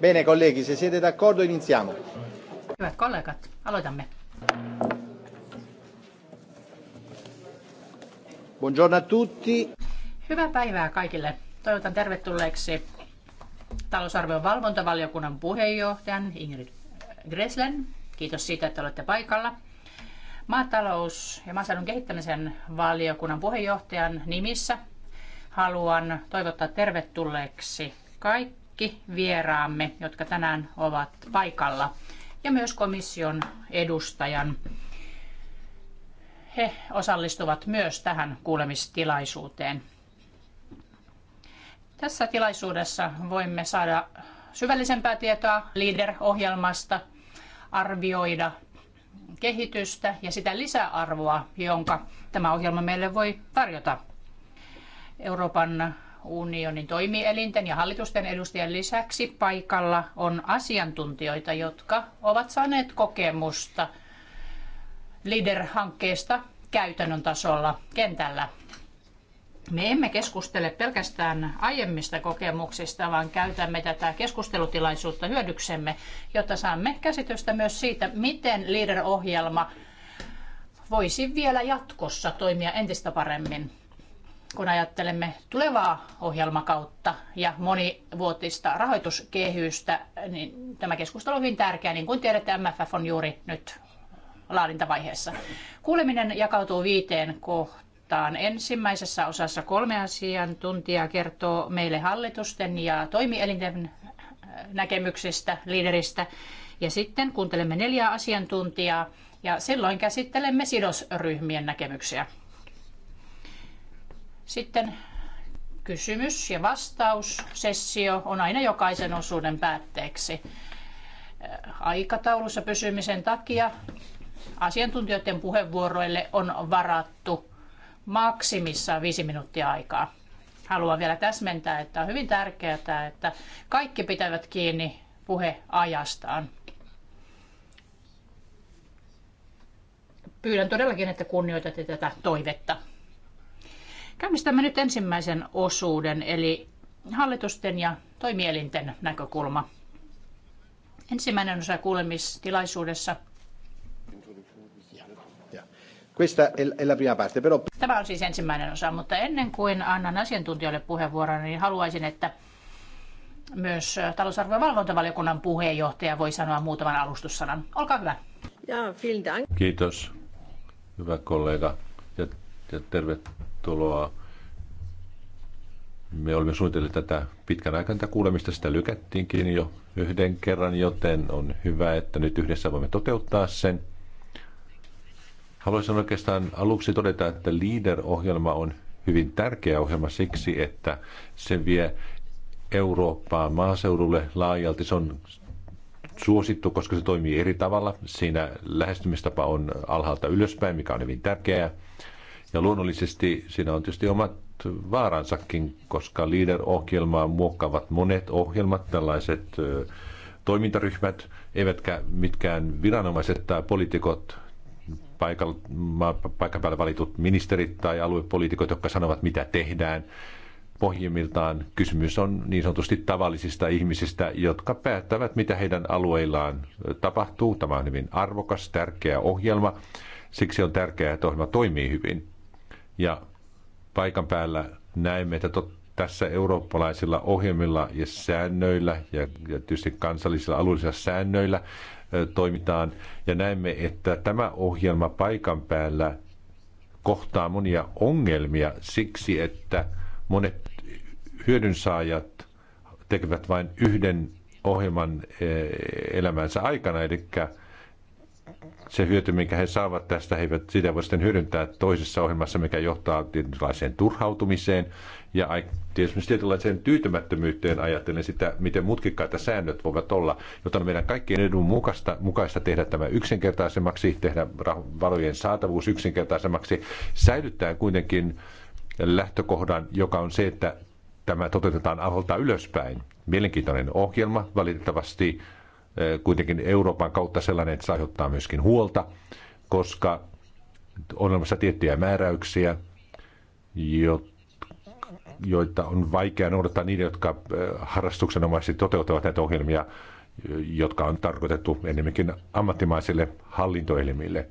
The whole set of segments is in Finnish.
Bene, colleghi, se siete d'accordo iniziamo. Hyvät kollegat, aloitamme. Buongiorno a tutti. Hyvää päivää kaikille. Toivotan tervetulleeksi talousarvion valvontavaliokunnan puheenjohtajan Ingrid Greslen. Kiitos siitä, että olette paikalla. Maatalous- ja maaseudun kehittämisen valiokunnan puheenjohtajan nimissä haluan toivottaa tervetulleeksi kaikki kaikki vieraamme, jotka tänään ovat paikalla, ja myös komission edustajan. He osallistuvat myös tähän kuulemistilaisuuteen. Tässä tilaisuudessa voimme saada syvällisempää tietoa LEADER-ohjelmasta, arvioida kehitystä ja sitä lisäarvoa, jonka tämä ohjelma meille voi tarjota. Euroopan unionin toimielinten ja hallitusten edustajien lisäksi paikalla on asiantuntijoita, jotka ovat saaneet kokemusta lider hankkeesta käytännön tasolla kentällä. Me emme keskustele pelkästään aiemmista kokemuksista, vaan käytämme tätä keskustelutilaisuutta hyödyksemme, jotta saamme käsitystä myös siitä, miten lider ohjelma voisi vielä jatkossa toimia entistä paremmin kun ajattelemme tulevaa ohjelmakautta ja monivuotista rahoituskehystä, niin tämä keskustelu on hyvin tärkeä. Niin kuin tiedätte, MFF on juuri nyt laadintavaiheessa. Kuuleminen jakautuu viiteen kohtaan. Ensimmäisessä osassa kolme asiantuntijaa kertoo meille hallitusten ja toimielinten äh, näkemyksistä, liideristä. Ja sitten kuuntelemme neljää asiantuntijaa ja silloin käsittelemme sidosryhmien näkemyksiä. Sitten kysymys- ja vastaussessio on aina jokaisen osuuden päätteeksi. Äh, aikataulussa pysymisen takia asiantuntijoiden puheenvuoroille on varattu maksimissaan viisi minuuttia aikaa. Haluan vielä täsmentää, että on hyvin tärkeää, että kaikki pitävät kiinni puheajastaan. Pyydän todellakin, että kunnioitatte tätä toivetta. Käynnistämme nyt ensimmäisen osuuden, eli hallitusten ja toimielinten näkökulma. Ensimmäinen osa kuulemistilaisuudessa. Tämä on siis ensimmäinen osa, mutta ennen kuin annan asiantuntijoille puheenvuoron, niin haluaisin, että myös äh, talousarvojen valvontavaliokunnan puheenjohtaja voi sanoa muutaman alustussanan. Olkaa hyvä. Ja, Kiitos, hyvä kollega, ja, ja tervetuloa tervetuloa. Me olemme suunnitelleet tätä pitkän aikaa kuulemista, sitä lykättiinkin jo yhden kerran, joten on hyvä, että nyt yhdessä voimme toteuttaa sen. Haluaisin oikeastaan aluksi todeta, että LEADER-ohjelma on hyvin tärkeä ohjelma siksi, että se vie Eurooppaa maaseudulle laajalti. Se on suosittu, koska se toimii eri tavalla. Siinä lähestymistapa on alhaalta ylöspäin, mikä on hyvin tärkeää. Ja luonnollisesti siinä on tietysti omat vaaransakin, koska leader-ohjelmaa muokkaavat monet ohjelmat, tällaiset toimintaryhmät, eivätkä mitkään viranomaiset tai poliitikot, paikan päällä valitut ministerit tai aluepoliitikot, jotka sanovat, mitä tehdään. Pohjimmiltaan kysymys on niin sanotusti tavallisista ihmisistä, jotka päättävät, mitä heidän alueillaan tapahtuu. Tämä on hyvin arvokas, tärkeä ohjelma. Siksi on tärkeää, että ohjelma toimii hyvin. Ja paikan päällä näemme, että tot, tässä eurooppalaisilla ohjelmilla ja säännöillä ja, ja tietysti kansallisilla alueellisilla säännöillä ö, toimitaan. Ja näemme, että tämä ohjelma paikan päällä kohtaa monia ongelmia siksi, että monet hyödynsaajat tekevät vain yhden ohjelman elämänsä aikana, eli se hyöty, minkä he saavat tästä, he eivät sitä voi sitten hyödyntää toisessa ohjelmassa, mikä johtaa tietynlaiseen turhautumiseen ja tietysti tietynlaiseen tyytymättömyyteen ajatellen sitä, miten mutkikkaita säännöt voivat olla, joten meidän kaikkien edun mukaista, mukaista tehdä tämä yksinkertaisemmaksi, tehdä varojen saatavuus yksinkertaisemmaksi, säilyttää kuitenkin lähtökohdan, joka on se, että tämä toteutetaan alhaalta ylöspäin. Mielenkiintoinen ohjelma, valitettavasti kuitenkin Euroopan kautta sellainen, että se aiheuttaa myöskin huolta, koska on olemassa tiettyjä määräyksiä, joita on vaikea noudattaa niiden, jotka harrastuksenomaisesti toteuttavat näitä ohjelmia, jotka on tarkoitettu enemmänkin ammattimaisille hallintoelimille.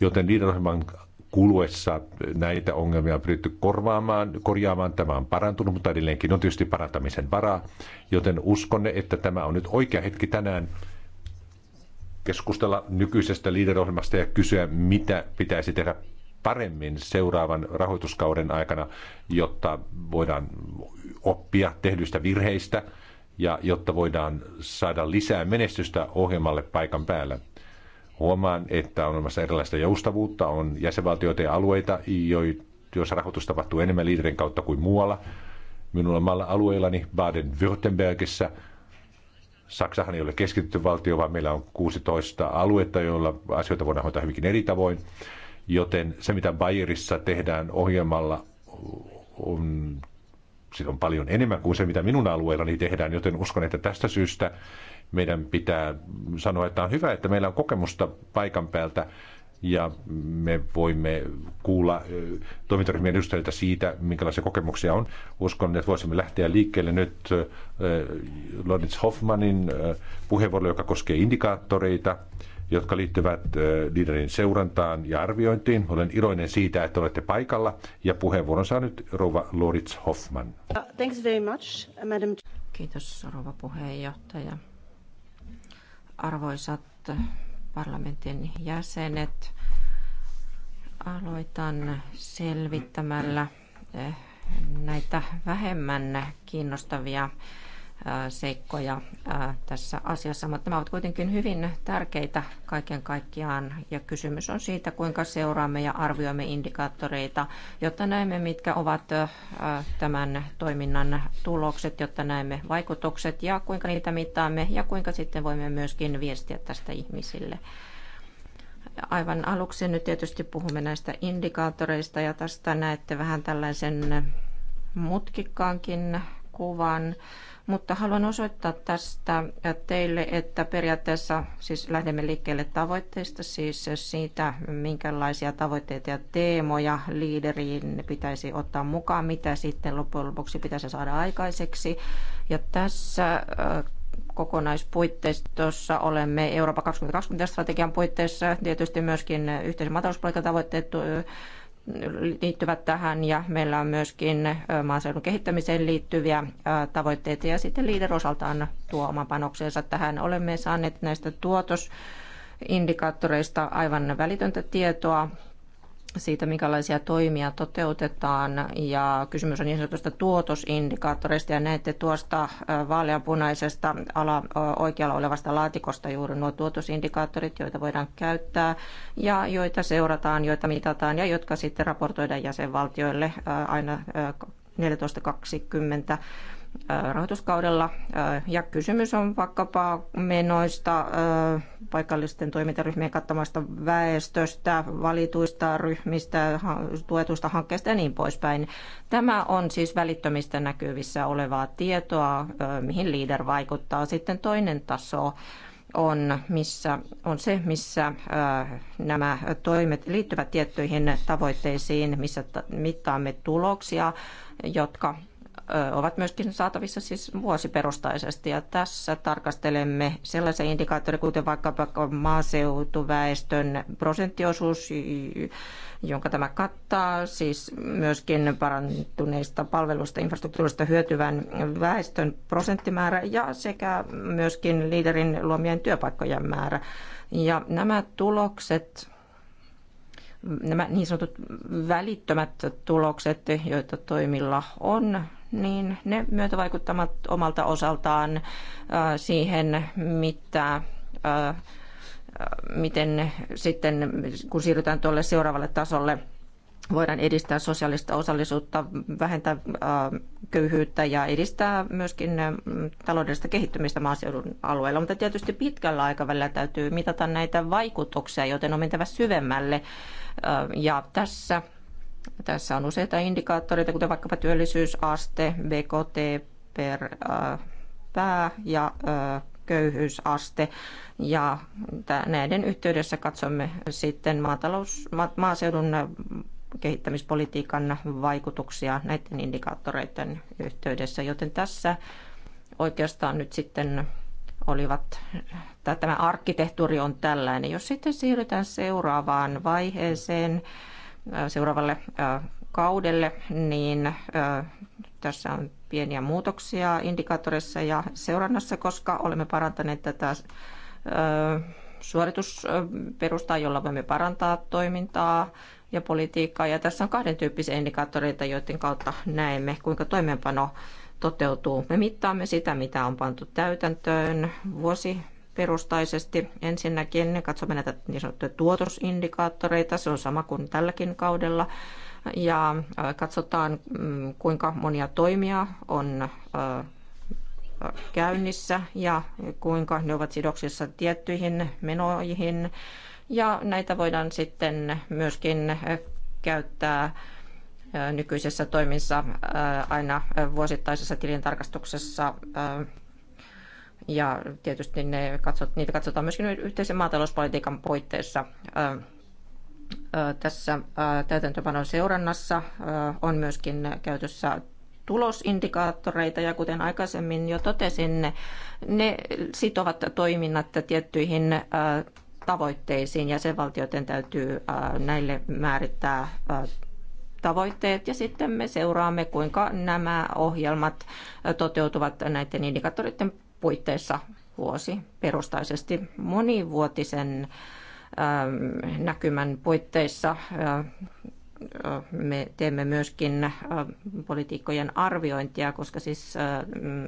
Joten niiden ohjelman kuluessa näitä ongelmia on pyritty korvaamaan, korjaamaan. Tämä on parantunut, mutta edelleenkin on tietysti parantamisen varaa, joten uskon, että tämä on nyt oikea hetki tänään keskustella nykyisestä liiderohjelmasta ja kysyä, mitä pitäisi tehdä paremmin seuraavan rahoituskauden aikana, jotta voidaan oppia tehdyistä virheistä ja jotta voidaan saada lisää menestystä ohjelmalle paikan päällä. Huomaan, että on olemassa erilaista joustavuutta, on jäsenvaltioita ja alueita, joissa rahoitus tapahtuu enemmän liiderin kautta kuin muualla. Minun omalla alueellani Baden-Württembergissä Saksahan ei ole keskitytty valtio, vaan meillä on 16 aluetta, joilla asioita voidaan hoitaa hyvinkin eri tavoin. Joten se, mitä Bayerissa tehdään ohjelmalla, on, siis on paljon enemmän kuin se, mitä minun alueellani tehdään, joten uskon, että tästä syystä meidän pitää sanoa, että on hyvä, että meillä on kokemusta paikan päältä ja me voimme kuulla toimintaryhmien edustajilta siitä, minkälaisia kokemuksia on. Uskon, että voisimme lähteä liikkeelle nyt Lorenz Hoffmanin puheenvuoro, joka koskee indikaattoreita, jotka liittyvät liiderin seurantaan ja arviointiin. Olen iloinen siitä, että olette paikalla ja puheenvuoron saa nyt rouva Loritz Hoffman. Uh, thanks very much, madam. Kiitos rouva puheenjohtaja. Arvoisat parlamentin jäsenet, aloitan selvittämällä eh, näitä vähemmän kiinnostavia seikkoja tässä asiassa, mutta nämä ovat kuitenkin hyvin tärkeitä kaiken kaikkiaan ja kysymys on siitä, kuinka seuraamme ja arvioimme indikaattoreita, jotta näemme, mitkä ovat tämän toiminnan tulokset, jotta näemme vaikutukset ja kuinka niitä mittaamme ja kuinka sitten voimme myöskin viestiä tästä ihmisille aivan aluksi nyt tietysti puhumme näistä indikaattoreista ja tästä näette vähän tällaisen mutkikkaankin kuvan, mutta haluan osoittaa tästä teille, että periaatteessa siis lähdemme liikkeelle tavoitteista, siis siitä, minkälaisia tavoitteita ja teemoja liideriin pitäisi ottaa mukaan, mitä sitten loppujen lopuksi pitäisi saada aikaiseksi. Ja tässä äh, kokonaispuitteistossa olemme Eurooppa 2020 strategian puitteissa tietysti myöskin yhteisen maatalouspaikan tavoitteet äh, liittyvät tähän ja meillä on myöskin maaseudun kehittämiseen liittyviä tavoitteita ja sitten liider osaltaan tuo oman panoksensa tähän. Olemme saaneet näistä tuotos indikaattoreista aivan välitöntä tietoa siitä, minkälaisia toimia toteutetaan. Ja kysymys on niin sanotusta tuotosindikaattoreista. Ja näette tuosta äh, vaaleanpunaisesta ala, oikealla olevasta laatikosta juuri nuo tuotosindikaattorit, joita voidaan käyttää ja joita seurataan, joita mitataan ja jotka sitten raportoidaan jäsenvaltioille äh, aina 14.20 äh, rahoituskaudella. Ja kysymys on vaikkapa menoista, paikallisten toimintaryhmien kattamasta väestöstä, valituista ryhmistä, tuetuista hankkeista ja niin poispäin. Tämä on siis välittömistä näkyvissä olevaa tietoa, mihin leader vaikuttaa. Sitten toinen taso on, missä, on se, missä ö, nämä toimet liittyvät tiettyihin tavoitteisiin, missä mittaamme tuloksia, jotka ovat myöskin saatavissa siis vuosiperustaisesti. Ja tässä tarkastelemme sellaisia indikaattoreita, kuten vaikkapa maaseutuväestön prosenttiosuus, jonka tämä kattaa, siis myöskin parantuneista palveluista, infrastruktuurista hyötyvän väestön prosenttimäärä ja sekä myöskin liiderin luomien työpaikkojen määrä. Ja nämä tulokset nämä niin sanotut välittömät tulokset, joita toimilla on, niin ne myötävaikuttavat omalta osaltaan äh, siihen, mitä äh, miten sitten, kun siirrytään tuolle seuraavalle tasolle, voidaan edistää sosiaalista osallisuutta, vähentää äh, köyhyyttä ja edistää myöskin taloudellista kehittymistä maaseudun alueella. Mutta tietysti pitkällä aikavälillä täytyy mitata näitä vaikutuksia, joten on mentävä syvemmälle. Ja tässä tässä on useita indikaattoreita, kuten vaikkapa työllisyysaste, BKT per äh, pää ja äh, köyhyysaste. Ja näiden yhteydessä katsomme sitten maatalous, ma- maaseudun kehittämispolitiikan vaikutuksia näiden indikaattoreiden yhteydessä, joten tässä oikeastaan nyt sitten olivat, tämä arkkitehtuuri on tällainen. Jos sitten siirrytään seuraavaan vaiheeseen, seuraavalle kaudelle, niin tässä on pieniä muutoksia indikaattoreissa ja seurannassa, koska olemme parantaneet tätä suoritusperustaa, jolla voimme parantaa toimintaa ja politiikkaa. Ja tässä on kahden tyyppisiä indikaattoreita, joiden kautta näemme, kuinka toimeenpano toteutuu. Me mittaamme sitä, mitä on pantu täytäntöön vuosi perustaisesti. Ensinnäkin katsomme näitä niin sanottuja tuotosindikaattoreita, se on sama kuin tälläkin kaudella. Ja katsotaan, mm, kuinka monia toimia on käynnissä ja kuinka ne ovat sidoksissa tiettyihin menoihin. Ja näitä voidaan sitten myöskin käyttää nykyisessä toimissa aina vuosittaisessa tilintarkastuksessa ja tietysti ne katsot, niitä katsotaan myöskin yhteisen maatalouspolitiikan puitteissa. Tässä täytäntöpanon seurannassa on myöskin käytössä tulosindikaattoreita ja kuten aikaisemmin jo totesin, ne sitovat toiminnat tiettyihin tavoitteisiin. Jäsenvaltioiden täytyy näille määrittää tavoitteet ja sitten me seuraamme, kuinka nämä ohjelmat toteutuvat näiden indikaattoreiden puitteissa vuosi perustaisesti monivuotisen ähm, näkymän puitteissa äh, äh, me teemme myöskin äh, politiikkojen arviointia, koska siis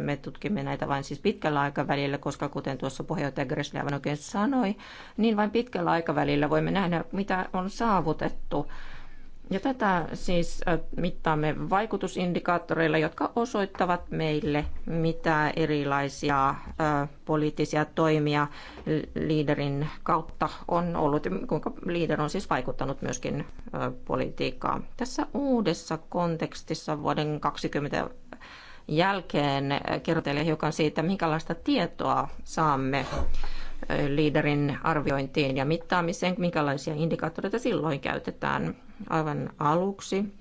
me tutkimme näitä vain siis pitkällä aikavälillä, koska kuten tuossa puheenjohtaja Gressle aivan oikein sanoi, niin vain pitkällä aikavälillä voimme nähdä, mitä on saavutettu ja tätä siis äh, mittaamme vaikutusindikaattoreilla, jotka osoittavat meille, mitä erilaisia äh, poliittisia toimia liiderin kautta on ollut, kuinka liider on siis vaikuttanut myöskin äh, politiikkaan. Tässä uudessa kontekstissa vuoden 2020 jälkeen kerron teille hiukan siitä, minkälaista tietoa saamme liiderin arviointiin ja mittaamiseen, minkälaisia indikaattoreita silloin käytetään aivan aluksi.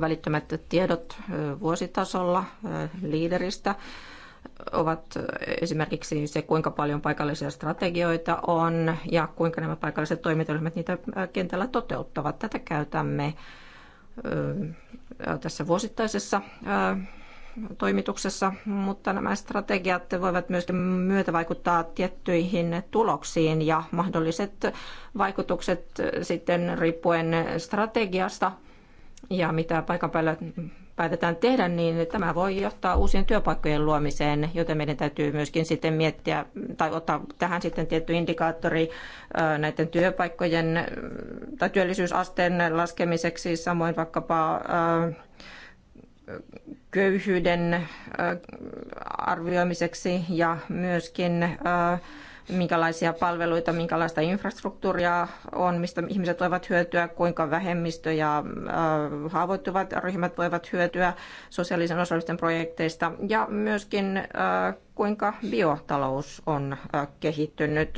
Välittömät tiedot vuositasolla liideristä ovat esimerkiksi se, kuinka paljon paikallisia strategioita on ja kuinka nämä paikalliset toimintaryhmät niitä kentällä toteuttavat. Tätä käytämme tässä vuosittaisessa toimituksessa, mutta nämä strategiat voivat myöskin vaikuttaa tiettyihin tuloksiin ja mahdolliset vaikutukset sitten riippuen strategiasta ja mitä paikan päällä päätetään tehdä, niin tämä voi johtaa uusien työpaikkojen luomiseen, joten meidän täytyy myöskin sitten miettiä tai ottaa tähän sitten tietty indikaattori näiden työpaikkojen tai työllisyysasteen laskemiseksi, samoin vaikkapa köyhyyden arvioimiseksi ja myöskin minkälaisia palveluita, minkälaista infrastruktuuria on, mistä ihmiset voivat hyötyä, kuinka vähemmistö ja haavoittuvat ryhmät voivat hyötyä sosiaalisen osallisten projekteista ja myöskin kuinka biotalous on kehittynyt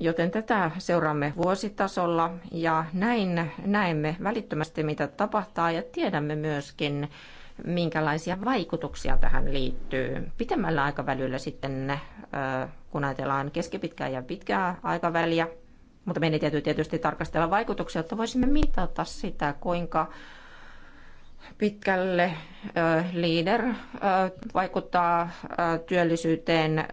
joten tätä seuraamme vuositasolla ja näin näemme välittömästi, mitä tapahtaa ja tiedämme myöskin, minkälaisia vaikutuksia tähän liittyy. Pitemmällä aikavälillä sitten, äh, kun ajatellaan keskipitkää ja pitkää aikaväliä, mutta meidän täytyy tietysti tarkastella vaikutuksia, että voisimme mitata sitä, kuinka pitkälle äh, leader äh, vaikuttaa työllisyyteen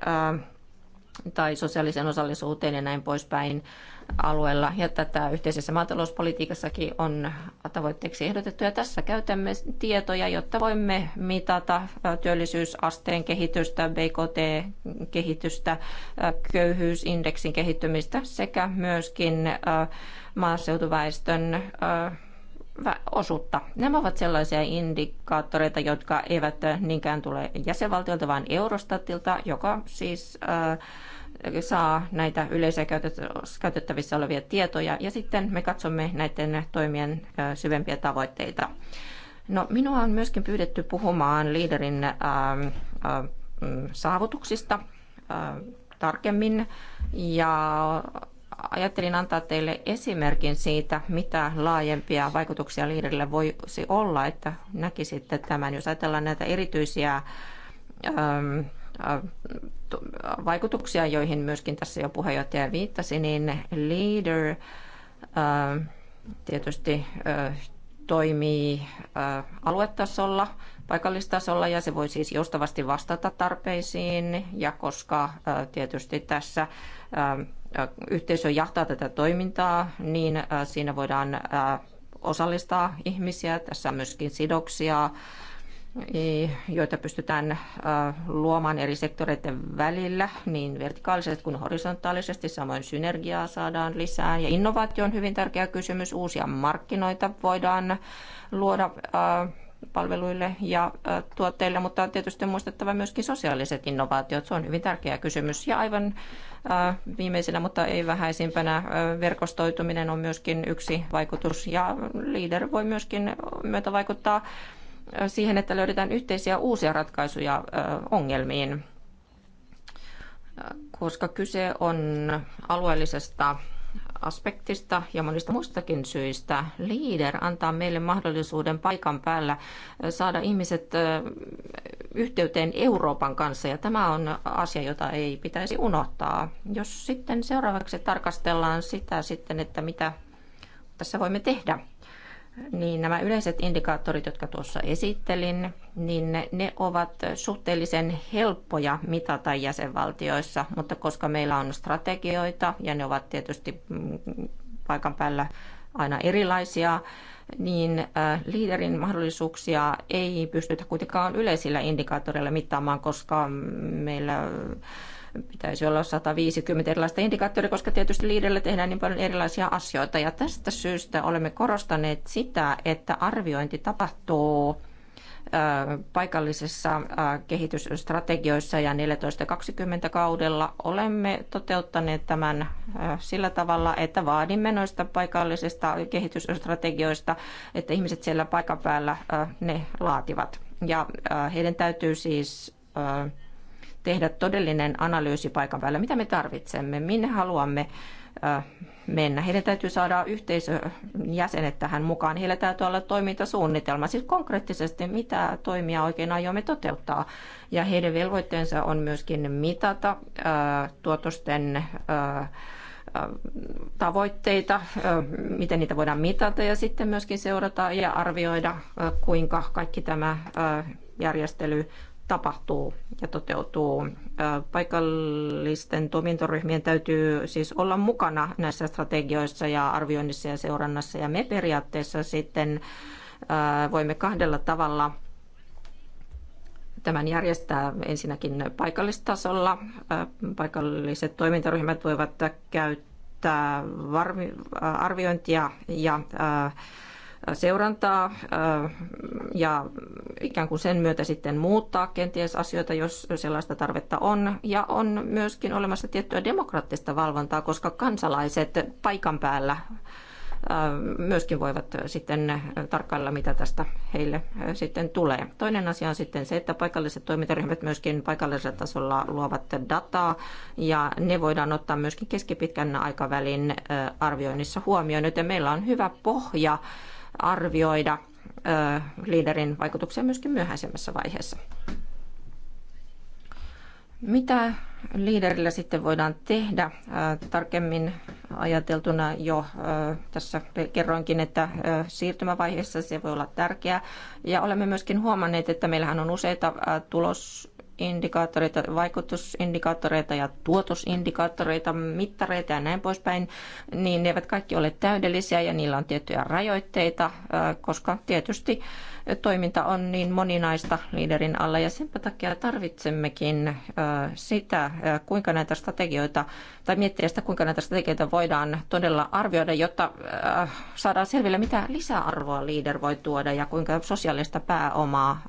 tai sosiaaliseen osallisuuteen ja näin poispäin alueella. Ja tätä yhteisessä maatalouspolitiikassakin on tavoitteeksi ehdotettu. Ja tässä käytämme tietoja, jotta voimme mitata työllisyysasteen kehitystä, BKT-kehitystä, köyhyysindeksin kehittymistä sekä myöskin maaseutuväestön osuutta. Nämä ovat sellaisia indikaattoreita, jotka eivät äh, niinkään tule jäsenvaltiolta, vaan Eurostatilta, joka siis äh, saa näitä yleisiä käytettävissä olevia tietoja ja sitten me katsomme näiden toimien äh, syvempiä tavoitteita. No, minua on myöskin pyydetty puhumaan liiderin äh, äh, mm, saavutuksista äh, tarkemmin ja ajattelin antaa teille esimerkin siitä, mitä laajempia vaikutuksia liiderille voisi olla, että näkisitte tämän. Jos ajatellaan näitä erityisiä ähm, äh, vaikutuksia, joihin myöskin tässä jo puheenjohtaja viittasi, niin leader ähm, tietysti äh, toimii äh, aluetasolla, paikallistasolla ja se voi siis joustavasti vastata tarpeisiin ja koska tietysti tässä ähm, yhteisö jahtaa tätä toimintaa, niin siinä voidaan osallistaa ihmisiä. Tässä on myöskin sidoksia, joita pystytään luomaan eri sektoreiden välillä, niin vertikaalisesti kuin horisontaalisesti. Samoin synergiaa saadaan lisää. Ja innovaatio on hyvin tärkeä kysymys. Uusia markkinoita voidaan luoda palveluille ja tuotteille, mutta tietysti muistettava myöskin sosiaaliset innovaatiot. Se on hyvin tärkeä kysymys. Ja aivan Viimeisenä, mutta ei vähäisimpänä, verkostoituminen on myöskin yksi vaikutus ja leader voi myöskin myötä vaikuttaa siihen, että löydetään yhteisiä uusia ratkaisuja ongelmiin, koska kyse on alueellisesta aspektista ja monista muistakin syistä. Leader antaa meille mahdollisuuden paikan päällä saada ihmiset yhteyteen Euroopan kanssa ja tämä on asia, jota ei pitäisi unohtaa. Jos sitten seuraavaksi tarkastellaan sitä sitten, että mitä tässä voimme tehdä niin nämä yleiset indikaattorit, jotka tuossa esittelin, niin ne, ne ovat suhteellisen helppoja mitata jäsenvaltioissa, mutta koska meillä on strategioita ja ne ovat tietysti mm, paikan päällä aina erilaisia, niin äh, liiderin mahdollisuuksia ei pystytä kuitenkaan yleisillä indikaattoreilla mittaamaan, koska meillä Pitäisi olla 150 erilaista indikaattoria, koska tietysti liidellä tehdään niin paljon erilaisia asioita. Ja tästä syystä olemme korostaneet sitä, että arviointi tapahtuu paikallisissa kehitysstrategioissa ja 1420 kaudella olemme toteuttaneet tämän sillä tavalla, että vaadimme noista paikallisista kehitysstrategioista, että ihmiset siellä paikan päällä ne laativat. Ja heidän täytyy siis tehdä todellinen analyysi paikan päällä, mitä me tarvitsemme, minne haluamme mennä. Heidän täytyy saada yhteisön jäsenet tähän mukaan. Heillä täytyy olla toimintasuunnitelma, siis konkreettisesti mitä toimia oikein aiomme toteuttaa. Ja heidän velvoitteensa on myöskin mitata tuotosten tavoitteita, miten niitä voidaan mitata ja sitten myöskin seurata ja arvioida, kuinka kaikki tämä järjestely tapahtuu ja toteutuu. Paikallisten toimintoryhmien täytyy siis olla mukana näissä strategioissa ja arvioinnissa ja seurannassa. Ja me periaatteessa sitten voimme kahdella tavalla tämän järjestää ensinnäkin paikallistasolla. Paikalliset toimintaryhmät voivat käyttää arviointia ja seurantaa äh, ja ikään kuin sen myötä sitten muuttaa kenties asioita, jos sellaista tarvetta on. Ja on myöskin olemassa tiettyä demokraattista valvontaa, koska kansalaiset paikan päällä äh, myöskin voivat sitten tarkkailla, mitä tästä heille äh, sitten tulee. Toinen asia on sitten se, että paikalliset toimintaryhmät myöskin paikallisella tasolla luovat dataa ja ne voidaan ottaa myöskin keskipitkän aikavälin arvioinnissa huomioon, joten meillä on hyvä pohja arvioida liiderin vaikutuksia myöskin myöhäisemmässä vaiheessa. Mitä liiderillä sitten voidaan tehdä? Tarkemmin ajateltuna jo tässä kerroinkin, että siirtymävaiheessa se voi olla tärkeää. Ja olemme myöskin huomanneet, että meillähän on useita tulos, indikaattoreita, vaikutusindikaattoreita ja tuotosindikaattoreita, mittareita ja näin poispäin, niin ne eivät kaikki ole täydellisiä ja niillä on tiettyjä rajoitteita, koska tietysti toiminta on niin moninaista liiderin alla ja sen takia tarvitsemmekin sitä, kuinka näitä strategioita, tai miettiä sitä, kuinka näitä strategioita voidaan todella arvioida, jotta saadaan selville, mitä lisäarvoa liider voi tuoda ja kuinka sosiaalista pääomaa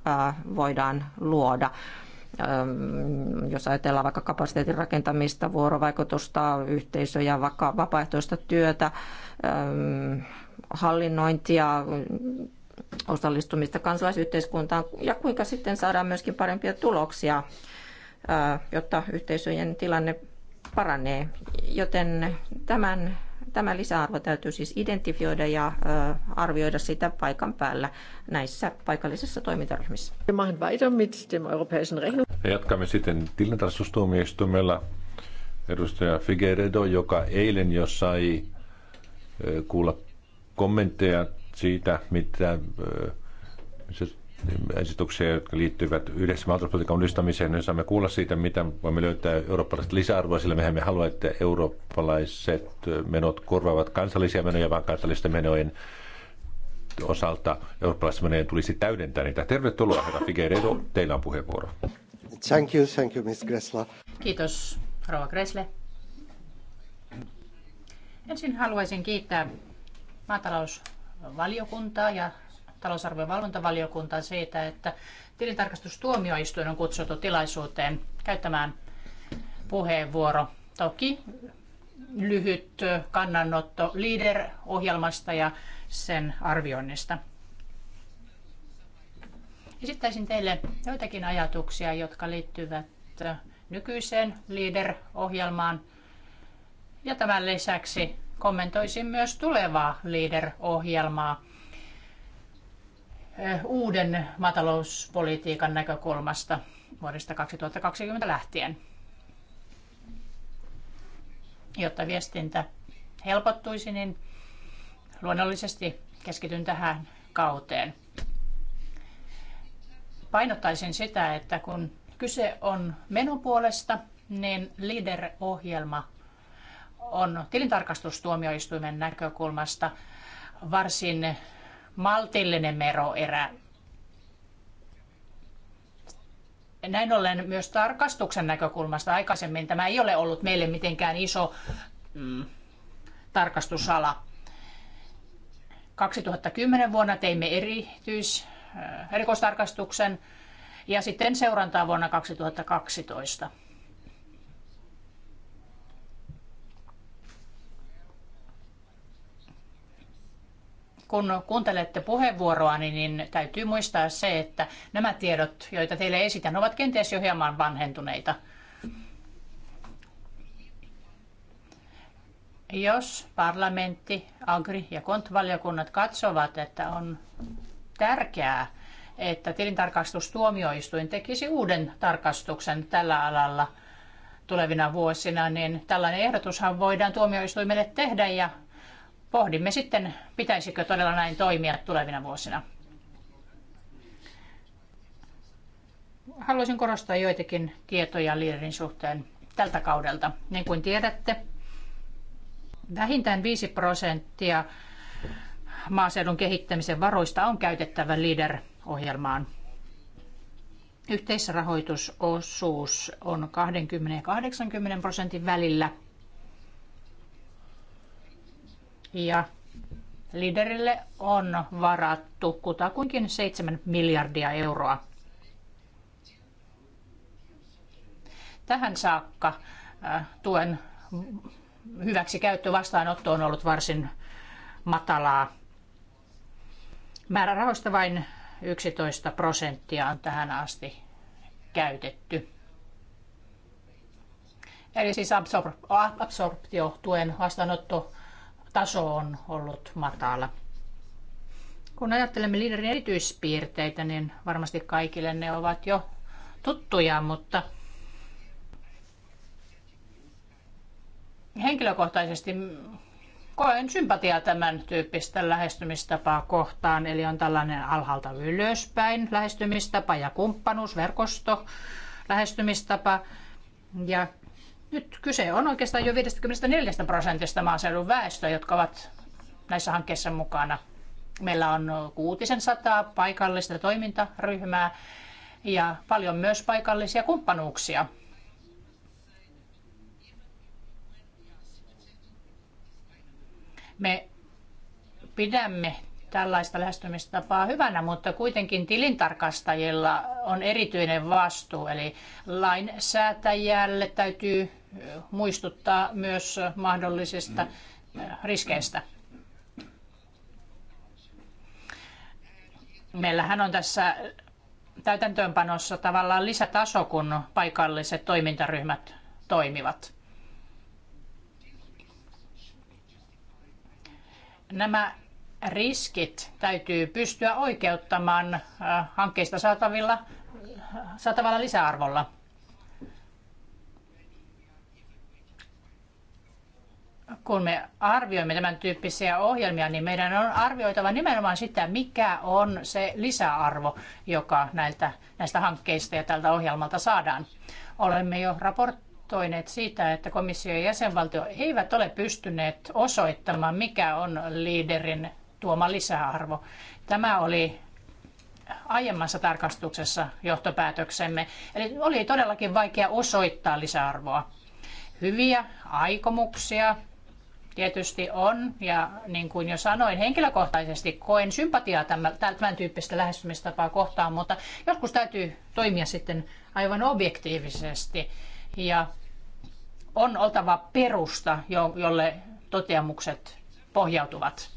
voidaan luoda jos ajatellaan vaikka kapasiteetin rakentamista, vuorovaikutusta, yhteisöjä, vapaaehtoista työtä, hallinnointia, osallistumista kansalaisyhteiskuntaan ja kuinka sitten saadaan myöskin parempia tuloksia, jotta yhteisöjen tilanne paranee. Joten tämän Tämä lisäarvo täytyy siis identifioida ja arvioida sitä paikan päällä näissä paikallisissa toimintaryhmissä. Jatkamme sitten tilintarkastustuomioistuimella edustaja Figueredo, joka eilen jo sai kuulla kommentteja siitä, mitä esityksiä, jotka liittyvät yhdessä maatalouspolitiikan uudistamiseen, nyt saamme kuulla siitä, mitä voimme löytää eurooppalaiset lisäarvoa, sillä mehän me haluamme, että eurooppalaiset menot korvaavat kansallisia menoja, vaan kansallisten menojen osalta eurooppalaisten menojen tulisi täydentää niitä. Tervetuloa, herra Figueiredo, teillä on puheenvuoro. Thank you, thank you, Miss Gressla. Kiitos, rouva Gressle. Ensin haluaisin kiittää maatalousvaliokuntaa ja talousarvion valvontavaliokuntaan siitä, että tilintarkastustuomioistuin on kutsuttu tilaisuuteen käyttämään puheenvuoro. Toki lyhyt kannanotto LEADER-ohjelmasta ja sen arvioinnista. Esittäisin teille joitakin ajatuksia, jotka liittyvät nykyiseen LEADER-ohjelmaan. Ja tämän lisäksi kommentoisin myös tulevaa LEADER-ohjelmaa Eh, uuden maatalouspolitiikan näkökulmasta vuodesta 2020 lähtien, jotta viestintä helpottuisi, niin luonnollisesti keskityn tähän kauteen. Painottaisin sitä, että kun kyse on menopuolesta, niin lider ohjelma on tilintarkastustuomioistuimen näkökulmasta varsin maltillinen meroerä. Näin ollen myös tarkastuksen näkökulmasta aikaisemmin tämä ei ole ollut meille mitenkään iso mm, tarkastusala. 2010 vuonna teimme erityis, äh, erikoistarkastuksen ja sitten seurantaa vuonna 2012. kun kuuntelette puheenvuoroani, niin täytyy muistaa se, että nämä tiedot, joita teille esitän, ovat kenties jo hieman vanhentuneita. Jos parlamentti, agri- ja kontvaliokunnat katsovat, että on tärkeää, että tilintarkastustuomioistuin tekisi uuden tarkastuksen tällä alalla tulevina vuosina, niin tällainen ehdotushan voidaan tuomioistuimelle tehdä ja pohdimme sitten, pitäisikö todella näin toimia tulevina vuosina. Haluaisin korostaa joitakin tietoja Liirin suhteen tältä kaudelta. Niin kuin tiedätte, vähintään 5 prosenttia maaseudun kehittämisen varoista on käytettävä LEADER-ohjelmaan. Yhteisrahoitusosuus on 20 ja 80 prosentin välillä – ja liderille on varattu kutakuinkin 7 miljardia euroa. Tähän saakka äh, tuen hyväksi käyttö vastaanotto on ollut varsin matalaa. Määrärahoista vain 11 prosenttia on tähän asti käytetty. Eli siis absorptiotuen vastaanotto taso on ollut matala. Kun ajattelemme liiderin erityispiirteitä, niin varmasti kaikille ne ovat jo tuttuja, mutta henkilökohtaisesti koen sympatiaa tämän tyyppistä lähestymistapaa kohtaan, eli on tällainen alhaalta ylöspäin lähestymistapa ja kumppanuusverkosto lähestymistapa. Ja nyt kyse on oikeastaan jo 54 prosentista maaseudun väestöä, jotka ovat näissä hankkeissa mukana. Meillä on 600 sataa paikallista toimintaryhmää ja paljon myös paikallisia kumppanuuksia. Me pidämme tällaista lähestymistapaa hyvänä, mutta kuitenkin tilintarkastajilla on erityinen vastuu, eli lainsäätäjälle täytyy muistuttaa myös mahdollisista riskeistä. Meillähän on tässä täytäntöönpanossa tavallaan lisätaso, kun paikalliset toimintaryhmät toimivat. Nämä riskit täytyy pystyä oikeuttamaan äh, hankkeista saatavilla, saatavalla lisäarvolla. kun me arvioimme tämän tyyppisiä ohjelmia, niin meidän on arvioitava nimenomaan sitä, mikä on se lisäarvo, joka näiltä, näistä hankkeista ja tältä ohjelmalta saadaan. Olemme jo raportoineet siitä, että komissio ja jäsenvaltio eivät ole pystyneet osoittamaan, mikä on liiderin tuoma lisäarvo. Tämä oli aiemmassa tarkastuksessa johtopäätöksemme. Eli oli todellakin vaikea osoittaa lisäarvoa. Hyviä aikomuksia tietysti on, ja niin kuin jo sanoin, henkilökohtaisesti koen sympatiaa tämän, tämän tyyppistä lähestymistapaa kohtaan, mutta joskus täytyy toimia sitten aivan objektiivisesti, ja on oltava perusta, jolle toteamukset pohjautuvat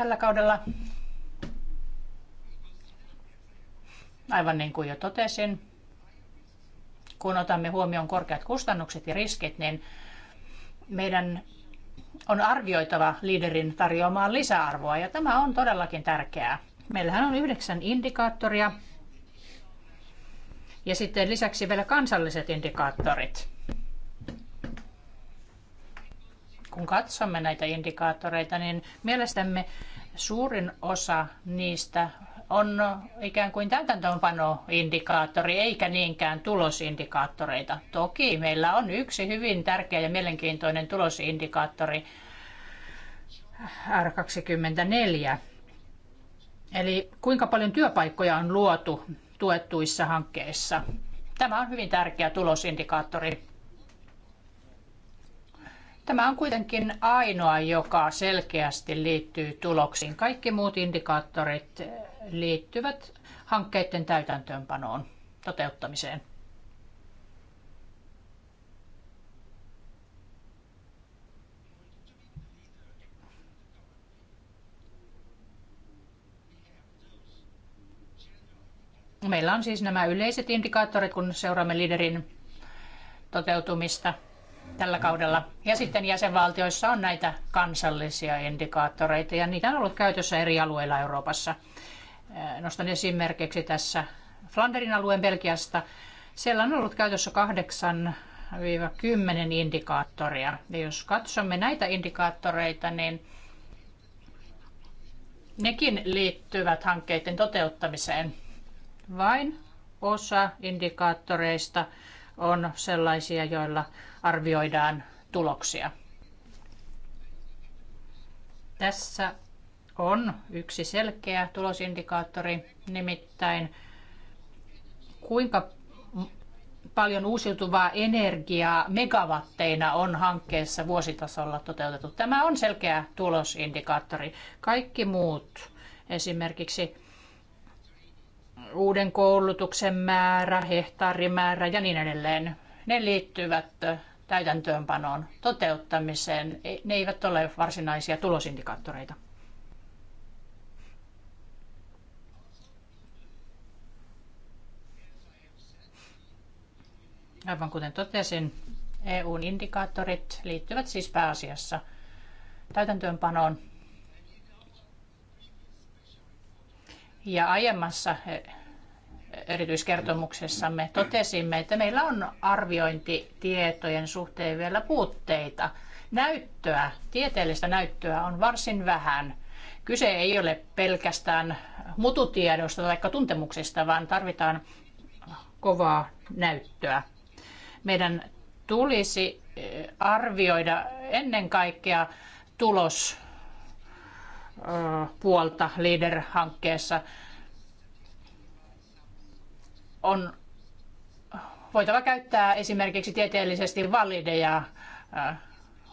tällä kaudella. Aivan niin kuin jo totesin, kun otamme huomioon korkeat kustannukset ja riskit, niin meidän on arvioitava liiderin tarjoamaan lisäarvoa ja tämä on todellakin tärkeää. Meillähän on yhdeksän indikaattoria ja sitten lisäksi vielä kansalliset indikaattorit. kun katsomme näitä indikaattoreita, niin mielestämme suurin osa niistä on ikään kuin täytäntöönpanoindikaattori eikä niinkään tulosindikaattoreita. Toki meillä on yksi hyvin tärkeä ja mielenkiintoinen tulosindikaattori R24. Eli kuinka paljon työpaikkoja on luotu tuettuissa hankkeissa. Tämä on hyvin tärkeä tulosindikaattori. Tämä on kuitenkin ainoa, joka selkeästi liittyy tuloksiin. Kaikki muut indikaattorit liittyvät hankkeiden täytäntöönpanoon, toteuttamiseen. Meillä on siis nämä yleiset indikaattorit, kun seuraamme liiderin toteutumista – tällä kaudella. Ja sitten jäsenvaltioissa on näitä kansallisia indikaattoreita ja niitä on ollut käytössä eri alueilla Euroopassa. Nostan esimerkiksi tässä Flanderin alueen Belgiasta. Siellä on ollut käytössä kahdeksan 10 indikaattoria. Ja jos katsomme näitä indikaattoreita, niin nekin liittyvät hankkeiden toteuttamiseen. Vain osa indikaattoreista on sellaisia, joilla arvioidaan tuloksia. Tässä on yksi selkeä tulosindikaattori, nimittäin kuinka paljon uusiutuvaa energiaa megawatteina on hankkeessa vuositasolla toteutettu. Tämä on selkeä tulosindikaattori. Kaikki muut, esimerkiksi uuden koulutuksen määrä, hehtaarimäärä ja niin edelleen, ne liittyvät täytäntöönpanon toteuttamiseen. Ne eivät ole varsinaisia tulosindikaattoreita. Aivan kuten totesin, EUn indikaattorit liittyvät siis pääasiassa täytäntöönpanoon. Ja aiemmassa erityiskertomuksessamme totesimme, että meillä on arviointitietojen suhteen vielä puutteita. Näyttöä, tieteellistä näyttöä on varsin vähän. Kyse ei ole pelkästään mututiedosta tai tuntemuksista, vaan tarvitaan kovaa näyttöä. Meidän tulisi eh, arvioida ennen kaikkea tulos eh, puolta LEADER-hankkeessa on voitava käyttää esimerkiksi tieteellisesti valideja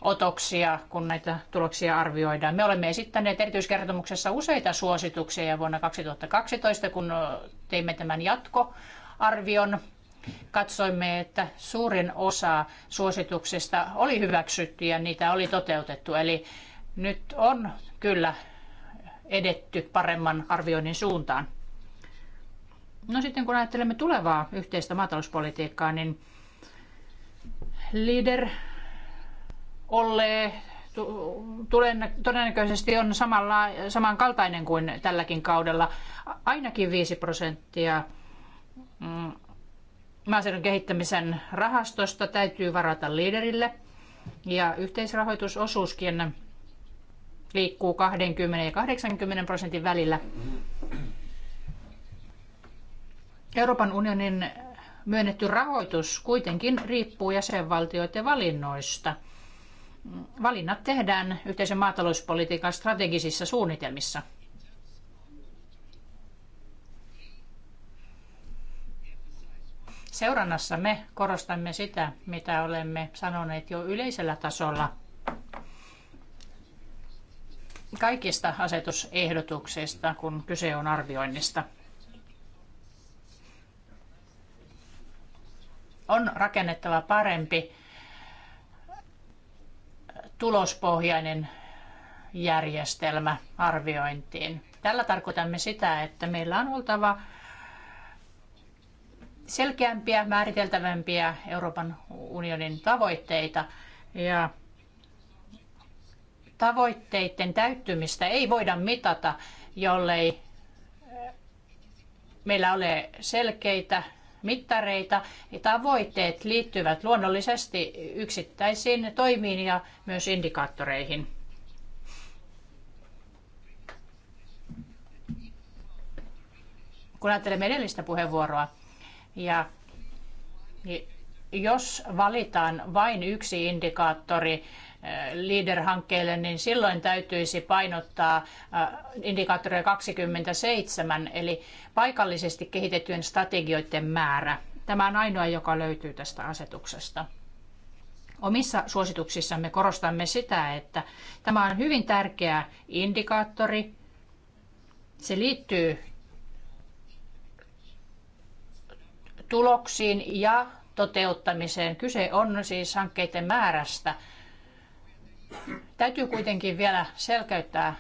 otoksia, kun näitä tuloksia arvioidaan. Me olemme esittäneet erityiskertomuksessa useita suosituksia ja vuonna 2012, kun teimme tämän jatkoarvion, katsoimme, että suurin osa suosituksista oli hyväksytty ja niitä oli toteutettu. Eli nyt on kyllä edetty paremman arvioinnin suuntaan. No sitten kun ajattelemme tulevaa yhteistä maatalouspolitiikkaa, niin leader Olle todennäköisesti on samalla, samankaltainen kuin tälläkin kaudella. Ainakin 5 prosenttia mm, maaseudun kehittämisen rahastosta täytyy varata liiderille. Ja yhteisrahoitusosuuskin liikkuu 20 ja 80 prosentin välillä. Euroopan unionin myönnetty rahoitus kuitenkin riippuu jäsenvaltioiden valinnoista. Valinnat tehdään yhteisen maatalouspolitiikan strategisissa suunnitelmissa. Seurannassa me korostamme sitä, mitä olemme sanoneet jo yleisellä tasolla kaikista asetusehdotuksista, kun kyse on arvioinnista. on rakennettava parempi tulospohjainen järjestelmä arviointiin. Tällä tarkoitamme sitä, että meillä on oltava selkeämpiä, määriteltävämpiä Euroopan unionin tavoitteita ja tavoitteiden täyttymistä ei voida mitata, jollei meillä ole selkeitä mittareita. Tavoitteet liittyvät luonnollisesti yksittäisiin toimiin ja myös indikaattoreihin. Kun ajattelemme edellistä puheenvuoroa ja jos valitaan vain yksi indikaattori Eh, LEADER-hankkeelle, niin silloin täytyisi painottaa eh, indikaattoria 27, eli paikallisesti kehitettyjen strategioiden määrä. Tämä on ainoa, joka löytyy tästä asetuksesta. Omissa suosituksissamme korostamme sitä, että tämä on hyvin tärkeä indikaattori. Se liittyy tuloksiin ja toteuttamiseen. Kyse on siis hankkeiden määrästä – Täytyy kuitenkin vielä selkeyttää,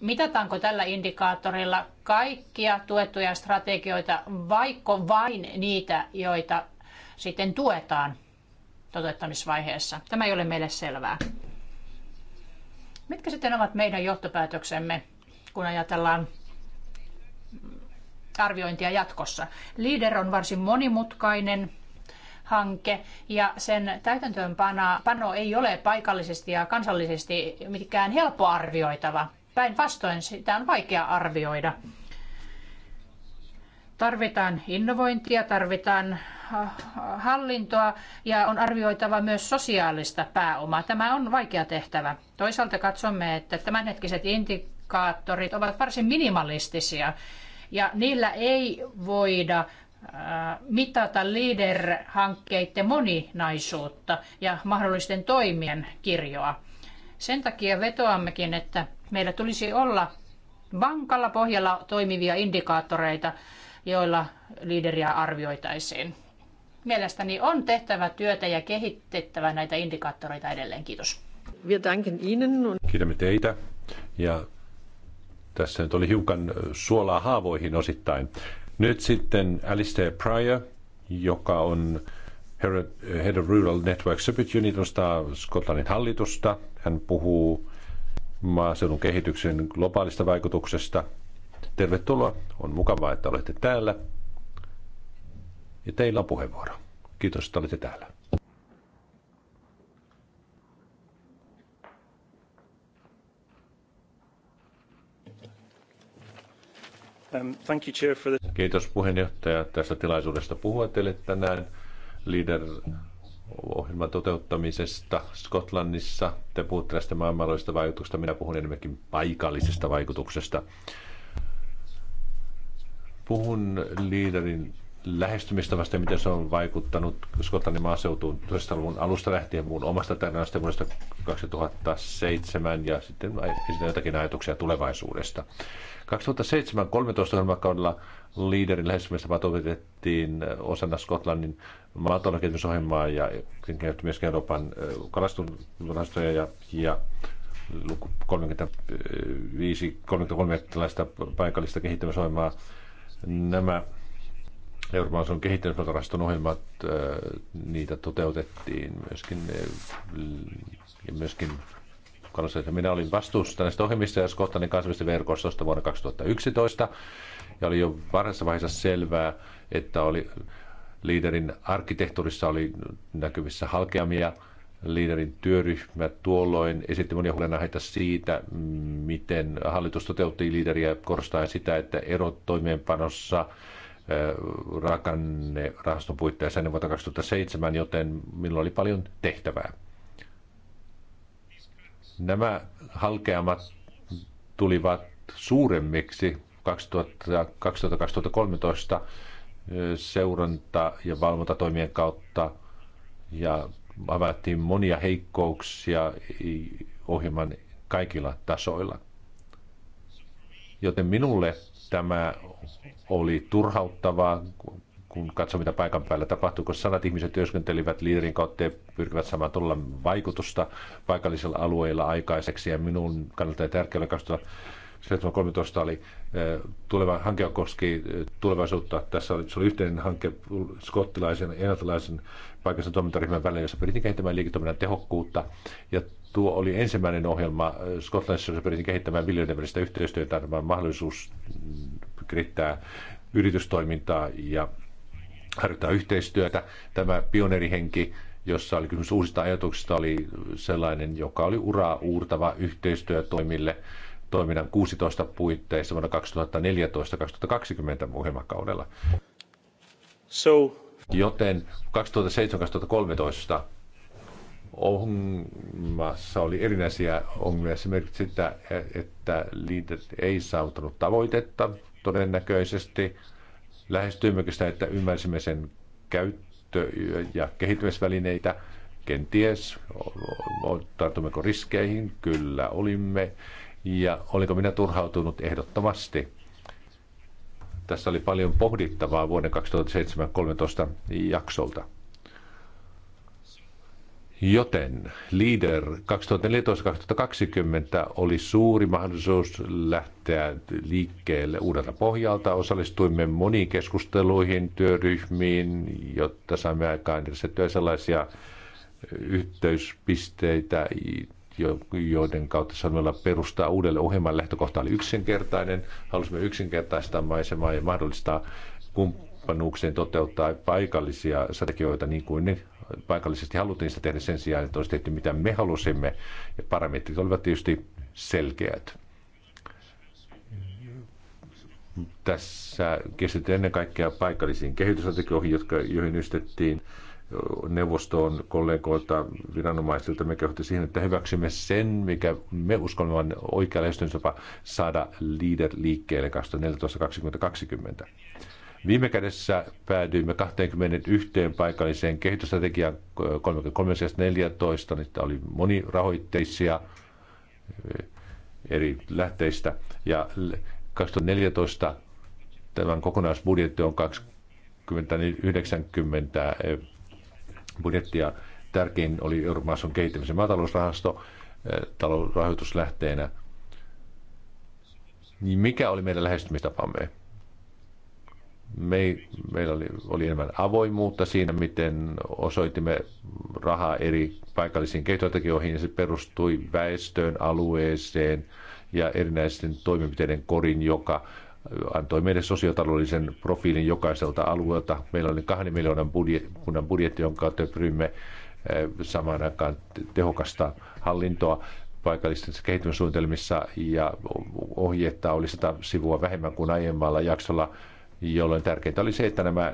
mitataanko tällä indikaattorilla kaikkia tuettuja strategioita, vaikka vain niitä, joita sitten tuetaan toteuttamisvaiheessa. Tämä ei ole meille selvää. Mitkä sitten ovat meidän johtopäätöksemme, kun ajatellaan arviointia jatkossa? Leader on varsin monimutkainen hanke ja sen täytäntöönpano ei ole paikallisesti ja kansallisesti mitenkään helppo arvioitava. Päinvastoin sitä on vaikea arvioida. Tarvitaan innovointia, tarvitaan hallintoa ja on arvioitava myös sosiaalista pääomaa. Tämä on vaikea tehtävä. Toisaalta katsomme, että tämänhetkiset indikaattorit ovat varsin minimalistisia ja niillä ei voida mitata LEADER-hankkeiden moninaisuutta ja mahdollisten toimien kirjoa. Sen takia vetoammekin, että meillä tulisi olla vankalla pohjalla toimivia indikaattoreita, joilla liideriä arvioitaisiin. Mielestäni on tehtävä työtä ja kehitettävä näitä indikaattoreita edelleen. Kiitos. Kiitämme teitä. Ja tässä nyt oli hiukan suolaa haavoihin osittain. Nyt sitten Alistair Pryor, joka on Head of Rural Network Support Unit, Skotlannin hallitusta. Hän puhuu maaseudun kehityksen globaalista vaikutuksesta. Tervetuloa, on mukavaa, että olette täällä. Ja teillä on puheenvuoro. Kiitos, että olette täällä. Um, Kiitos puheenjohtaja tästä tilaisuudesta puhua teille tänään. Leader ohjelman toteuttamisesta Skotlannissa. Te puhutte tästä maailmanlaajuisesta vaikutuksesta, minä puhun enemmänkin paikallisesta vaikutuksesta. Puhun liiderin lähestymistavasta, miten se on vaikuttanut Skotlannin maaseutuun 1900-luvun alusta lähtien muun omasta tarinasta vuodesta 2007 ja sitten esitän jotakin ajatuksia tulevaisuudesta. 2007-2013 ohjelmakaudella liiderin lähestymistä toteutettiin eh, osana Skotlannin maatalouskehitysohjelmaa ja myös Euroopan eh, kalastusrahastoja ja, ja 35, 33 paikallista kehittämisohjelmaa. Nämä Euroopan on kehittämisrahaston ohjelmat, eh, niitä toteutettiin myöskin, ja myöskin kansallisesta. Minä olin vastuussa näistä ohjelmista ja Skotlannin kansallisesta verkostosta vuonna 2011. Ja oli jo varhaisessa vaiheessa selvää, että oli liiderin arkkitehtuurissa oli näkyvissä halkeamia. Liiderin työryhmä tuolloin esitti monia huolenaiheita siitä, miten hallitus toteutti liideriä korostaen sitä, että erot toimeenpanossa rakanne rahaston puitteissa ennen vuotta 2007, joten minulla oli paljon tehtävää. Nämä halkeamat tulivat suuremmiksi 2000-2013 seuranta- ja valvontatoimien kautta ja avattiin monia heikkouksia ohjelman kaikilla tasoilla. Joten minulle tämä oli turhauttavaa, kun katsoo mitä paikan päällä tapahtuu, kun sanat ihmiset työskentelivät liiderin kautta ja pyrkivät saamaan tuolla vaikutusta paikallisilla alueilla aikaiseksi. Ja minun kannalta tärkeää 2013 oli tuleva hanke koski tulevaisuutta. Tässä oli, se oli yhteinen hanke skottilaisen ja englantilaisen paikallisen toimintaryhmän välillä, jossa pyrittiin kehittämään liiketoiminnan tehokkuutta. Ja tuo oli ensimmäinen ohjelma Skotlannissa, jossa pyrittiin kehittämään viljelijöiden välistä yhteistyötä, tämä mahdollisuus mm, kehittää yritystoimintaa ja harjoittaa yhteistyötä. Tämä pioneerihenki, jossa oli kysymys uusista ajatuksista, oli sellainen, joka oli uraa uurtava yhteistyötoimille toiminnan 16 puitteissa vuonna 2014-2020 ohjelmakaudella. So. Joten 2007-2013 ohjelmassa oli erinäisiä ongelmia. Esimerkiksi sitä, että liitet ei saavuttanut tavoitetta todennäköisesti – lähestyimmekö sitä, että ymmärsimme sen käyttö- ja kehittymisvälineitä? Kenties. Tartummeko riskeihin? Kyllä olimme. Ja oliko minä turhautunut? Ehdottomasti. Tässä oli paljon pohdittavaa vuoden 2007-2013 jaksolta. Joten Leader 2014-2020 oli suuri mahdollisuus lähteä liikkeelle uudelta pohjalta. Osallistuimme moniin keskusteluihin, työryhmiin, jotta saimme aikaan edistettyä sellaisia yhteyspisteitä, joiden kautta saimme perustaa uudelle ohjelman lähtökohta oli yksinkertainen. Halusimme yksinkertaistaa maisemaa ja mahdollistaa kumppanuuksien toteuttaa paikallisia strategioita niin kuin ne paikallisesti haluttiin sitä tehdä sen sijaan, että olisi tehty mitä me halusimme. Ja parametrit olivat tietysti selkeät. Tässä keskityttiin ennen kaikkea paikallisiin kehitysstrategioihin, jotka, joihin ystettiin neuvostoon kollegoilta, viranomaisilta, me kehotti siihen, että hyväksymme sen, mikä me uskomme on oikea lähestymistapa saada leader liikkeelle 2014-2020. Viime kädessä päädyimme 21 paikalliseen kehitysstrategiaan 314, niitä oli monirahoitteisia eri lähteistä. Ja 2014 tämän kokonaisbudjetti on 2090 budjettia. Tärkein oli Euroopan kehittämisen maatalousrahasto eh, talousrahoituslähteenä. Niin mikä oli meidän lähestymistapamme? me, meillä oli, oli enemmän avoimuutta siinä, miten osoitimme rahaa eri paikallisiin kehitystekijöihin ja se perustui väestöön, alueeseen ja erinäisten toimenpiteiden korin, joka antoi meille sosiotaloudellisen profiilin jokaiselta alueelta. Meillä oli kahden miljoonan budjetti, budjetti jonka kautta pyrimme eh, samaan aikaan tehokasta hallintoa paikallisissa kehityssuunnitelmissa ja ohjetta oli sitä sivua vähemmän kuin aiemmalla jaksolla jolloin tärkeintä oli se, että nämä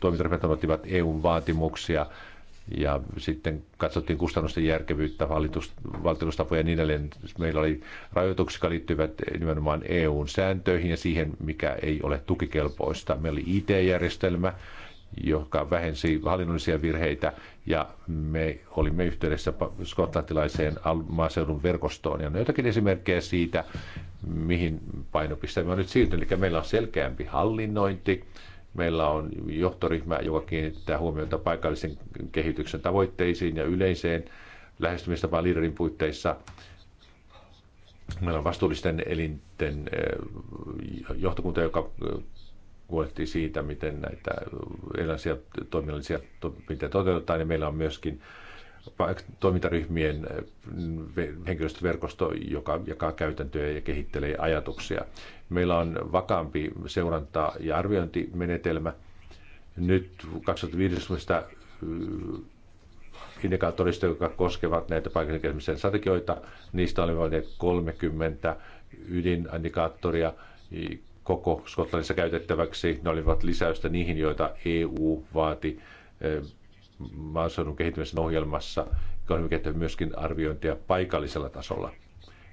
toimintaryhmät ottivat eu vaatimuksia ja sitten katsottiin kustannusten järkevyyttä, valtuustapoja ja niin edelleen. Meillä oli rajoituksia, jotka liittyivät nimenomaan EUn sääntöihin ja siihen, mikä ei ole tukikelpoista. Meillä oli IT-järjestelmä, joka vähensi hallinnollisia virheitä ja me olimme yhteydessä skotlantilaiseen maaseudun verkostoon. Ja on joitakin esimerkkejä siitä, mihin painopisteemme on nyt siirtynyt. Eli meillä on selkeämpi hallinnointi, meillä on johtoryhmä, joka kiinnittää huomiota paikallisen kehityksen tavoitteisiin ja yleiseen lähestymistapaan liiderin puitteissa. Meillä on vastuullisten elinten eh, johtokunta, joka eh, huolehtii siitä, miten näitä erilaisia toiminnallisia toimintoja toteutetaan, ja meillä on myöskin toimintaryhmien eh, henkilöstöverkosto, joka jakaa käytäntöjä ja kehittelee ajatuksia. Meillä on vakaampi seuranta- ja arviointimenetelmä. Nyt 2015 eh, indikaattorista, jotka koskevat näitä paikallisen strategioita, niistä oli valinneet 30 ydinindikaattoria, koko Skotlannissa käytettäväksi. Ne olivat lisäystä niihin, joita EU vaati eh, maaseudun kehittämisen ohjelmassa, joka on kehittänyt myöskin arviointia paikallisella tasolla.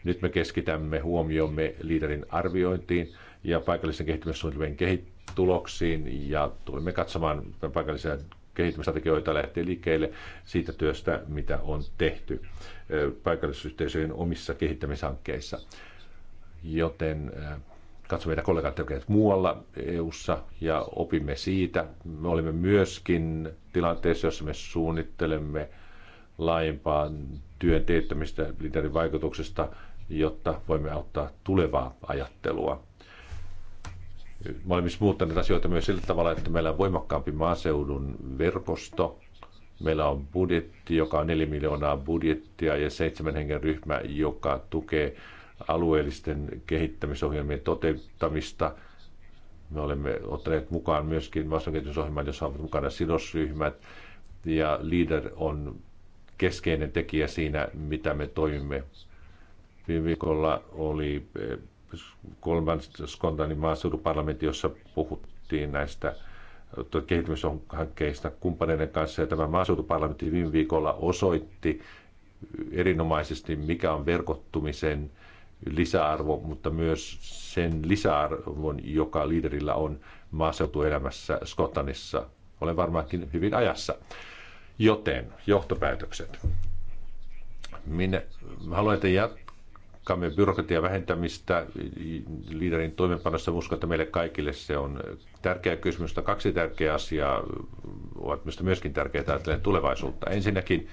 Nyt me keskitämme huomiomme liiderin arviointiin ja paikallisen kehittymissuunnitelmien tuloksiin ja tulemme katsomaan paikallisia kehittämistrategioita lähtee liikkeelle siitä työstä, mitä on tehty eh, paikallisyhteisöjen omissa kehittämishankkeissa. Joten eh, katsomme, meidän kollegat tekevät muualla EU-ssa ja opimme siitä. Me olimme myöskin tilanteessa, jossa me suunnittelemme laajempaa työn teettämistä liiterin vaikutuksesta, jotta voimme auttaa tulevaa ajattelua. Me olemme siis muuttaneet asioita myös sillä tavalla, että meillä on voimakkaampi maaseudun verkosto. Meillä on budjetti, joka on 4 miljoonaa budjettia ja seitsemän hengen ryhmä, joka tukee alueellisten kehittämisohjelmien toteuttamista. Me olemme ottaneet mukaan myöskin vastuunkehitysohjelman, jossa ovat mukana sidosryhmät, ja Leader on keskeinen tekijä siinä, mitä me toimimme. Viime viikolla oli eh, kolmas maaseudun parlamentti, jossa puhuttiin näistä eh, kehittämishankkeista kumppaneiden kanssa. Ja tämä maaseutuparlamentti viime viikolla osoitti erinomaisesti, mikä on verkottumisen lisäarvo, mutta myös sen lisäarvon, joka liiderillä on maaseutuelämässä Skotanissa. Olen varmaankin hyvin ajassa. Joten johtopäätökset. Minne, haluan, että jatkamme byrokratian vähentämistä liiderin toimenpanossa. Uskon, että meille kaikille se on tärkeä kysymys. Kaksi tärkeää asiaa ovat myöskin tärkeitä ajatellen tulevaisuutta. Ensinnäkin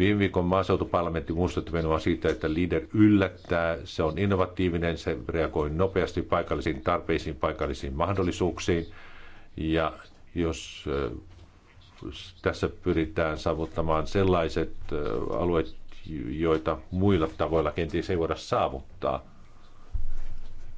Viime viikon maaseutuparlamentti muistutti minua siitä, että leader yllättää, se on innovatiivinen, se reagoi nopeasti paikallisiin tarpeisiin, paikallisiin mahdollisuuksiin. Ja jos äh, tässä pyritään saavuttamaan sellaiset äh, alueet, joita muilla tavoilla kenties ei voida saavuttaa.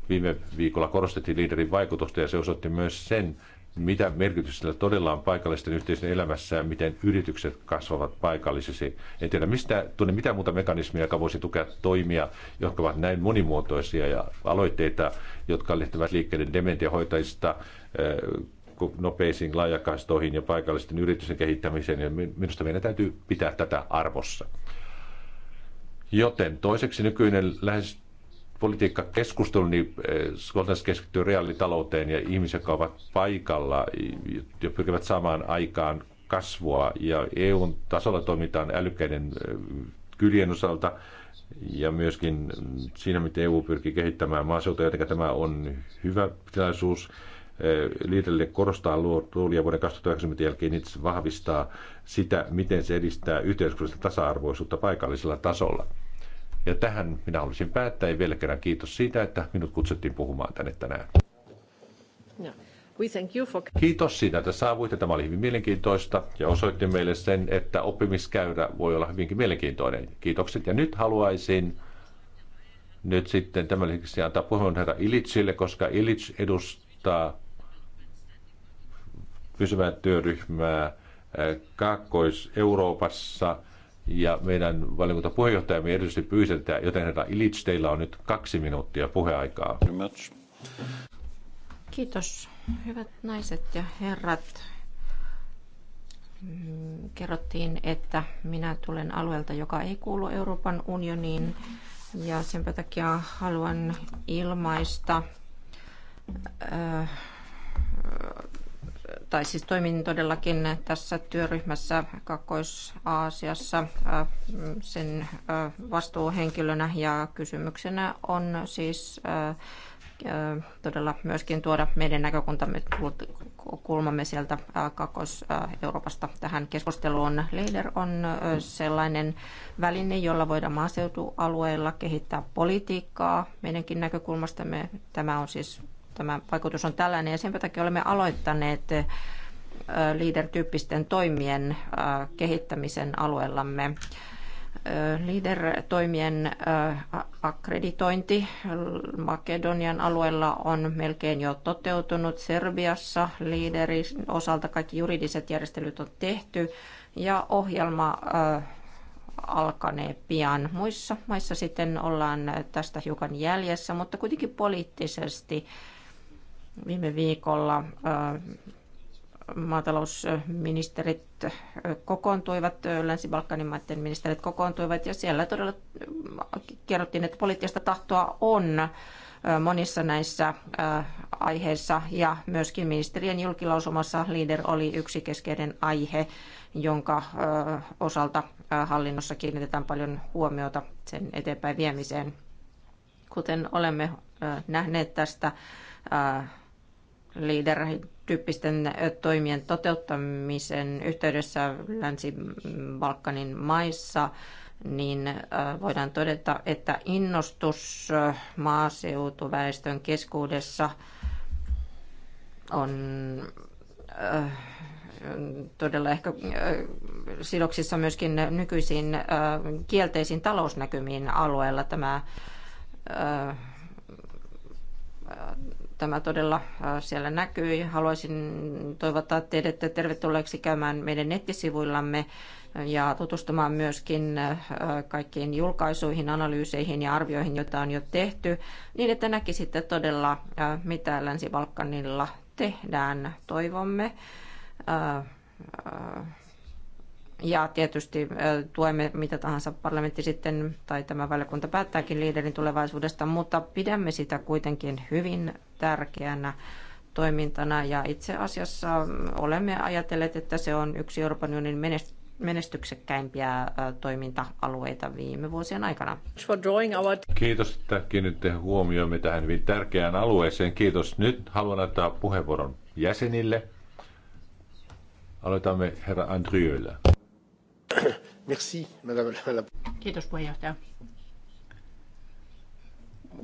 Viime viikolla korostettiin liiderin vaikutusta ja se osoitti myös sen, mitä merkitystä sillä todella on paikallisten yhteisön elämässä ja miten yritykset kasvavat paikallisesti? En tiedä mistä, tunne mitään muuta mekanismia, joka voisi tukea toimia, jotka ovat näin monimuotoisia ja aloitteita, jotka lähtevät liikkeelle dementiahoitajista, eh, nopeisiin laajakaistoihin ja paikallisten yritysten kehittämiseen. Minusta meidän täytyy pitää tätä arvossa. Joten toiseksi nykyinen lähes politiikkakeskustelu, niin eh, Skotlanti keskittyy reaalitalouteen ja ihmiset, jotka ovat paikalla eh, ja pyrkivät saamaan aikaan kasvua. Ja EUn tasolla toimitaan älykkäiden eh, kylien osalta ja myöskin siinä, miten EU pyrkii kehittämään maaseutua, joten tämä on hyvä tilaisuus liitelle korostaa luulia vuoden 2019 jälkeen itse niin vahvistaa sitä, miten se edistää yhteiskunnallista tasa-arvoisuutta paikallisella tasolla. Ja tähän minä haluaisin päättää ja vielä kerran kiitos siitä, että minut kutsuttiin puhumaan tänne tänään. No, for... Kiitos siitä, että saavuitte. Tämä oli hyvin mielenkiintoista ja osoitti meille sen, että oppimiskäyrä voi olla hyvinkin mielenkiintoinen. Kiitokset. Ja nyt haluaisin nyt sitten tämän lisäksi antaa puheenvuoron herra Ilitsille, koska Ilits edustaa pysyvää työryhmää Kaakkois-Euroopassa – ja meidän valiokunnan puheenjohtajamme erityisesti pyysi tätä, joten herra Ilits, teillä on nyt kaksi minuuttia puheaikaa. Kiitos, hyvät naiset ja herrat. Kerrottiin, että minä tulen alueelta, joka ei kuulu Euroopan unioniin, ja sen takia haluan ilmaista äh, tai siis toimin todellakin tässä työryhmässä Kakkois-Aasiassa äh, sen äh, vastuuhenkilönä ja kysymyksenä on siis äh, todella myöskin tuoda meidän näkökuntamme kulmamme sieltä kakkois euroopasta tähän keskusteluun. Leider on sellainen väline, jolla voidaan maaseutualueilla kehittää politiikkaa. Meidänkin näkökulmastamme tämä on siis tämä vaikutus on tällainen ja sen takia olemme aloittaneet leader-tyyppisten toimien kehittämisen alueellamme. Leader-toimien akkreditointi Makedonian alueella on melkein jo toteutunut. Serbiassa liiderin osalta kaikki juridiset järjestelyt on tehty ja ohjelma alkanee pian. Muissa maissa sitten ollaan tästä hiukan jäljessä, mutta kuitenkin poliittisesti Viime viikolla maatalousministerit kokoontuivat, Länsi-Balkanin maiden ministerit kokoontuivat ja siellä todella kerrottiin, että poliittista tahtoa on monissa näissä aiheissa ja myöskin ministerien julkilausumassa Leader oli yksi keskeinen aihe, jonka osalta hallinnossa kiinnitetään paljon huomiota sen eteenpäin viemiseen. Kuten olemme nähneet tästä leader tyyppisten toimien toteuttamisen yhteydessä Länsi-Balkanin maissa, niin voidaan todeta, että innostus maaseutuväestön keskuudessa on todella ehkä sidoksissa myöskin nykyisiin kielteisiin talousnäkymiin alueella tämä tämä todella siellä näkyi. Haluaisin toivottaa teidät tervetulleeksi käymään meidän nettisivuillamme ja tutustumaan myöskin kaikkiin julkaisuihin, analyyseihin ja arvioihin, joita on jo tehty, niin että näkisitte todella, mitä Länsi-Balkanilla tehdään, toivomme ja tietysti tuemme mitä tahansa parlamentti sitten tai tämä valiokunta päättääkin liiderin tulevaisuudesta, mutta pidämme sitä kuitenkin hyvin tärkeänä toimintana ja itse asiassa olemme ajatelleet, että se on yksi Euroopan unionin menestyksekkäimpiä toiminta-alueita viime vuosien aikana. Kiitos, että kiinnitte huomioon tähän hyvin tärkeään alueeseen. Kiitos. Nyt haluan antaa puheenvuoron jäsenille. Aloitamme herra Andriöllä. Merci, madame la... Kiitos puheenjohtaja.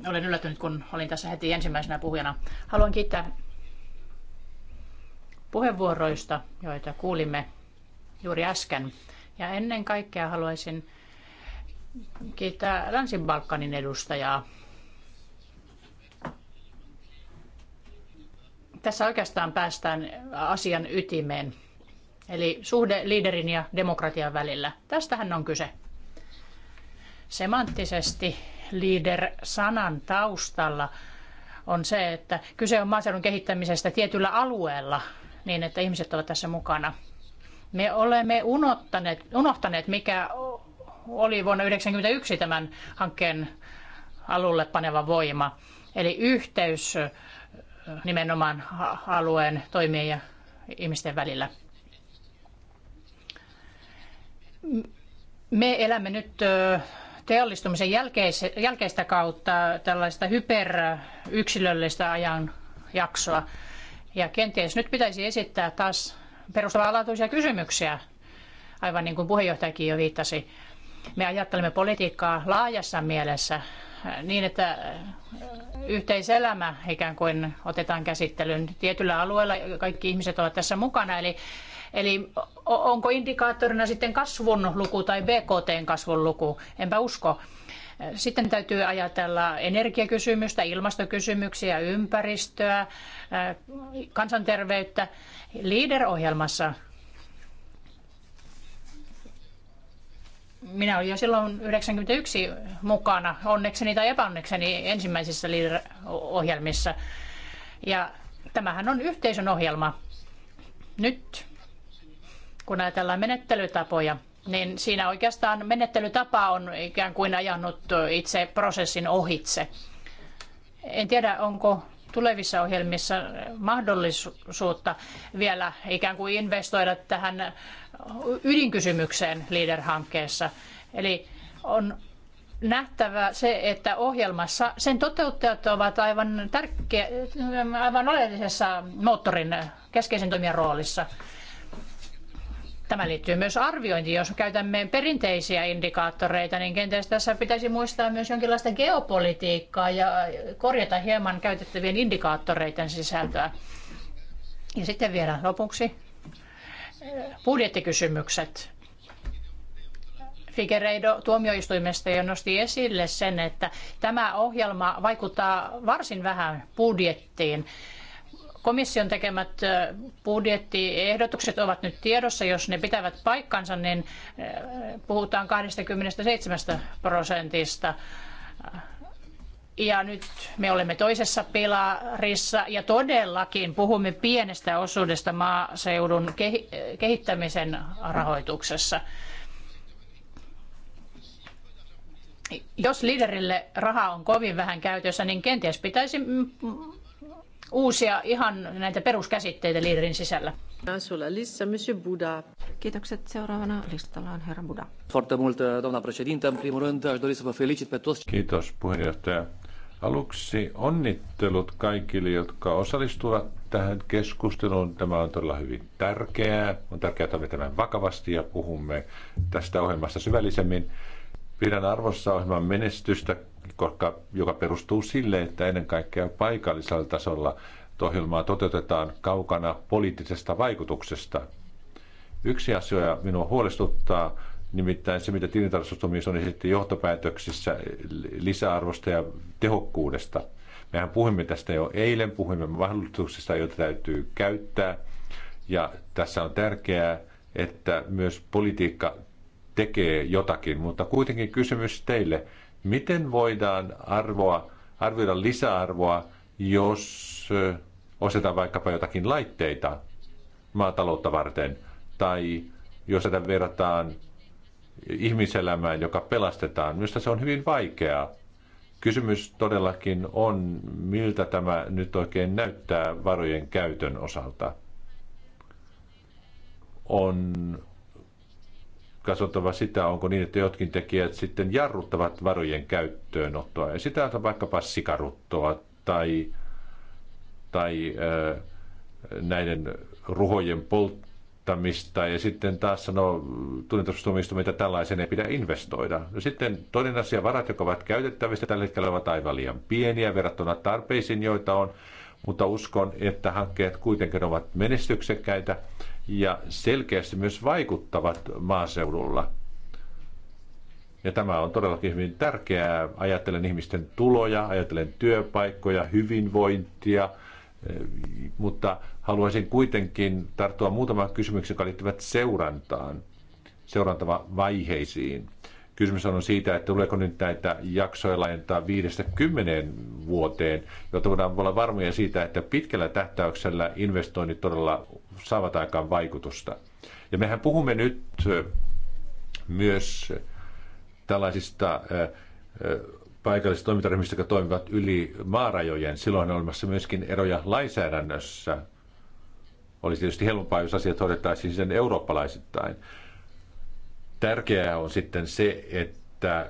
Olen yllättynyt, kun olin tässä heti ensimmäisenä puhujana. Haluan kiittää puheenvuoroista, joita kuulimme juuri äsken. Ja ennen kaikkea haluaisin kiittää Länsi-Balkanin edustajaa. Tässä oikeastaan päästään asian ytimeen. Eli suhde liiderin ja demokratian välillä. Tästähän on kyse. Semanttisesti leader-sanan taustalla on se, että kyse on maaseudun kehittämisestä tietyllä alueella niin, että ihmiset ovat tässä mukana. Me olemme unohtaneet, unohtaneet mikä oli vuonna 1991 tämän hankkeen alulle paneva voima. Eli yhteys nimenomaan alueen toimien ja ihmisten välillä. Me elämme nyt teollistumisen jälkeistä kautta tällaista hyperyksilöllistä ajan jaksoa. Ja kenties nyt pitäisi esittää taas perustavanlaatuisia kysymyksiä, aivan niin kuin puheenjohtajakin jo viittasi. Me ajattelemme politiikkaa laajassa mielessä niin, että yhteiselämä ikään kuin otetaan käsittelyyn. Tietyllä alueella kaikki ihmiset ovat tässä mukana, eli Eli onko indikaattorina sitten kasvun luku tai BKTn kasvun luku? Enpä usko. Sitten täytyy ajatella energiakysymystä, ilmastokysymyksiä, ympäristöä, kansanterveyttä. Leader-ohjelmassa minä olin jo silloin 91 mukana, onnekseni tai epäonnekseni ensimmäisissä leader-ohjelmissa. Ja tämähän on yhteisön ohjelma. Nyt kun ajatellaan menettelytapoja, niin siinä oikeastaan menettelytapa on ikään kuin ajanut itse prosessin ohitse. En tiedä, onko tulevissa ohjelmissa mahdollisuutta vielä ikään kuin investoida tähän ydinkysymykseen LEADER-hankkeessa. Eli on nähtävä se, että ohjelmassa sen toteuttajat ovat aivan, tärkeä, aivan oleellisessa moottorin keskeisen toimijan roolissa – Tämä liittyy myös arviointiin. Jos käytämme perinteisiä indikaattoreita, niin kenties tässä pitäisi muistaa myös jonkinlaista geopolitiikkaa ja korjata hieman käytettävien indikaattoreiden sisältöä. Ja sitten vielä lopuksi eh, budjettikysymykset. Figueiredo tuomioistuimesta jo nosti esille sen, että tämä ohjelma vaikuttaa varsin vähän budjettiin komission tekemät budjettiehdotukset ovat nyt tiedossa. Jos ne pitävät paikkansa, niin puhutaan 27 prosentista. Ja nyt me olemme toisessa pilarissa ja todellakin puhumme pienestä osuudesta maaseudun kehittämisen rahoituksessa. Jos liiderille rahaa on kovin vähän käytössä, niin kenties pitäisi uusia ihan näitä peruskäsitteitä liiderin sisällä. Sulla Monsieur Kiitokset. Seuraavana listalla on herra Buda. Kiitos, puheenjohtaja. Aluksi onnittelut kaikille, jotka osallistuvat tähän keskusteluun. Tämä on todella hyvin tärkeää. On tärkeää, että tämän vakavasti ja puhumme tästä ohjelmasta syvällisemmin. Pidän arvossa ohjelman menestystä koska, joka perustuu sille, että ennen kaikkea paikallisella tasolla ohjelmaa toteutetaan kaukana poliittisesta vaikutuksesta. Yksi asia minua huolestuttaa, nimittäin se, mitä tilintarkastustuomioissa on esitetty johtopäätöksissä lisäarvosta ja tehokkuudesta. Mehän puhuimme tästä jo eilen, puhuimme mahdollisuuksista, joita täytyy käyttää. Ja tässä on tärkeää, että myös politiikka tekee jotakin, mutta kuitenkin kysymys teille – Miten voidaan arvoa, arvioida lisäarvoa, jos ostetaan vaikkapa jotakin laitteita maataloutta varten, tai jos sitä verrataan ihmiselämään, joka pelastetaan. Minusta se on hyvin vaikeaa. Kysymys todellakin on, miltä tämä nyt oikein näyttää varojen käytön osalta. On katsottava sitä, onko niin, että jotkin tekijät sitten jarruttavat varojen käyttöönottoa. Ja sitä on vaikkapa sikaruttoa tai, tai ää, näiden ruhojen polttamista. Ja sitten taas sanoo tunnetustumistumia, että tällaisen ei pidä investoida. No sitten toinen asia, varat, jotka ovat käytettävissä tällä hetkellä ovat aivan liian pieniä verrattuna tarpeisiin, joita on. Mutta uskon, että hankkeet kuitenkin ovat menestyksekkäitä ja selkeästi myös vaikuttavat maaseudulla. Ja tämä on todellakin hyvin tärkeää. Ajattelen ihmisten tuloja, ajattelen työpaikkoja, hyvinvointia, eh, mutta haluaisin kuitenkin tarttua muutamaan kysymykseen, jotka liittyvät seurantaan, seurantava vaiheisiin. Kysymys on siitä, että tuleeko nyt näitä jaksoja laajentaa viidestä kymmeneen vuoteen, jotta voidaan olla varmoja siitä, että pitkällä tähtäyksellä investoinnit todella saavat aikaan vaikutusta. Ja mehän puhumme nyt myös tällaisista paikallisista toimintaryhmistä, jotka toimivat yli maarajojen. Silloin on olemassa myöskin eroja lainsäädännössä. Olisi tietysti helpompaa, jos asiat hoidettaisiin sen eurooppalaisittain. Tärkeää on sitten se, että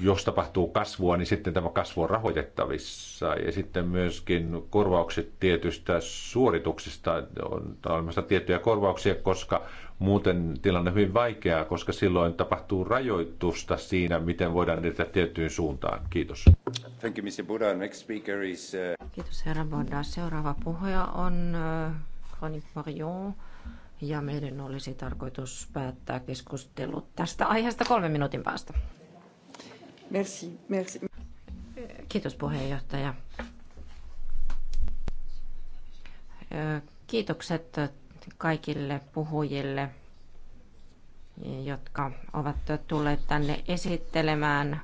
jos tapahtuu kasvua, niin sitten tämä kasvu on rahoitettavissa. Ja sitten myöskin korvaukset tietystä suorituksista on olemassa tiettyjä korvauksia, koska muuten tilanne on hyvin vaikeaa, koska silloin tapahtuu rajoitusta siinä, miten voidaan edetä tiettyyn suuntaan. Kiitos. Thank you, Mr. Buddha. Next speaker is, uh... Kiitos, herra Buddha. Seuraava puhuja on uh, Marion. Ja meidän olisi tarkoitus päättää keskustelut tästä aiheesta kolmen minuutin päästä. Merci, merci. Kiitos puheenjohtaja. Kiitokset kaikille puhujille, jotka ovat tulleet tänne esittelemään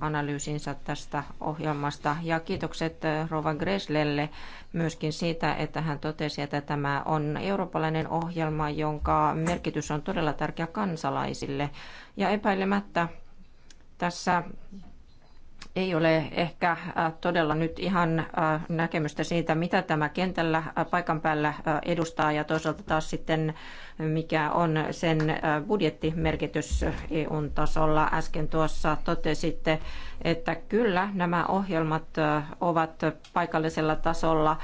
analyysinsä tästä ohjelmasta. Ja kiitokset Rova Greslelle myöskin siitä, että hän totesi, että tämä on eurooppalainen ohjelma, jonka merkitys on todella tärkeä kansalaisille. Ja epäilemättä tässä ei ole ehkä äh, todella nyt ihan äh, näkemystä siitä, mitä tämä kentällä äh, paikan päällä edustaa ja toisaalta taas sitten mikä on sen budjettimerkitys EUn tasolla. Äsken tuossa totesitte, että kyllä nämä ohjelmat ovat paikallisella tasolla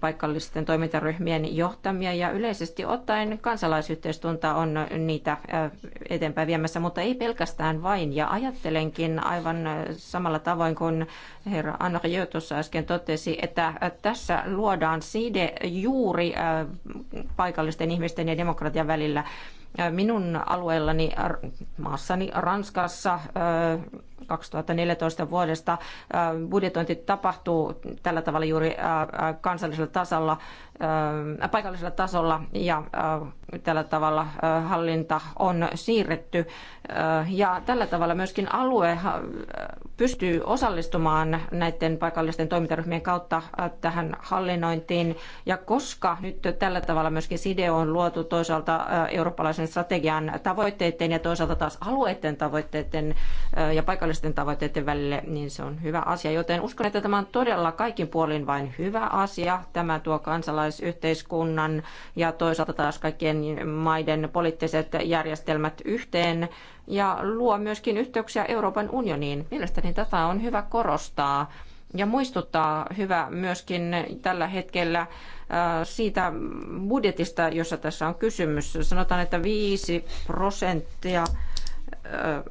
paikallisten toimintaryhmien johtamia ja yleisesti ottaen kansalaisyhteiskunta on niitä eteenpäin viemässä, mutta ei pelkästään vain. Ja ajattelenkin aivan samalla tavoin kuin herra Anna tuossa äsken totesi, että tässä luodaan side juuri paikallisten ihmisten ja demokratian välillä minun alueellani, maassani Ranskassa, 2014 vuodesta. Äh, budjetointi tapahtuu tällä tavalla juuri äh, äh, kansallisella tasolla, paikallisella tasolla ja tällä tavalla hallinta on siirretty. Ja tällä tavalla myöskin alue pystyy osallistumaan näiden paikallisten toimintaryhmien kautta tähän hallinnointiin. Ja koska nyt tällä tavalla myöskin SIDE on luotu toisaalta eurooppalaisen strategian tavoitteiden ja toisaalta taas alueiden tavoitteiden ja paikallisten paikallisten tavoitteiden välille, niin se on hyvä asia. Joten uskon, että tämä on todella kaikin puolin vain hyvä asia. Tämä tuo kansalaisyhteiskunnan ja toisaalta taas kaikkien maiden poliittiset järjestelmät yhteen ja luo myöskin yhteyksiä Euroopan unioniin. Mielestäni tätä on hyvä korostaa ja muistuttaa hyvä myöskin tällä hetkellä äh, siitä budjetista, jossa tässä on kysymys. Sanotaan, että 5 prosenttia äh,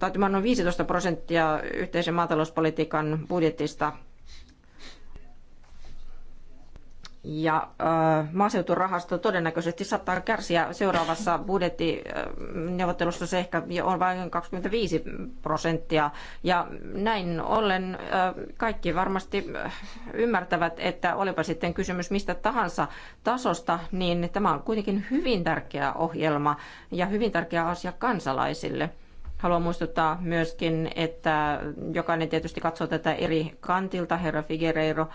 tämä on 15 prosenttia yhteisen maatalouspolitiikan budjetista. Ja äh, maaseuturahasto todennäköisesti saattaa kärsiä seuraavassa budjettineuvottelussa äh, se ehkä on vain 25 prosenttia. Ja näin ollen äh, kaikki varmasti äh, ymmärtävät, että olipa sitten kysymys mistä tahansa tasosta, niin tämä on kuitenkin hyvin tärkeä ohjelma ja hyvin tärkeä asia kansalaisille. Haluan muistuttaa myöskin, että jokainen tietysti katsoo tätä eri kantilta. Herra Figereiro,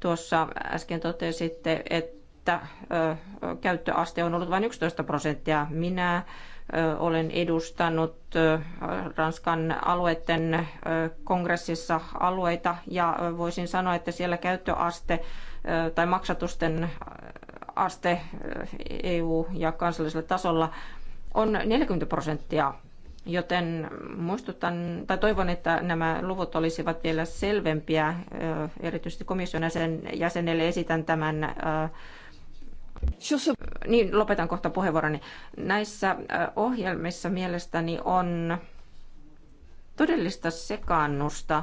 tuossa äsken totesitte, että käyttöaste on ollut vain 11 prosenttia. Minä olen edustanut Ranskan alueiden kongressissa alueita ja voisin sanoa, että siellä käyttöaste tai maksatusten aste EU- ja kansallisella tasolla on 40 prosenttia Joten muistutan, tai toivon, että nämä luvut olisivat vielä selvempiä. Erityisesti komission jäsenelle esitän tämän niin, lopetan kohta puheenvuoroni. Näissä ohjelmissa mielestäni on todellista sekaannusta.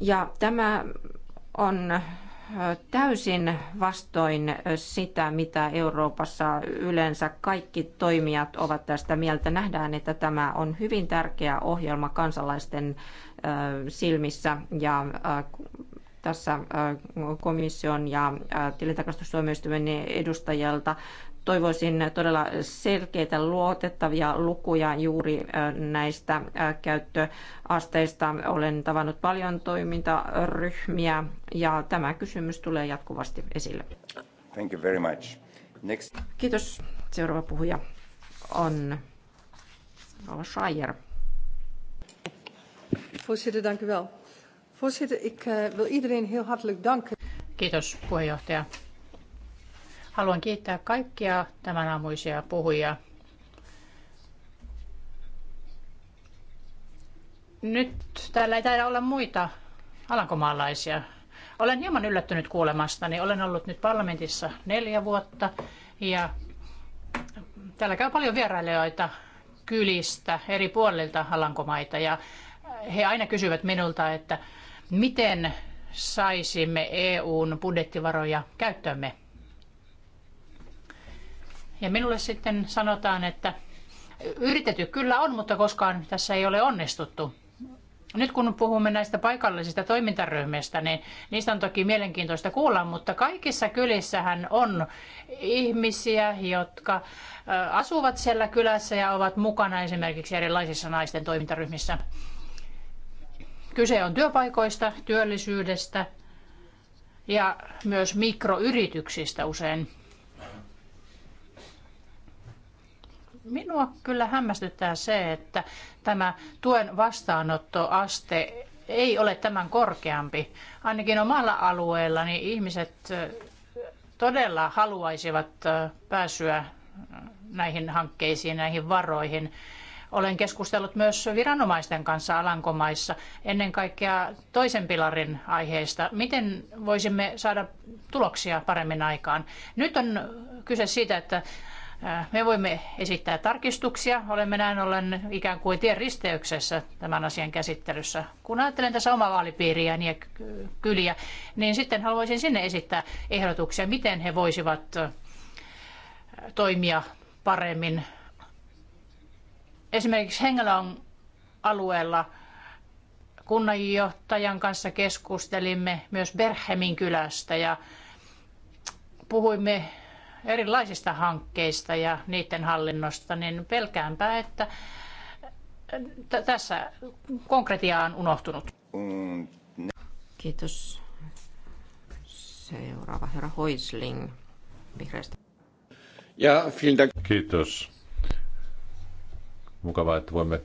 Ja tämä on täysin vastoin sitä, mitä Euroopassa yleensä kaikki toimijat ovat tästä mieltä. Nähdään, että tämä on hyvin tärkeä ohjelma kansalaisten silmissä ja tässä komission ja tilintarkastustuomioistuimen edustajilta toivoisin todella selkeitä, luotettavia lukuja juuri näistä käyttöasteista. Olen tavannut paljon toimintaryhmiä ja tämä kysymys tulee jatkuvasti esille. Thank you very much. Next. Kiitos. Seuraava puhuja on Rova Schreier. Voorzitter, dank u wel. Voorzitter, ik eh, wil iedereen heel hartelijk danken. Kiitos puheenjohtaja. Haluan kiittää kaikkia tämän aamuisia puhujia. Nyt täällä ei taida olla muita alankomaalaisia. Olen hieman yllättynyt kuulemastani. Olen ollut nyt parlamentissa neljä vuotta ja täällä käy paljon vierailijoita kylistä eri puolilta alankomaita ja he aina kysyvät minulta, että miten saisimme EUn budjettivaroja käyttöömme. Ja minulle sitten sanotaan, että yritetty kyllä on, mutta koskaan tässä ei ole onnistuttu. Nyt kun puhumme näistä paikallisista toimintaryhmistä, niin niistä on toki mielenkiintoista kuulla, mutta kaikissa kylissähän on ihmisiä, jotka asuvat siellä kylässä ja ovat mukana esimerkiksi erilaisissa naisten toimintaryhmissä. Kyse on työpaikoista, työllisyydestä ja myös mikroyrityksistä usein. Minua kyllä hämmästyttää se, että tämä tuen vastaanottoaste ei ole tämän korkeampi. Ainakin omalla alueella niin ihmiset todella haluaisivat pääsyä näihin hankkeisiin, näihin varoihin. Olen keskustellut myös viranomaisten kanssa Alankomaissa ennen kaikkea toisen pilarin aiheesta. Miten voisimme saada tuloksia paremmin aikaan? Nyt on kyse siitä, että Äh, me voimme esittää tarkistuksia. Olemme näin ollen ikään kuin tien risteyksessä tämän asian käsittelyssä. Kun ajattelen tässä omaa vaalipiiriä ja kyliä, niin sitten haluaisin sinne esittää ehdotuksia, miten he voisivat äh, toimia paremmin. Esimerkiksi Hengelan alueella kunnanjohtajan kanssa keskustelimme myös Berhemin kylästä ja puhuimme erilaisista hankkeista ja niiden hallinnosta, niin pelkäänpä, että tässä konkretia on unohtunut. Kiitos. Seuraava herra Hoisling vihreästä. Ja, Kiitos. Mukavaa, että voimme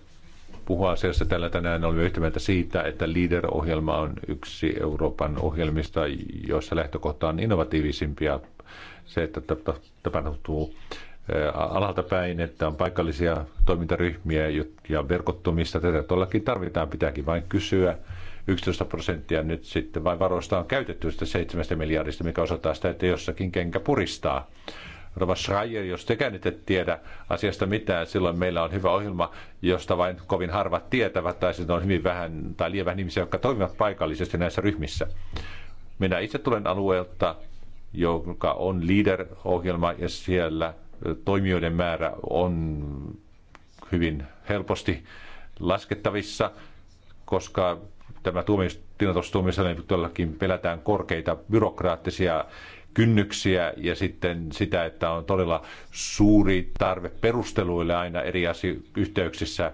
puhua asiassa tällä tänään. Olemme yhtä mieltä siitä, että LEADER-ohjelma on yksi Euroopan ohjelmista, joissa lähtökohta on innovatiivisimpia se, että tapahtuu alalta päin, että on paikallisia toimintaryhmiä ja verkottumista. Tätä todellakin tarvitaan, pitääkin vain kysyä. 11 prosenttia nyt sitten vain varoista on käytetty sitä 7 miljardista, mikä osoittaa sitä, että jossakin kenkä puristaa. Rova Schreier, jos tekään et tiedä asiasta mitään, silloin meillä on hyvä ohjelma, josta vain kovin harvat tietävät, tai sitten on hyvin vähän tai liian vähän ihmisiä, jotka toimivat paikallisesti näissä ryhmissä. Minä itse tulen alueelta, joka on leader-ohjelma ja siellä toimijoiden määrä on hyvin helposti laskettavissa, koska tämä tilintarkastustuomioistuin todellakin pelätään korkeita byrokraattisia kynnyksiä ja sitten sitä, että on todella suuri tarve perusteluille aina eri asio- yhteyksissä.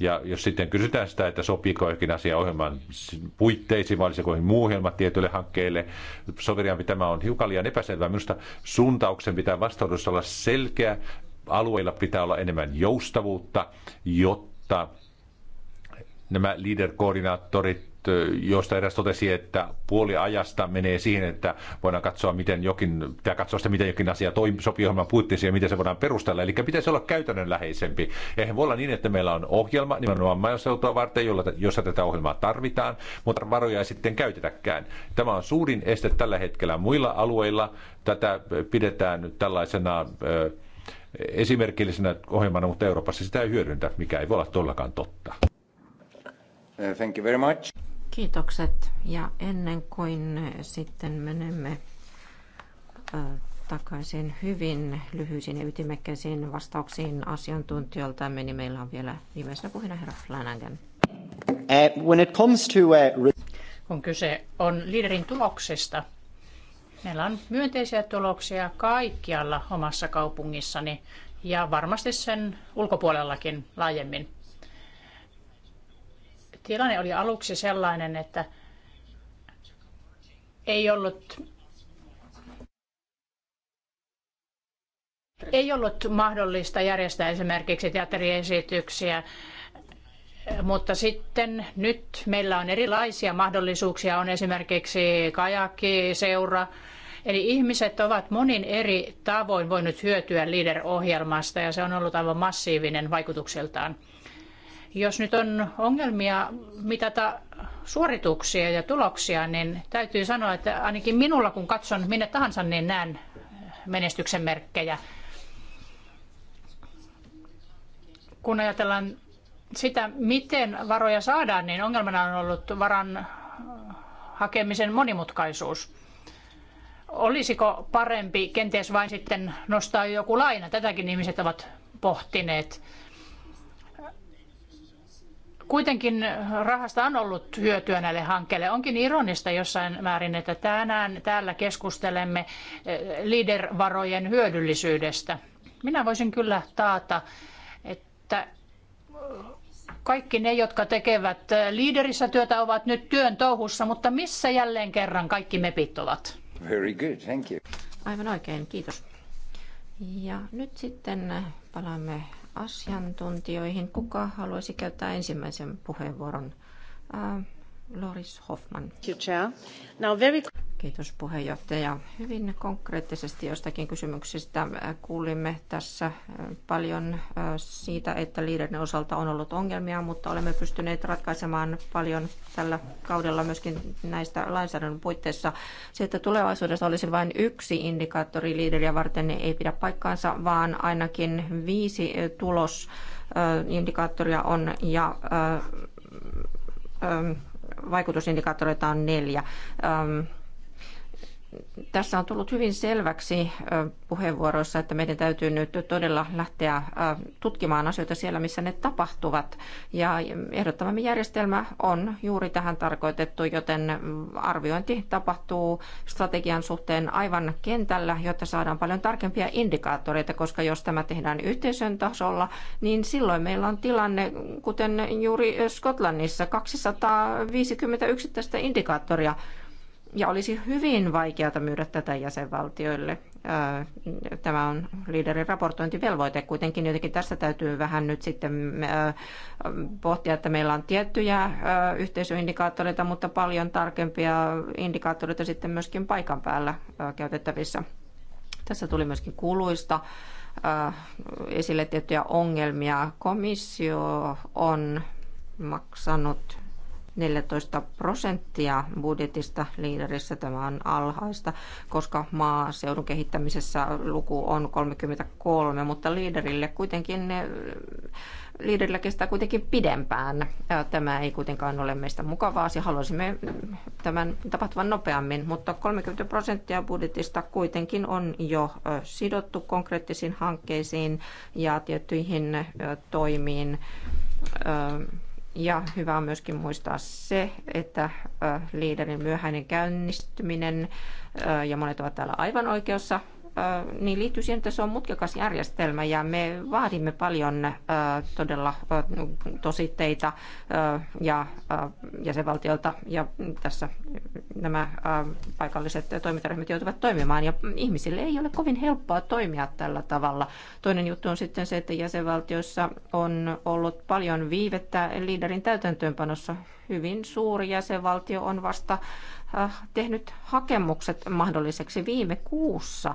Ja jos sitten kysytään sitä, että sopiiko jokin asia ohjelman puitteisiin vai olisiko muu ohjelma tietylle hankkeelle, soviriampi tämä on hiukan liian epäselvää. Minusta suuntauksen pitää vastaudessa olla selkeä, alueilla pitää olla enemmän joustavuutta, jotta nämä leader-koordinaattorit Josta eräs totesi, että puoli ajasta menee siihen, että voidaan katsoa, miten jokin, pitää katsoa sitä, miten jokin asia toimii sopii ohjelman puitteisiin ja miten se voidaan perustella. Eli pitäisi olla käytännönläheisempi. Eihän voi olla niin, että meillä on ohjelma nimenomaan maaseutua varten, jolla, jossa tätä ohjelmaa tarvitaan, mutta varoja ei sitten käytetäkään. Tämä on suurin este tällä hetkellä muilla alueilla. Tätä pidetään nyt tällaisena esimerkillisenä ohjelmana, mutta Euroopassa sitä ei hyödyntä, mikä ei voi olla todellakaan totta. Uh, thank you very much. Kiitokset. Ja ennen kuin sitten menemme takaisin hyvin lyhyisiin ja ytimekkäisiin vastauksiin asiantuntijoilta, niin meillä on vielä viimeisenä puheena herra Flanagan. Uh, when it comes to, uh... Kun kyse on liiderin tuloksesta, meillä on myönteisiä tuloksia kaikkialla omassa kaupungissani ja varmasti sen ulkopuolellakin laajemmin. Tilanne oli aluksi sellainen, että ei ollut ei ollut mahdollista järjestää esimerkiksi teatteriesityksiä, mutta sitten nyt meillä on erilaisia mahdollisuuksia, on esimerkiksi kajakki, seura, Eli ihmiset ovat monin eri tavoin voinut hyötyä LEADER-ohjelmasta ja se on ollut aivan massiivinen vaikutukseltaan. Jos nyt on ongelmia mitata suorituksia ja tuloksia, niin täytyy sanoa, että ainakin minulla kun katson minne tahansa, niin näen menestyksen merkkejä. Kun ajatellaan sitä, miten varoja saadaan, niin ongelmana on ollut varan hakemisen monimutkaisuus. Olisiko parempi kenties vain sitten nostaa joku laina? Tätäkin ihmiset ovat pohtineet. Kuitenkin rahasta on ollut hyötyä näille hankkeille. Onkin ironista jossain määrin, että tänään täällä keskustelemme eh, liidervarojen hyödyllisyydestä. Minä voisin kyllä taata, että kaikki ne, jotka tekevät eh, liiderissä työtä, ovat nyt työn touhussa, mutta missä jälleen kerran kaikki mepit ovat? Very good, thank you. Aivan oikein, kiitos. Ja nyt sitten palaamme asiantuntijoihin. Kuka haluaisi käyttää ensimmäisen puheenvuoron? Äh, Loris Hoffman. Now very... Kiitos puheenjohtaja. Hyvin konkreettisesti jostakin kysymyksistä äh, kuulimme tässä äh, paljon äh, siitä, että liiden osalta on ollut ongelmia, mutta olemme pystyneet ratkaisemaan paljon tällä kaudella myöskin näistä lainsäädännön puitteissa. Se, että tulevaisuudessa olisi vain yksi indikaattori liideriä varten, niin ei pidä paikkaansa, vaan ainakin viisi tulosindikaattoria on ja ähm, vaikutusindikaattoreita on neljä. Ähm, tässä on tullut hyvin selväksi puheenvuoroissa, että meidän täytyy nyt todella lähteä tutkimaan asioita siellä, missä ne tapahtuvat. Ja ehdottamamme järjestelmä on juuri tähän tarkoitettu, joten arviointi tapahtuu strategian suhteen aivan kentällä, jotta saadaan paljon tarkempia indikaattoreita, koska jos tämä tehdään yhteisön tasolla, niin silloin meillä on tilanne, kuten juuri Skotlannissa, 250 yksittäistä indikaattoria ja olisi hyvin vaikeata myydä tätä jäsenvaltioille. Tämä on liiderin raportointivelvoite kuitenkin, jotenkin tässä täytyy vähän nyt sitten pohtia, että meillä on tiettyjä yhteisöindikaattoreita, mutta paljon tarkempia indikaattoreita sitten myöskin paikan päällä käytettävissä. Tässä tuli myöskin kuluista esille tiettyjä ongelmia. Komissio on maksanut 14 prosenttia budjetista liiderissä. Tämä on alhaista, koska maaseudun kehittämisessä luku on 33, mutta liiderille kuitenkin ne, liiderillä kestää kuitenkin pidempään. Tämä ei kuitenkaan ole meistä mukavaa, ja haluaisimme tämän tapahtuvan nopeammin, mutta 30 prosenttia budjetista kuitenkin on jo sidottu konkreettisiin hankkeisiin ja tiettyihin toimiin ja hyvä on myöskin muistaa se, että liiderin myöhäinen käynnistyminen, ja monet ovat täällä aivan oikeassa niin liittyy siihen, että se on mutkikas järjestelmä ja me vaadimme paljon todella tositteita ja jäsenvaltiolta ja tässä nämä paikalliset toimintaryhmät joutuvat toimimaan ja ihmisille ei ole kovin helppoa toimia tällä tavalla. Toinen juttu on sitten se, että jäsenvaltioissa on ollut paljon viivettä liiderin täytäntöönpanossa hyvin suuri jäsenvaltio on vasta äh, tehnyt hakemukset mahdolliseksi viime kuussa.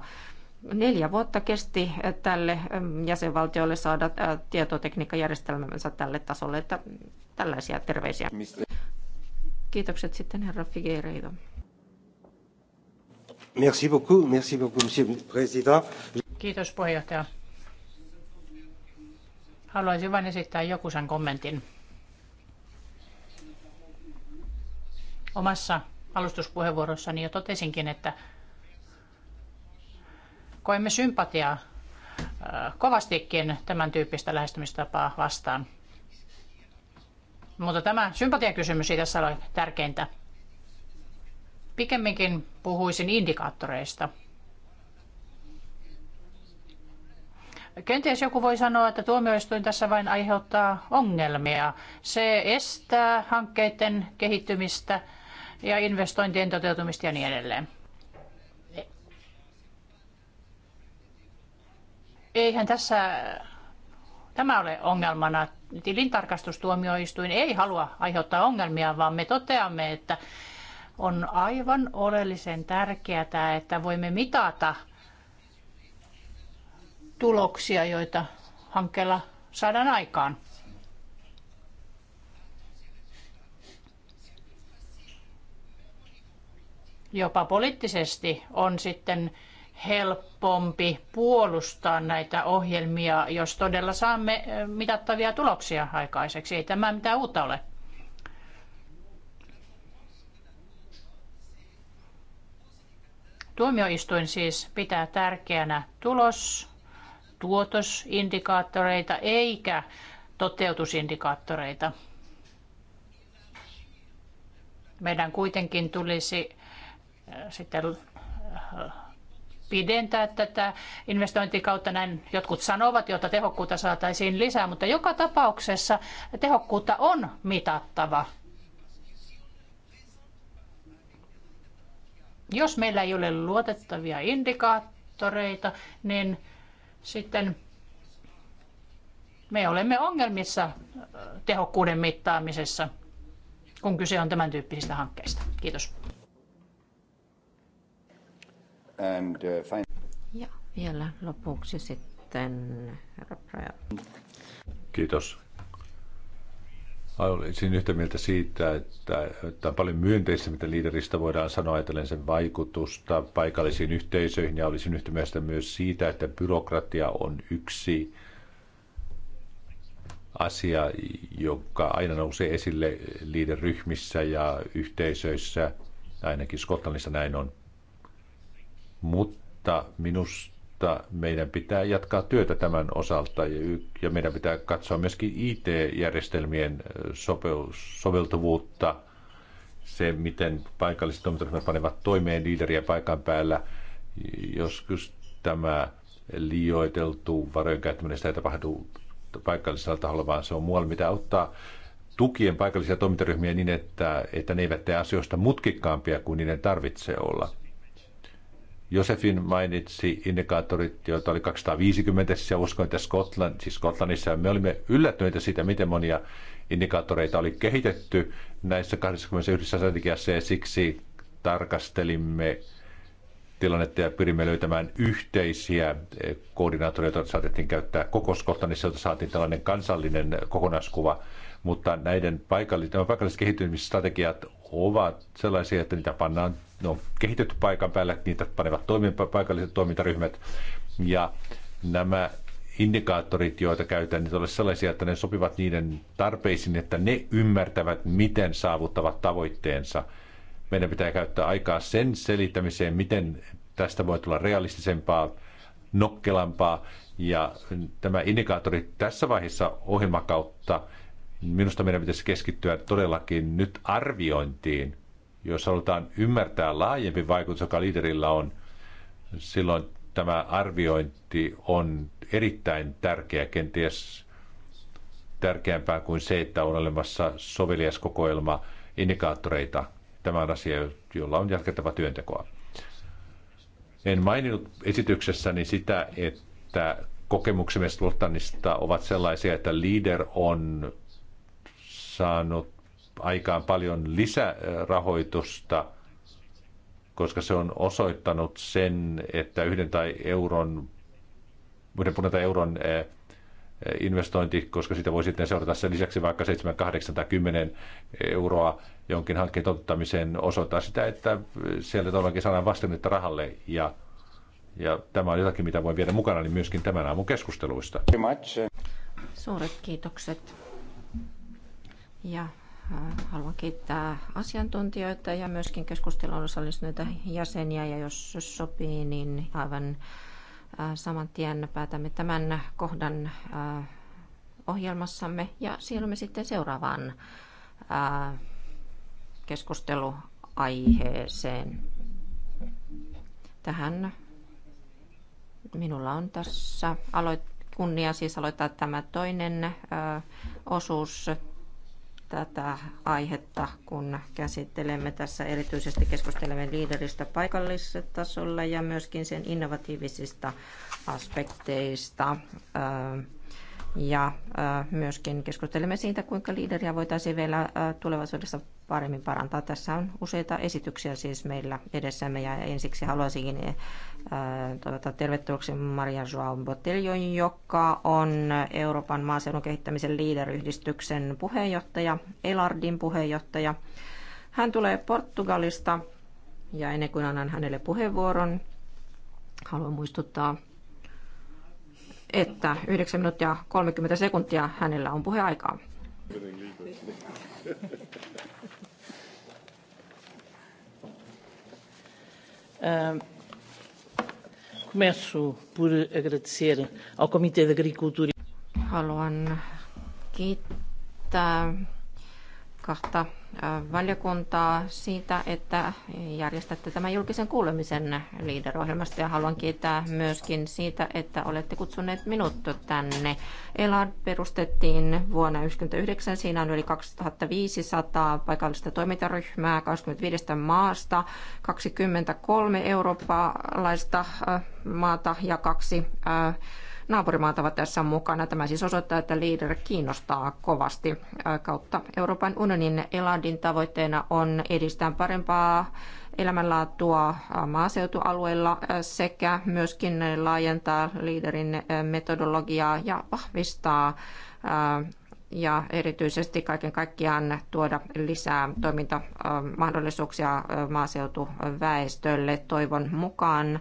Neljä vuotta kesti äh, tälle ähm, jäsenvaltiolle saada äh, tietotekniikkajärjestelmänsä tälle tasolle, että tällaisia terveisiä. Kiitokset sitten herra Figueiredo. Merci beaucoup, merci beaucoup, monsieur le président. Kiitos puheenjohtaja. Haluaisin vain esittää jokuisen kommentin. Omassa alustuspuheenvuorossani jo totesinkin, että koemme sympatiaa kovastikin tämän tyyppistä lähestymistapaa vastaan. Mutta tämä sympatiakysymys ei tässä ole tärkeintä. Pikemminkin puhuisin indikaattoreista. Kenties joku voi sanoa, että tuomioistuin tässä vain aiheuttaa ongelmia. Se estää hankkeiden kehittymistä – ja investointien toteutumista ja niin edelleen. Eihän tässä tämä ole ongelmana. Tilintarkastustuomioistuin ei halua aiheuttaa ongelmia, vaan me toteamme, että on aivan oleellisen tärkeää, että voimme mitata tuloksia, joita hankkeella saadaan aikaan. jopa poliittisesti on sitten helpompi puolustaa näitä ohjelmia, jos todella saamme eh, mitattavia tuloksia aikaiseksi. Ei tämä mitään uutta ole. Tuomioistuin siis pitää tärkeänä tulos, tuotosindikaattoreita eikä toteutusindikaattoreita. Meidän kuitenkin tulisi Äh, sitten äh, pidentää tätä investointikautta, näin jotkut sanovat, jotta tehokkuutta saataisiin lisää, mutta joka tapauksessa tehokkuutta on mitattava. Jos meillä ei ole luotettavia indikaattoreita, niin sitten me olemme ongelmissa äh, tehokkuuden mittaamisessa, kun kyse on tämän tyyppisistä hankkeista. Kiitos. And, uh, ja vielä lopuksi sitten herra Praja. Kiitos. Olisin yhtä mieltä siitä, että, että on paljon myönteistä, mitä liideristä voidaan sanoa, ajatellen sen vaikutusta paikallisiin yhteisöihin, ja olisin yhtä mieltä myös siitä, että byrokratia on yksi asia, joka aina nousee esille liideryhmissä ja yhteisöissä, ainakin Skotlannissa näin on mutta minusta meidän pitää jatkaa työtä tämän osalta ja, meidän pitää katsoa myöskin IT-järjestelmien soveltuvuutta, se miten paikalliset toimintaryhmät panevat toimeen liideriä paikan päällä. Joskus tämä liioiteltu varojen käyttäminen sitä ei tapahdu paikallisella taholla, vaan se on muualla, mitä auttaa tukien paikallisia toimintaryhmiä niin, että, että ne eivät tee asioista mutkikkaampia kuin niiden tarvitsee olla. Josefin mainitsi indikaattorit, joita oli 250, siis ja uskon, että Skotlann, siis Skotlannissa me olimme yllättyneitä siitä, miten monia indikaattoreita oli kehitetty näissä 21 strategiassa, ja siksi tarkastelimme tilannetta ja pyrimme löytämään yhteisiä eh, koordinaattoreita, joita saatettiin käyttää koko Skotlannissa, jolta saatiin tällainen kansallinen kokonaiskuva, mutta näiden paikallis- paikalliset kehittymisstrategiat ovat sellaisia, että niitä pannaan, ne on kehitetty paikan päällä, niitä panevat toimin, paikalliset toimintaryhmät. Ja nämä indikaattorit, joita käytetään, niin ole sellaisia, että ne sopivat niiden tarpeisiin, että ne ymmärtävät, miten saavuttavat tavoitteensa. Meidän pitää käyttää aikaa sen selittämiseen, miten tästä voi tulla realistisempaa, nokkelampaa. Ja tämä indikaattori tässä vaiheessa ohjelmakautta – Minusta meidän pitäisi keskittyä todellakin nyt arviointiin. Jos halutaan ymmärtää laajempi vaikutus, joka liiterillä on, silloin tämä arviointi on erittäin tärkeä, kenties tärkeämpää kuin se, että on olemassa sovelias kokoelma indikaattoreita. Tämä on asia, jolla on jatkettava työntekoa. En maininnut esityksessäni sitä, että kokemuksemme Slottanista ovat sellaisia, että leader on saanut aikaan paljon lisärahoitusta, koska se on osoittanut sen, että yhden tai euron, yhden punan tai euron eh, eh, investointi, koska sitä voi sitten seurata sen lisäksi vaikka 7, 8 tai 10 euroa jonkin hankkeen toteuttamiseen osoittaa sitä, että eh, sieltä todellakin saadaan vastennetta rahalle ja ja tämä on jotakin, mitä voi viedä mukana niin myöskin tämän aamun keskusteluista. Suuret kiitokset. Ja äh, haluan kiittää asiantuntijoita ja myöskin keskusteluun osallistuneita jäseniä. Ja jos sopii, niin aivan äh, saman tien päätämme tämän kohdan äh, ohjelmassamme ja siirrymme sitten seuraavaan keskusteluaiheeseen. Tähän minulla on tässä aloit- kunnia siis aloittaa tämä toinen osuus tätä aihetta, kun käsittelemme tässä erityisesti keskustelemme liideristä paikallisessa tasolla ja myöskin sen innovatiivisista aspekteista. Ja myöskin keskustelemme siitä, kuinka liideriä voitaisiin vielä tulevaisuudessa paremmin parantaa. Tässä on useita esityksiä siis meillä edessämme ja ensiksi haluaisinkin Äh, toivotan tervetulleeksi Maria Joao Boteljon, joka on Euroopan maaseudun kehittämisen liideryhdistyksen puheenjohtaja, Elardin puheenjohtaja. Hän tulee Portugalista ja ennen kuin annan hänelle puheenvuoron, haluan muistuttaa, että 9 minuuttia 30 sekuntia hänellä on puheaikaa. Um. Começo por agradecer ao Comitê de Agricultura. E Haluan kiittää kahta valiokuntaa siitä, että järjestätte tämän julkisen kuulemisen liiderohjelmasta ja haluan kiittää myöskin siitä, että olette kutsuneet minut tänne. ELAD perustettiin vuonna 1999, siinä on yli 2500 paikallista toimintaryhmää 25 maasta, 23 eurooppalaista maata ja kaksi naapurimaat ovat tässä mukana. Tämä siis osoittaa, että Leader kiinnostaa kovasti kautta Euroopan unionin. Elandin tavoitteena on edistää parempaa elämänlaatua maaseutualueilla sekä myöskin laajentaa liiderin metodologiaa ja vahvistaa ja erityisesti kaiken kaikkiaan tuoda lisää toimintamahdollisuuksia maaseutuväestölle toivon mukaan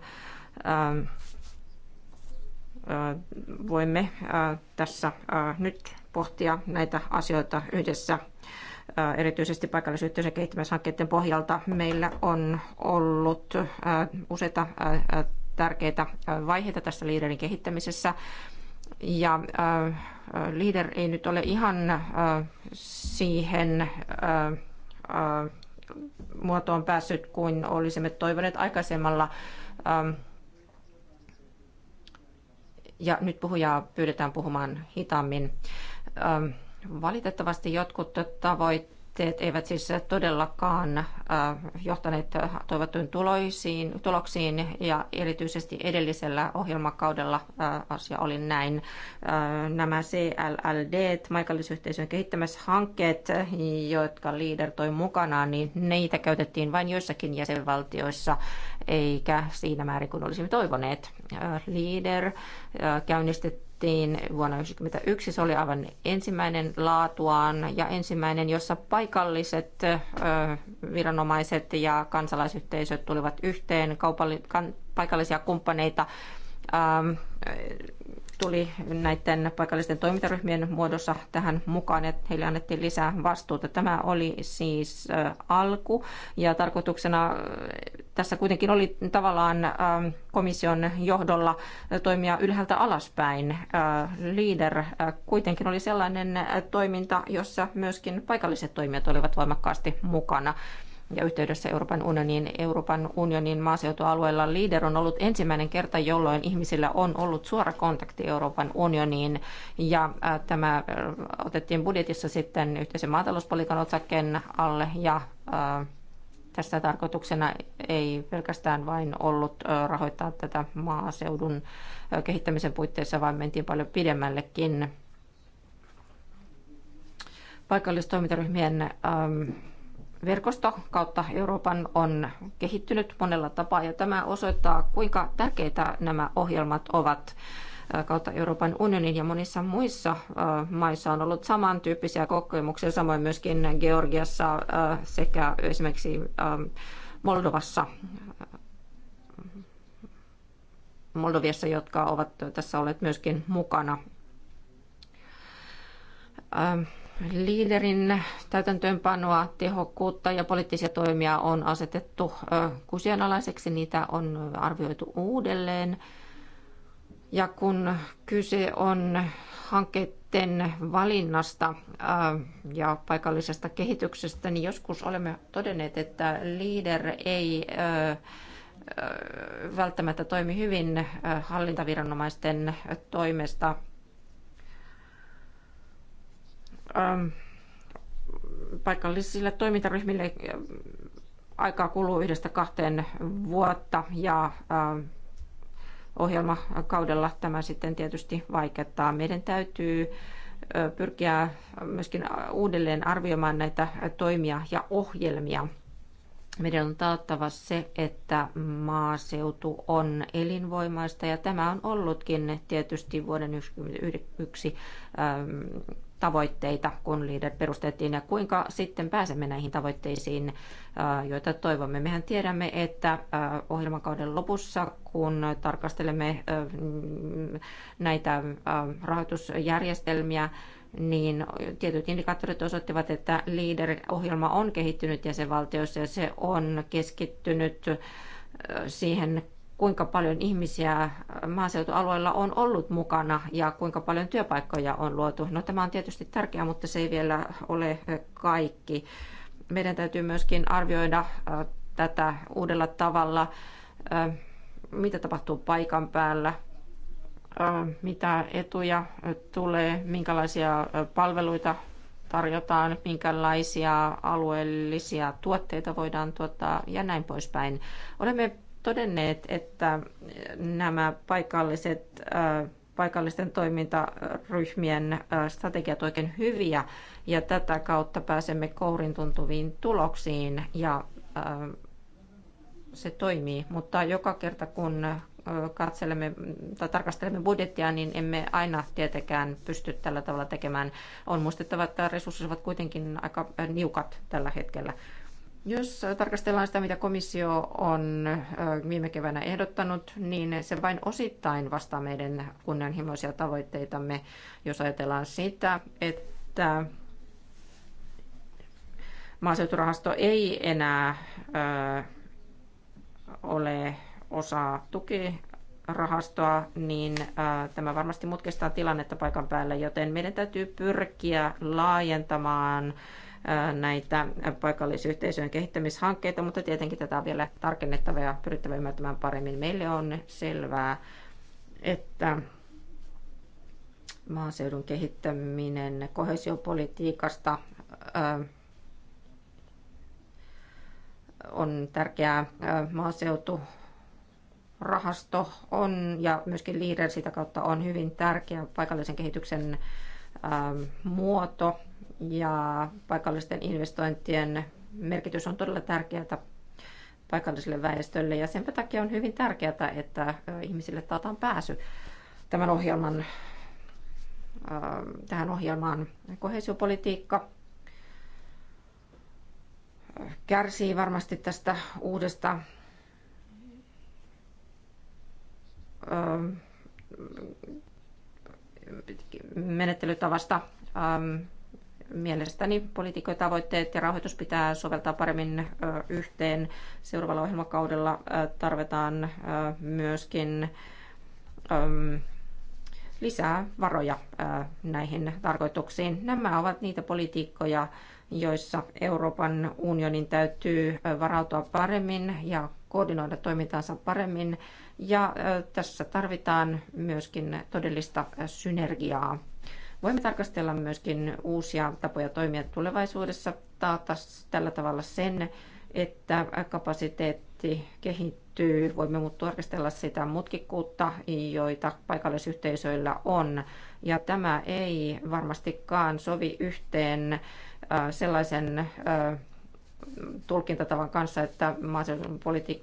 voimme tässä nyt pohtia näitä asioita yhdessä erityisesti ja kehittämishankkeiden pohjalta. Meillä on ollut useita tärkeitä vaiheita tässä liiderin kehittämisessä. Ja liider ei nyt ole ihan siihen muotoon päässyt kuin olisimme toivoneet aikaisemmalla ja nyt puhujaa pyydetään puhumaan hitaammin. Valitettavasti jotkut tavoit, aloitteet eivät siis todellakaan äh, johtaneet äh, toivottuihin tuloisiin, tuloksiin ja erityisesti edellisellä ohjelmakaudella äh, asia oli näin. Nämä CLLD, maikallisyhteisön kehittämishankkeet, jotka Leader toi mukanaan, niin niitä käytettiin vain joissakin jäsenvaltioissa eikä siinä määrin kuin olisimme toivoneet. Leader käynnistettiin tehtiin vuonna 1991. Se oli aivan ensimmäinen laatuaan ja ensimmäinen, jossa paikalliset viranomaiset ja kansalaisyhteisöt tulivat yhteen, kaupalli- paikallisia kumppaneita tuli näiden paikallisten toimintaryhmien muodossa tähän mukaan, että heille annettiin lisää vastuuta. Tämä oli siis alku ja tarkoituksena tässä kuitenkin oli tavallaan komission johdolla toimia ylhäältä alaspäin. Leader kuitenkin oli sellainen toiminta, jossa myöskin paikalliset toimijat olivat voimakkaasti mukana ja yhteydessä Euroopan unioniin. Euroopan unionin maaseutualueella LEADER on ollut ensimmäinen kerta, jolloin ihmisillä on ollut suora kontakti Euroopan unioniin. Ja tämä otettiin budjetissa sitten yhteisen maatalouspolitiikan otsakkeen alle ja tässä tarkoituksena ei pelkästään vain ollut rahoittaa tätä maaseudun kehittämisen puitteissa, vaan mentiin paljon pidemmällekin paikallistoimintaryhmien ähm, verkosto kautta Euroopan on kehittynyt monella tapaa ja tämä osoittaa, kuinka tärkeitä nämä ohjelmat ovat äh, kautta Euroopan unionin ja monissa muissa äh, maissa on ollut samantyyppisiä kokemuksia, samoin myöskin Georgiassa äh, sekä esimerkiksi ähm, Moldovassa, Moldoviassa, jotka ovat tässä olleet myöskin mukana. Ähm, liiderin täytäntöönpanoa, tehokkuutta ja poliittisia toimia on asetettu kusianalaiseksi. Niitä on arvioitu uudelleen. Ja kun kyse on hankkeiden valinnasta ja paikallisesta kehityksestä, niin joskus olemme todenneet, että liider ei välttämättä toimi hyvin hallintaviranomaisten toimesta – Ähm, paikallisille toimintaryhmille äh, aikaa kuluu yhdestä kahteen vuotta ja ähm, ohjelmakaudella tämä sitten tietysti vaikeuttaa. Meidän täytyy pyrkiä myöskin äh, uudelleen arvioimaan näitä äh, toimia ja ohjelmia. Meidän on taattava se, että maaseutu on elinvoimaista ja tämä on ollutkin tietysti vuoden 1991 tavoitteita, kun Leader perustettiin, ja kuinka sitten pääsemme näihin tavoitteisiin, äh, joita toivomme. Mehän tiedämme, että äh, ohjelmakauden lopussa, kun tarkastelemme äh, mm, näitä rahoitusjärjestelmiä, niin tietyt indikaattorit osoittivat, että Leader-ohjelma on kehittynyt jäsenvaltioissa ja se on keskittynyt siihen kuinka paljon ihmisiä äh, maaseutualueilla on ollut mukana ja kuinka paljon työpaikkoja on luotu. No tämä on tietysti tärkeää, mutta se ei vielä ole äh, kaikki. Meidän täytyy myöskin arvioida äh, tätä uudella tavalla, mitä tapahtuu paikan päällä, mitä etuja tulee, minkälaisia palveluita tarjotaan, minkälaisia alueellisia tuotteita voidaan tuottaa ja näin poispäin. Olemme todenneet, että nämä paikalliset, paikallisten toimintaryhmien strategiat oikein hyviä ja tätä kautta pääsemme kourin tuntuviin tuloksiin ja se toimii, mutta joka kerta kun katselemme tai tarkastelemme budjettia, niin emme aina tietenkään pysty tällä tavalla tekemään. On muistettava, että resurssit ovat kuitenkin aika niukat tällä hetkellä. Jos tarkastellaan sitä, mitä komissio on viime keväänä ehdottanut, niin se vain osittain vastaa meidän kunnianhimoisia tavoitteitamme, jos ajatellaan sitä, että maaseuturahasto ei enää ole osa tuki-rahastoa, niin tämä varmasti mutkistaa tilannetta paikan päällä, joten meidän täytyy pyrkiä laajentamaan näitä paikallisyhteisöjen kehittämishankkeita, mutta tietenkin tätä on vielä tarkennettava ja pyrittävä ymmärtämään paremmin. Meille on selvää, että maaseudun kehittäminen kohesiopolitiikasta on tärkeää. Maaseuturahasto on ja myöskin Leader sitä kautta on hyvin tärkeä paikallisen kehityksen muoto ja paikallisten investointien merkitys on todella tärkeää paikalliselle väestölle ja sen takia on hyvin tärkeää, että ihmisille taataan pääsy tämän ohjelman, tähän ohjelmaan. Kohesiopolitiikka kärsii varmasti tästä uudesta menettelytavasta Mielestäni politiikkojen tavoitteet ja rahoitus pitää soveltaa paremmin yhteen. Seuraavalla ohjelmakaudella tarvitaan myöskin lisää varoja näihin tarkoituksiin. Nämä ovat niitä politiikkoja, joissa Euroopan unionin täytyy varautua paremmin ja koordinoida toimintaansa paremmin. Ja tässä tarvitaan myöskin todellista synergiaa Voimme tarkastella myöskin uusia tapoja toimia tulevaisuudessa, taata tällä tavalla sen, että kapasiteetti kehittyy. Voimme tarkastella sitä mutkikkuutta, joita paikallisyhteisöillä on. Ja tämä ei varmastikaan sovi yhteen äh, sellaisen äh, tulkintatavan kanssa, että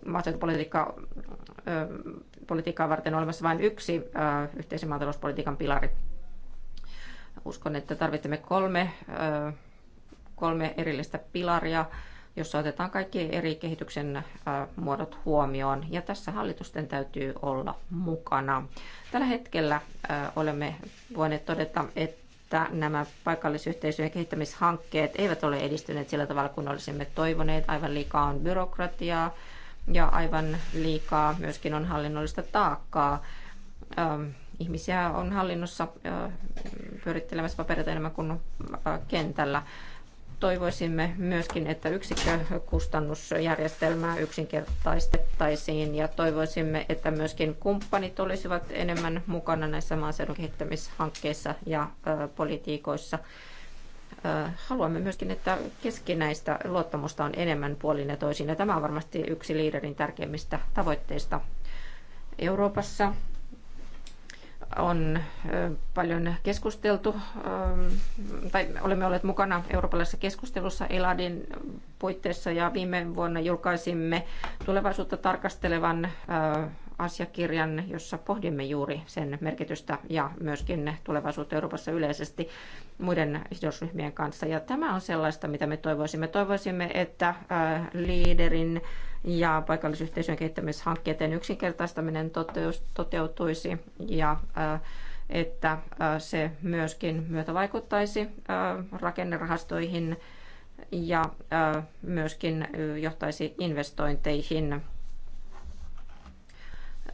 maaseutupolitiikkaa äh, politiikkaa varten on olemassa vain yksi yhteisen maatalouspolitiikan pilari. Uskon, että tarvitsemme kolme, kolme erillistä pilaria, jossa otetaan kaikki eri kehityksen muodot huomioon. Ja tässä hallitusten täytyy olla mukana. Tällä hetkellä olemme voineet todeta, että että nämä paikallisyhteisöjen kehittämishankkeet eivät ole edistyneet sillä tavalla kuin olisimme toivoneet. Aivan liikaa on byrokratiaa ja aivan liikaa myöskin on hallinnollista taakkaa ihmisiä on hallinnossa pyörittelemässä paperita enemmän kuin kentällä. Toivoisimme myöskin, että yksikkökustannusjärjestelmää yksinkertaistettaisiin ja toivoisimme, että myöskin kumppanit olisivat enemmän mukana näissä maaseudun kehittämishankkeissa ja politiikoissa haluamme myöskin, että keskinäistä luottamusta on enemmän puolin ja toisin. Ja tämä on varmasti yksi liiderin tärkeimmistä tavoitteista Euroopassa on paljon keskusteltu, tai olemme olleet mukana eurooppalaisessa keskustelussa ELADin puitteissa ja viime vuonna julkaisimme tulevaisuutta tarkastelevan asiakirjan, jossa pohdimme juuri sen merkitystä ja myöskin tulevaisuutta Euroopassa yleisesti muiden sidosryhmien kanssa. Ja tämä on sellaista, mitä me toivoisimme. Toivoisimme, että äh, liiderin ja paikallisyhteisön kehittämishankkeiden yksinkertaistaminen toteutuisi ja äh, että äh, se myöskin vaikuttaisi rakennerahastoihin ja myöskin johtaisi investointeihin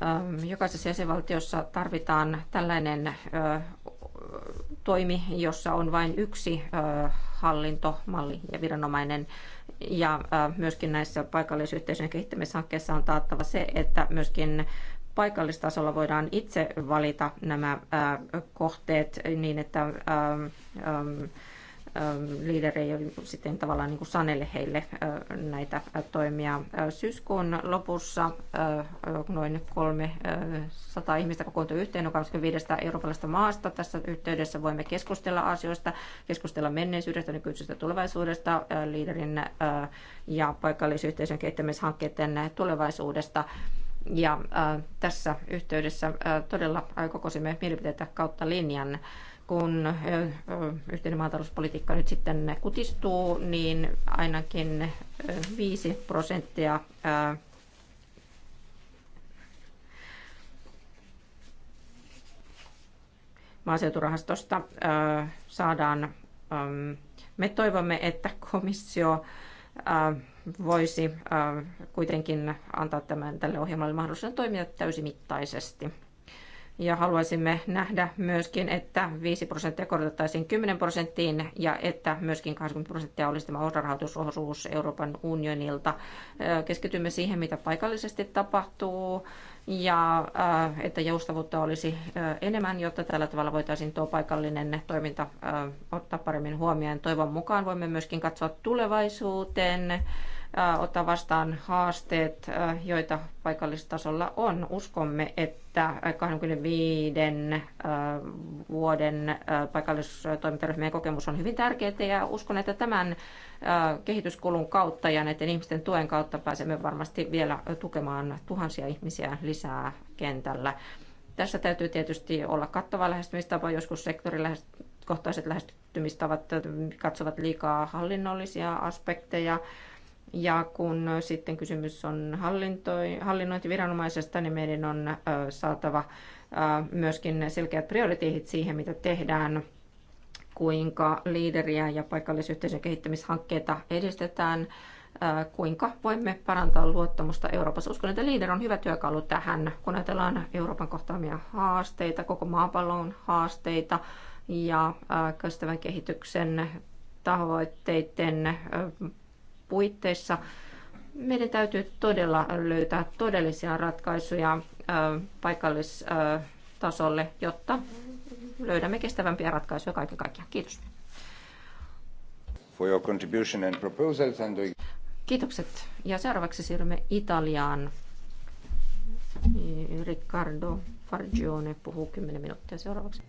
Ähm, jokaisessa jäsenvaltiossa tarvitaan tällainen toimi, jossa on vain yksi malli ja viranomainen. Ja myöskin näissä paikallisyhteisön kehittämishankkeissa on taattava se, että myöskin paikallistasolla voidaan itse valita nämä kohteet niin, että liiderei sitten tavallaan niin kuin sanelle heille näitä toimia. Syyskuun lopussa noin 300 ihmistä kokoontui yhteen noin 25 eurooppalaisesta maasta. Tässä yhteydessä voimme keskustella asioista, keskustella menneisyydestä, nykyisestä tulevaisuudesta, liiderin ja paikallisyhteisön kehittämishankkeiden tulevaisuudesta. Ja tässä yhteydessä todella kokosimme mielipiteitä kautta linjan kun yhteinen maatalouspolitiikka nyt sitten kutistuu, niin ainakin 5 prosenttia maaseuturahastosta saadaan. Me toivomme, että komissio voisi kuitenkin antaa tämän tälle ohjelmalle mahdollisuuden toimia täysimittaisesti ja haluaisimme nähdä myöskin, että 5 prosenttia korotettaisiin 10 prosenttiin ja että myöskin 20 prosenttia olisi tämä osarahoitusosuus Euroopan unionilta. Keskitymme siihen, mitä paikallisesti tapahtuu ja että joustavuutta olisi enemmän, jotta tällä tavalla voitaisiin tuo paikallinen toiminta ottaa paremmin huomioon. Toivon mukaan voimme myöskin katsoa tulevaisuuteen ottaa vastaan haasteet, joita paikallistasolla on. Uskomme, että 25 vuoden paikallistoimintaryhmien kokemus on hyvin tärkeää ja uskon, että tämän kehityskulun kautta ja näiden ihmisten tuen kautta pääsemme varmasti vielä tukemaan tuhansia ihmisiä lisää kentällä. Tässä täytyy tietysti olla kattava lähestymistapa, joskus sektorikohtaiset lähestymistavat katsovat liikaa hallinnollisia aspekteja ja kun sitten kysymys on hallinnointiviranomaisesta, niin meidän on saatava myöskin selkeät prioriteetit siihen, mitä tehdään, kuinka liideriä ja paikallisyhteisön kehittämishankkeita edistetään, kuinka voimme parantaa luottamusta Euroopassa. Uskon, että Leader on hyvä työkalu tähän, kun ajatellaan Euroopan kohtaamia haasteita, koko maapallon haasteita ja kestävän kehityksen tavoitteiden puitteissa meidän täytyy todella löytää todellisia ratkaisuja paikallistasolle, jotta löydämme kestävämpiä ratkaisuja kaiken kaikkiaan. Kiitos. For your contribution and proposals and Kiitokset. Ja seuraavaksi siirrymme Italiaan. Riccardo Fargione puhuu 10 minuuttia seuraavaksi.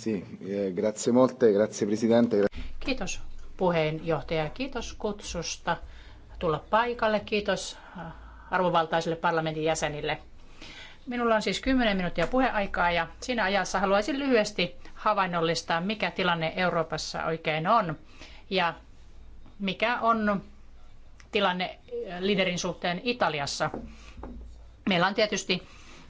Sì, eh, grazie molte, grazie presidente. Kiitos puheenjohtaja, kiitos kutsusta tulla paikalle. Kiitos äh, arvovaltaisille parlamentin jäsenille. Minulla on siis 10 minuuttia puheaikaa ja siinä ajassa haluaisin lyhyesti havainnollistaa, mikä tilanne Euroopassa oikein on ja mikä on tilanne äh, liderin suhteen Italiassa. Meillä on tietysti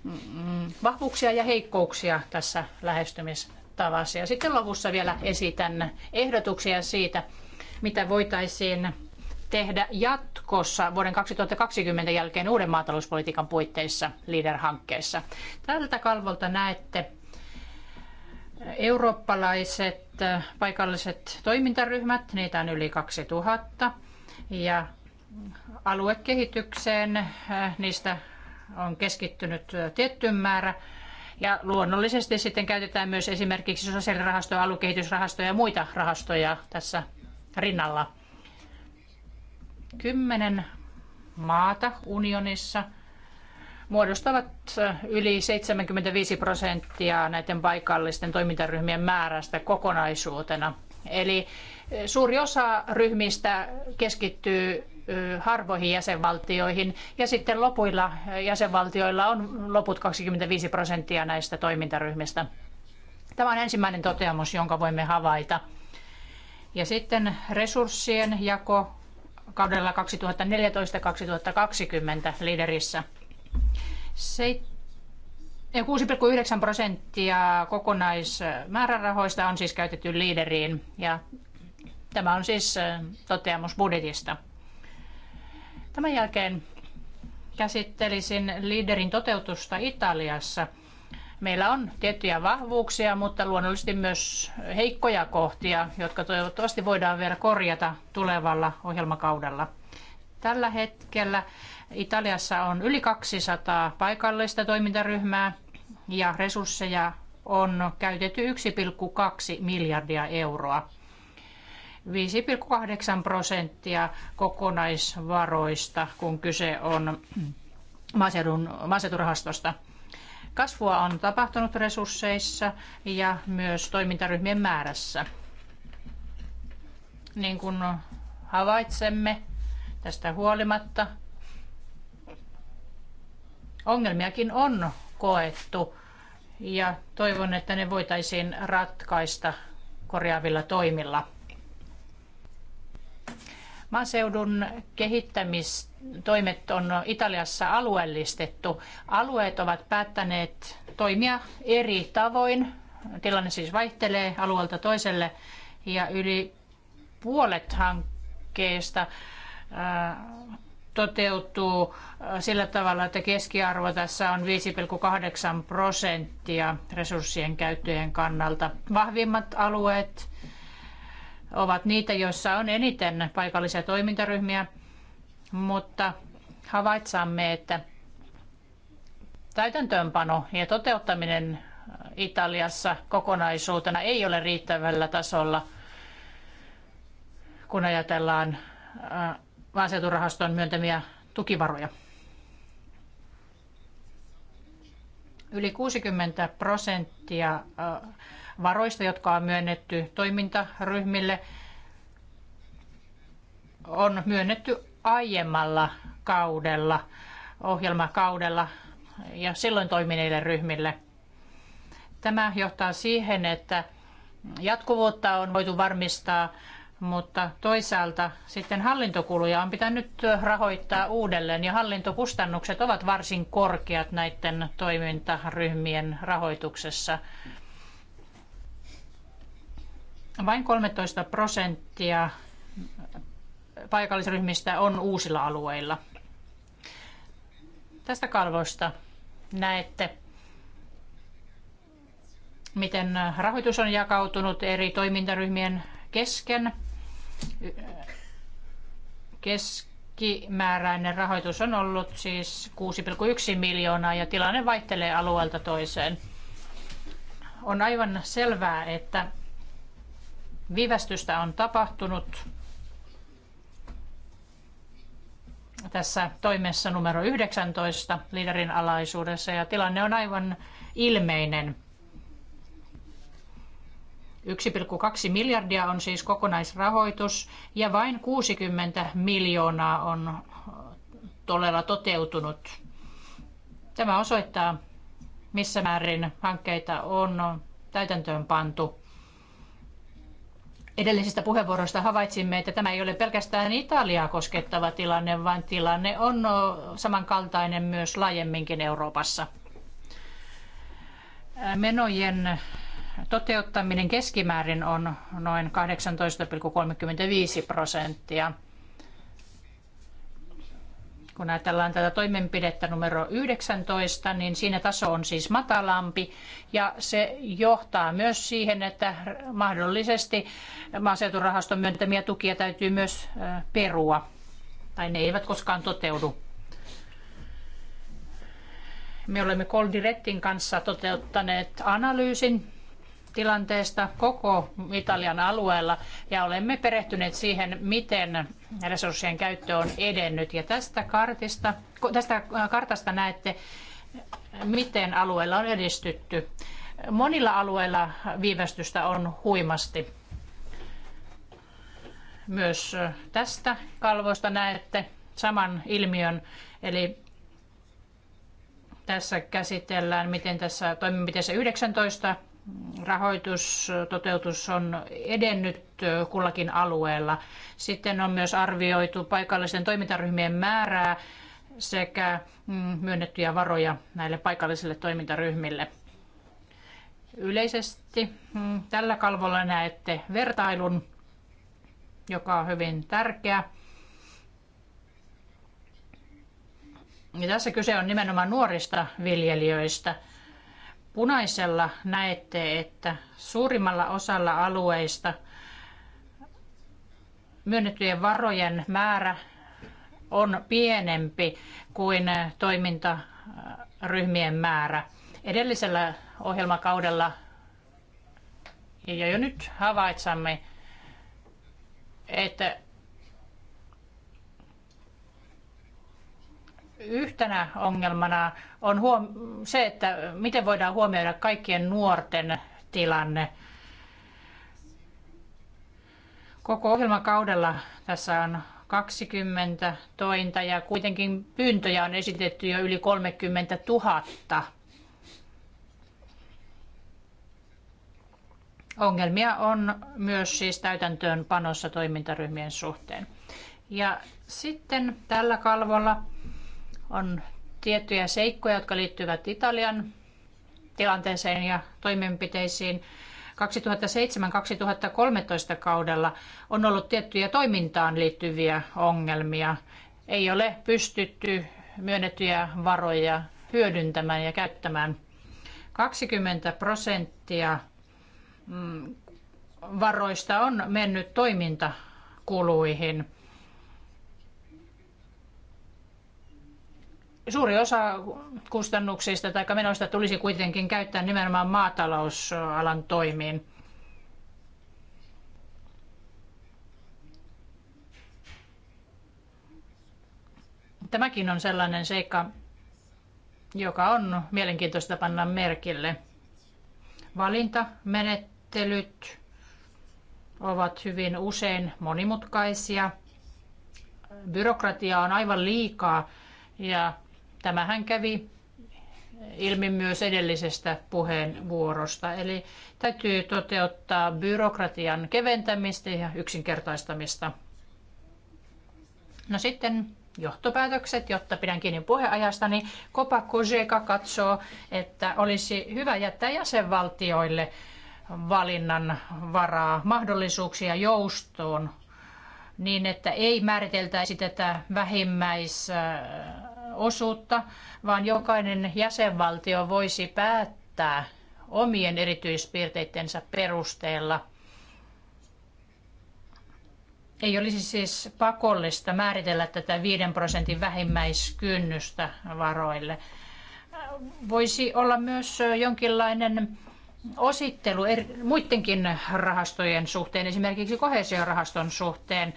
mm, mm, vahvuuksia ja heikkouksia tässä lähestymis kattava Ja Sitten lopussa vielä esitän ehdotuksia siitä, mitä voitaisiin tehdä jatkossa vuoden 2020 jälkeen uuden maatalouspolitiikan puitteissa LEADER-hankkeessa. Tältä kalvolta näette eurooppalaiset paikalliset toimintaryhmät, niitä on yli 2000, ja aluekehitykseen eh, niistä on keskittynyt tietty määrä ja luonnollisesti sitten käytetään myös esimerkiksi sosiaalirahastoja, aluekehitysrahastoja ja muita rahastoja tässä rinnalla. Kymmenen maata unionissa muodostavat eh, yli 75 prosenttia näiden paikallisten toimintaryhmien määrästä kokonaisuutena. Eli eh, suuri osa ryhmistä keskittyy harvoihin jäsenvaltioihin ja sitten lopuilla jäsenvaltioilla on loput 25 prosenttia näistä toimintaryhmistä. Tämä on ensimmäinen toteamus, jonka voimme havaita. Ja sitten resurssien jako kaudella 2014-2020 liderissä. 6,9 prosenttia kokonaismäärärahoista on siis käytetty liideriin ja tämä on siis toteamus budjetista. Tämän jälkeen käsittelisin liiderin toteutusta Italiassa. Meillä on tiettyjä vahvuuksia, mutta luonnollisesti myös heikkoja kohtia, jotka toivottavasti voidaan vielä korjata tulevalla ohjelmakaudella. Tällä hetkellä Italiassa on yli 200 paikallista toimintaryhmää ja resursseja on käytetty 1,2 miljardia euroa. 5,8 prosenttia kokonaisvaroista, kun kyse on maaseudun, maaseuturahastosta. Kasvua on tapahtunut resursseissa ja myös toimintaryhmien määrässä. Niin kuin havaitsemme tästä huolimatta, ongelmiakin on koettu ja toivon, että ne voitaisiin ratkaista korjaavilla toimilla. Maaseudun kehittämistoimet on Italiassa alueellistettu. Alueet ovat päättäneet toimia eri tavoin. Tilanne siis vaihtelee alueelta toiselle ja yli puolet hankkeista äh, toteutuu äh, sillä tavalla, että keskiarvo tässä on 5,8 prosenttia resurssien käyttöjen kannalta. Vahvimmat alueet ovat niitä, joissa on eniten paikallisia toimintaryhmiä, mutta havaitsamme, että täytäntöönpano ja toteuttaminen Italiassa kokonaisuutena ei ole riittävällä tasolla, kun ajatellaan äh, maaseuturahaston myöntämiä tukivaroja. Yli 60 prosenttia äh, varoista, jotka on myönnetty toimintaryhmille, on myönnetty aiemmalla kaudella, ohjelmakaudella ja silloin toimineille ryhmille. Tämä johtaa siihen, että jatkuvuutta on voitu varmistaa, mutta toisaalta sitten hallintokuluja on pitänyt rahoittaa uudelleen ja hallintokustannukset ovat varsin korkeat näiden toimintaryhmien rahoituksessa. Vain 13 prosenttia paikallisryhmistä on uusilla alueilla. Tästä kalvosta näette, miten rahoitus on jakautunut eri toimintaryhmien kesken. Keskimääräinen rahoitus on ollut siis 6,1 miljoonaa ja tilanne vaihtelee alueelta toiseen. On aivan selvää, että Viivästystä on tapahtunut tässä toimessa numero 19 liiderin alaisuudessa ja tilanne on aivan ilmeinen. 1,2 miljardia on siis kokonaisrahoitus ja vain 60 miljoonaa on todella toteutunut. Tämä osoittaa, missä määrin hankkeita on täytäntöön pantu edellisistä puheenvuoroista havaitsimme, että tämä ei ole pelkästään Italiaa koskettava tilanne, vaan tilanne on samankaltainen myös laajemminkin Euroopassa. Menojen toteuttaminen keskimäärin on noin 18,35 prosenttia. Kun ajatellaan tätä toimenpidettä numero 19, niin siinä taso on siis matalampi ja se johtaa myös siihen, että mahdollisesti maaseuturahaston myöntämiä tukia täytyy myös perua tai ne eivät koskaan toteudu. Me olemme Koldirettin kanssa toteuttaneet analyysin tilanteesta koko Italian alueella ja olemme perehtyneet siihen, miten resurssien käyttö on edennyt. Ja tästä, kartista, tästä äh, kartasta näette, miten alueella on edistytty. Monilla alueilla viivästystä on huimasti. Myös äh, tästä kalvosta näette saman ilmiön, eli tässä käsitellään, miten tässä toimenpiteessä 19 rahoitustoteutus on edennyt kullakin alueella. Sitten on myös arvioitu paikallisten toimintaryhmien määrää sekä mm, myönnettyjä varoja näille paikallisille toimintaryhmille. Yleisesti mm, tällä kalvolla näette vertailun, joka on hyvin tärkeä. Ja tässä kyse on nimenomaan nuorista viljelijöistä – Punaisella näette, että suurimmalla osalla alueista myönnettyjen varojen määrä on pienempi kuin toimintaryhmien määrä. Edellisellä ohjelmakaudella ja jo nyt havaitsemme, että yhtenä ongelmana on huom- se, että miten voidaan huomioida kaikkien nuorten tilanne. Koko ohjelmakaudella tässä on 20 tointa ja kuitenkin pyyntöjä on esitetty jo yli 30 000. Ongelmia on myös siis täytäntöönpanossa toimintaryhmien suhteen. Ja sitten tällä kalvolla on tiettyjä seikkoja, jotka liittyvät Italian tilanteeseen ja toimenpiteisiin. 2007-2013 kaudella on ollut tiettyjä toimintaan liittyviä ongelmia. Ei ole pystytty myönnettyjä varoja hyödyntämään ja käyttämään. 20 prosenttia mm, varoista on mennyt toimintakuluihin – suuri osa kustannuksista tai menoista tulisi kuitenkin käyttää nimenomaan maatalousalan toimiin. Tämäkin on sellainen seikka, joka on mielenkiintoista panna merkille. Valintamenettelyt ovat hyvin usein monimutkaisia. Byrokratia on aivan liikaa ja Tämähän kävi ilmi myös edellisestä puheenvuorosta. Eli täytyy toteuttaa byrokratian keventämistä ja yksinkertaistamista. No sitten johtopäätökset, jotta pidän kiinni puheajasta, niin Kopa Kozeka katsoo, että olisi hyvä jättää jäsenvaltioille valinnan varaa, mahdollisuuksia joustoon niin, että ei määriteltäisi tätä vähimmäis osuutta, vaan jokainen jäsenvaltio voisi päättää omien erityispiirteittensä perusteella. Ei olisi siis pakollista määritellä tätä 5 prosentin vähimmäiskynnystä varoille. Voisi olla myös jonkinlainen osittelu eri, muidenkin rahastojen suhteen, esimerkiksi kohesiorahaston suhteen,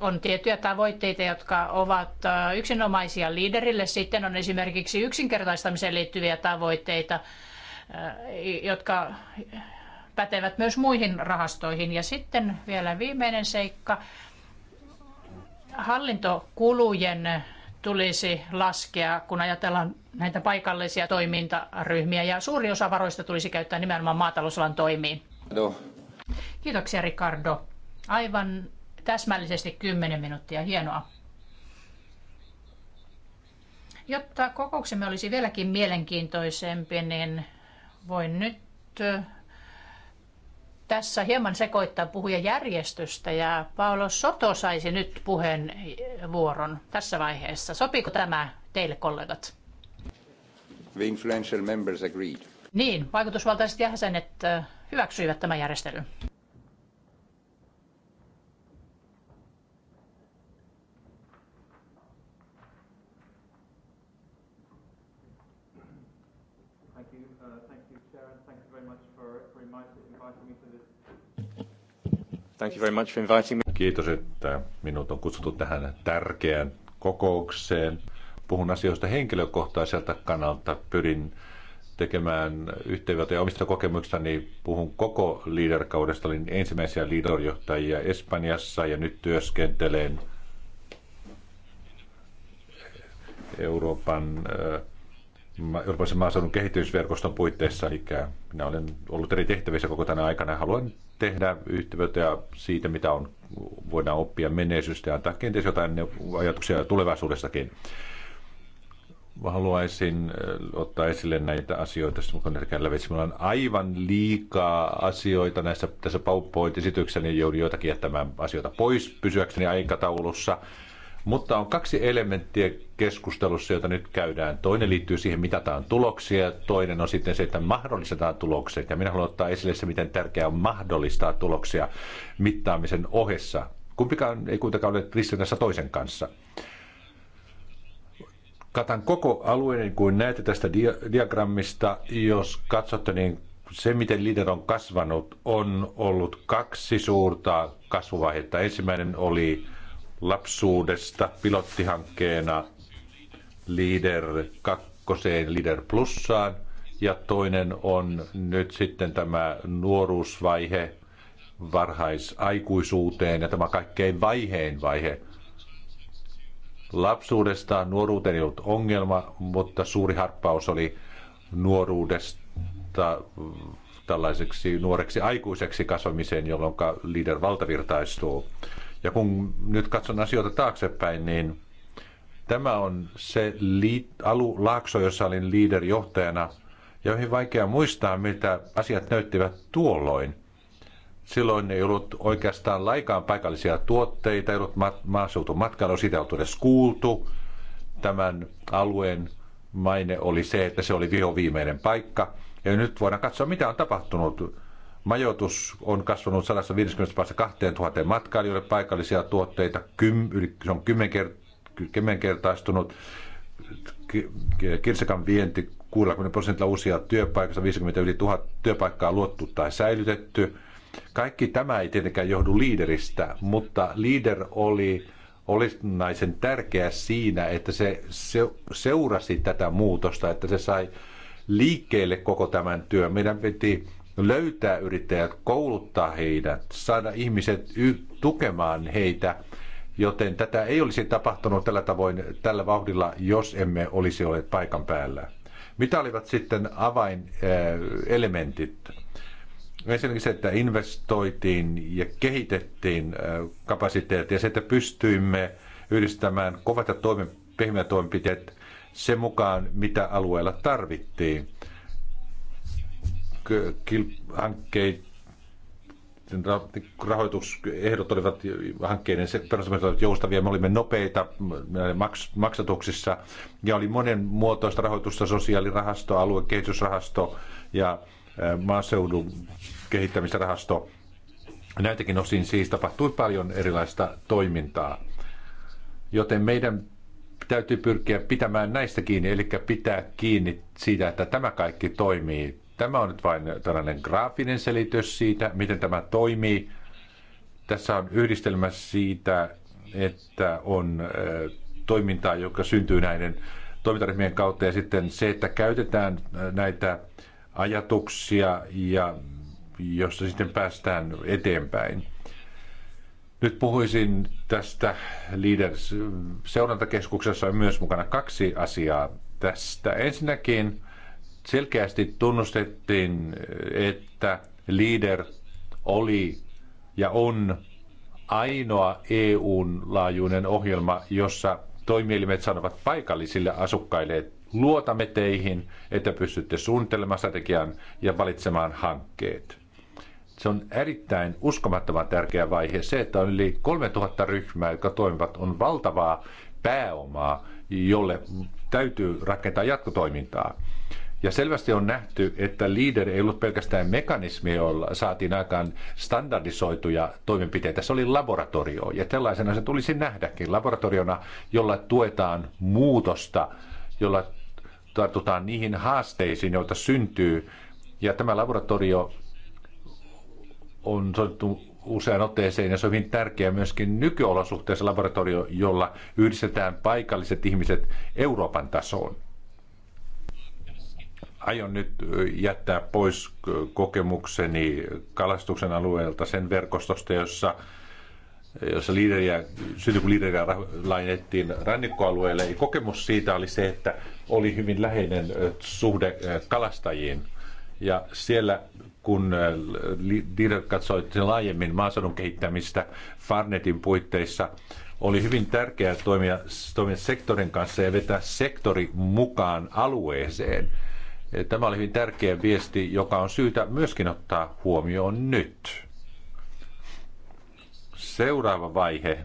on tiettyjä tavoitteita, jotka ovat yksinomaisia liiderille. Sitten on esimerkiksi yksinkertaistamiseen liittyviä tavoitteita, jotka pätevät myös muihin rahastoihin. Ja sitten vielä viimeinen seikka. Hallintokulujen tulisi laskea, kun ajatellaan näitä paikallisia toimintaryhmiä, ja suuri osa varoista tulisi käyttää nimenomaan maatalousalan toimiin. No. Kiitoksia Ricardo. Aivan täsmällisesti 10 minuuttia. Hienoa. Jotta kokouksemme olisi vieläkin mielenkiintoisempi, niin voin nyt tässä hieman sekoittaa puhuja järjestöstä ja Paolo Soto saisi nyt puheenvuoron tässä vaiheessa. Sopiiko tämä teille kollegat? The influential members agreed. Niin, vaikutusvaltaiset jäsenet hyväksyivät tämän järjestelyn. Thank you very much for inviting me. Kiitos, että minut on kutsuttu tähän tärkeään kokoukseen. Puhun asioista henkilökohtaiselta kannalta. Pyrin tekemään yhteenvetoja omista kokemuksistani. Puhun koko liiderkaudesta. Olin ensimmäisiä liiderjohtajia Espanjassa ja nyt työskentelen Euroopan äh, Euroopan maaseudun kehitysverkoston puitteissa, eli minä olen ollut eri tehtävissä koko tänä aikana. Haluan tehdä yhteyttä siitä, mitä on, voidaan oppia menneisyydestä ja antaa kenties jotain ajatuksia tulevaisuudestakin. Haluaisin äh, ottaa esille näitä asioita, kun näitä Meillä on aivan liikaa asioita näissä, tässä PowerPoint-esityksessä, niin joudun joitakin jättämään asioita pois pysyäkseni aikataulussa – mutta on kaksi elementtiä keskustelussa, jota nyt käydään. Toinen liittyy siihen, mitataan tuloksia, toinen on sitten se, että mahdollistetaan tulokset. Ja minä haluan ottaa esille se, miten tärkeää on mahdollistaa tuloksia mittaamisen ohessa. Kumpikaan ei kuitenkaan ole ristiriidassa toisen kanssa. Katan koko alueen, niin kuin näette tästä dia- diagrammista, jos katsotte, niin se, miten liiter on kasvanut, on ollut kaksi suurta kasvuvaihetta. Ensimmäinen oli lapsuudesta pilottihankkeena Leader 2, Leader Plussaan, ja toinen on nyt sitten tämä nuoruusvaihe varhaisaikuisuuteen ja tämä kaikkein vaiheen vaihe. Lapsuudesta nuoruuteen ei ollut ongelma, mutta suuri harppaus oli nuoruudesta tällaiseksi nuoreksi aikuiseksi kasvamiseen, jolloin leader valtavirtaistuu. Ja kun nyt katson asioita taaksepäin, niin tämä on se liit, alu, laakso, jossa olin liiderjohtajana, ja on vaikea muistaa, miltä asiat näyttivät tuolloin. Silloin ei ollut oikeastaan laikaan paikallisia tuotteita, ei ollut ma- matkailu, sitä ei ollut edes kuultu. Tämän alueen maine oli se, että se oli viho viimeinen paikka. Ja nyt voidaan katsoa, mitä on tapahtunut. Majoitus on kasvanut 150 maassa 2000 matkailijoille, paikallisia tuotteita, se on kymmenkertaistunut, kirsikan vienti 60 prosentilla uusia työpaikkoja, 50 yli 1000 työpaikkaa luottu tai säilytetty. Kaikki tämä ei tietenkään johdu liideristä, mutta liider oli olennaisen tärkeä siinä, että se seurasi tätä muutosta, että se sai liikkeelle koko tämän työn. Meidän piti löytää yrittäjät, kouluttaa heidät, saada ihmiset tukemaan heitä, joten tätä ei olisi tapahtunut tällä tavoin, tällä vauhdilla, jos emme olisi olleet paikan päällä. Mitä olivat sitten avainelementit? Ensinnäkin se, että investoitiin ja kehitettiin kapasiteettia, se, että pystyimme yhdistämään kovat ja toimen, pehmeät toimenpiteet sen mukaan, mitä alueella tarvittiin hankkeiden rahoitusehdot olivat hankkeiden perustamiset olivat joustavia. Me olimme nopeita maksatuksissa ja oli monen muotoista rahoitusta, sosiaalirahasto, aluekehitysrahasto ja maaseudun kehittämisrahasto. Näitäkin osin siis tapahtui paljon erilaista toimintaa, joten meidän täytyy pyrkiä pitämään näistä kiinni, eli pitää kiinni siitä, että tämä kaikki toimii Tämä on nyt vain tällainen graafinen selitys siitä, miten tämä toimii. Tässä on yhdistelmä siitä, että on toimintaa, joka syntyy näiden toimintaryhmien kautta ja sitten se, että käytetään näitä ajatuksia ja josta sitten päästään eteenpäin. Nyt puhuisin tästä Leaders seurantakeskuksessa on myös mukana kaksi asiaa tästä. Ensinnäkin selkeästi tunnustettiin, että leader oli ja on ainoa EUn laajuinen ohjelma, jossa toimielimet sanovat paikallisille asukkaille, että luotamme teihin, että pystytte suunnittelemaan strategian ja valitsemaan hankkeet. Se on erittäin uskomattoman tärkeä vaihe. Se, että on yli 3000 ryhmää, jotka toimivat, on valtavaa pääomaa, jolle täytyy rakentaa jatkotoimintaa. Ja selvästi on nähty, että leader ei ollut pelkästään mekanismi, jolla saatiin aikaan standardisoituja toimenpiteitä. Se oli laboratorio ja tällaisena se tulisi nähdäkin laboratoriona, jolla tuetaan muutosta, jolla tartutaan niihin haasteisiin, joita syntyy. Ja tämä laboratorio on sanottu usean otteeseen ja se on hyvin tärkeä myöskin nykyolosuhteessa laboratorio, jolla yhdistetään paikalliset ihmiset Euroopan tasoon aion nyt jättää pois kokemukseni kalastuksen alueelta sen verkostosta, jossa jossa liideriä, syntyi kun liideriä lainettiin rannikkoalueelle, ja kokemus siitä oli se, että oli hyvin läheinen suhde kalastajiin. Ja siellä, kun liideri katsoi laajemmin maaseudun kehittämistä Farnetin puitteissa, oli hyvin tärkeää toimia, toimia sektorin kanssa ja vetää sektori mukaan alueeseen – Tämä oli hyvin tärkeä viesti, joka on syytä myöskin ottaa huomioon nyt. Seuraava vaihe.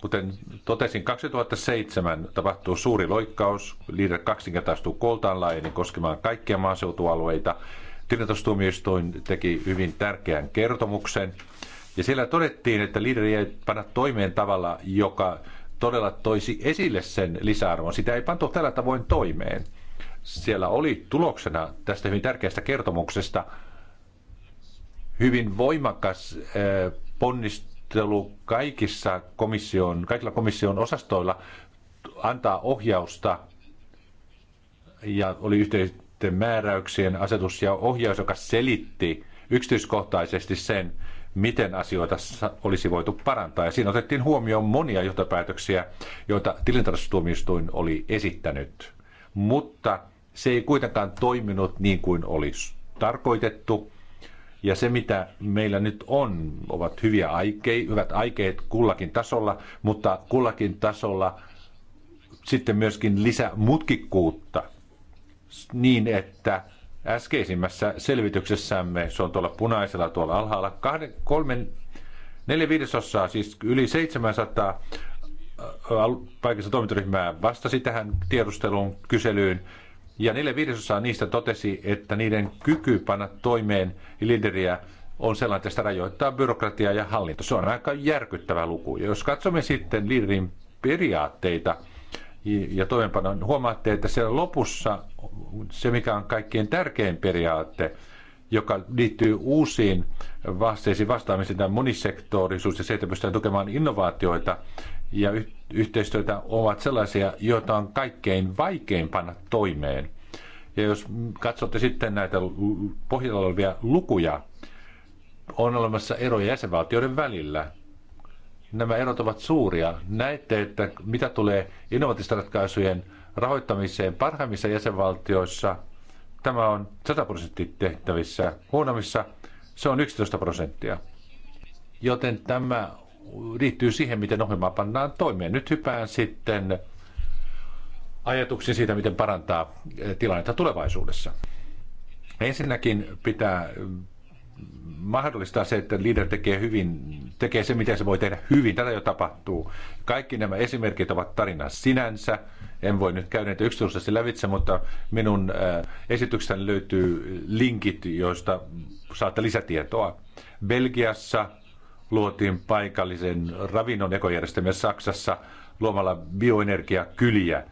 Kuten totesin, 2007 tapahtuu suuri loikkaus. Liider kaksinkertaistuu koltaan laajeni koskemaan kaikkia maaseutualueita. Tilintostuomioistuin teki hyvin tärkeän kertomuksen. Ja siellä todettiin, että liideri ei panna toimeen tavalla, joka todella toisi esille sen lisäarvon. Sitä ei pantu tällä tavoin toimeen. Siellä oli tuloksena tästä hyvin tärkeästä kertomuksesta hyvin voimakas eh, ponnistelu kaikissa komission, kaikilla komission osastoilla antaa ohjausta ja oli yhteisten määräyksien asetus ja ohjaus, joka selitti yksityiskohtaisesti sen, miten asioita olisi voitu parantaa. Ja siinä otettiin huomioon monia johtopäätöksiä, joita tilintarkastustuomioistuin oli esittänyt. Mutta se ei kuitenkaan toiminut niin kuin olisi tarkoitettu. Ja se, mitä meillä nyt on, ovat hyviä aikeet, hyvät aikeet kullakin tasolla, mutta kullakin tasolla sitten myöskin lisämutkikkuutta niin, että äskeisimmässä selvityksessämme, se on tuolla punaisella tuolla alhaalla, kahden, kolmen, neljä viidesosaa, siis yli 700 äh, paikallista toimintaryhmää vastasi tähän tiedusteluun, kyselyyn, ja neljä viidesosaa niistä totesi, että niiden kyky panna toimeen lideriä on sellainen, että sitä rajoittaa byrokratiaa ja hallinto. Se on aika järkyttävä luku. Ja jos katsomme sitten liderin periaatteita, ja toimeenpanon. Huomaatte, että siellä lopussa se, mikä on kaikkein tärkein periaate, joka liittyy uusiin vasteisiin vastaamiseen tämä monisektorisuus ja se, että pystytään tukemaan innovaatioita ja y- yhteistyötä, ovat sellaisia, joita on kaikkein vaikein panna toimeen. Ja jos katsotte sitten näitä pohjalla olevia lukuja, on olemassa eroja jäsenvaltioiden välillä nämä erot ovat suuria. Näette, että mitä tulee innovatiivisten ratkaisujen rahoittamiseen parhaimmissa jäsenvaltioissa, tämä on 100 prosenttia tehtävissä. Huonommissa se on 11 prosenttia. Joten tämä liittyy siihen, miten ohjelmaa pannaan toimeen. Nyt hypään sitten ajatuksiin siitä, miten parantaa tilannetta tulevaisuudessa. Ensinnäkin pitää mahdollistaa se, että leader tekee hyvin, tekee se, miten se voi tehdä hyvin. Tätä jo tapahtuu. Kaikki nämä esimerkit ovat tarina sinänsä. En voi nyt käydä niitä yksityisesti lävitse, mutta minun äh, esityksestäni löytyy linkit, joista saatte lisätietoa. Belgiassa luotiin paikallisen ravinnon ekojärjestelmä Saksassa luomalla bioenergiakyliä.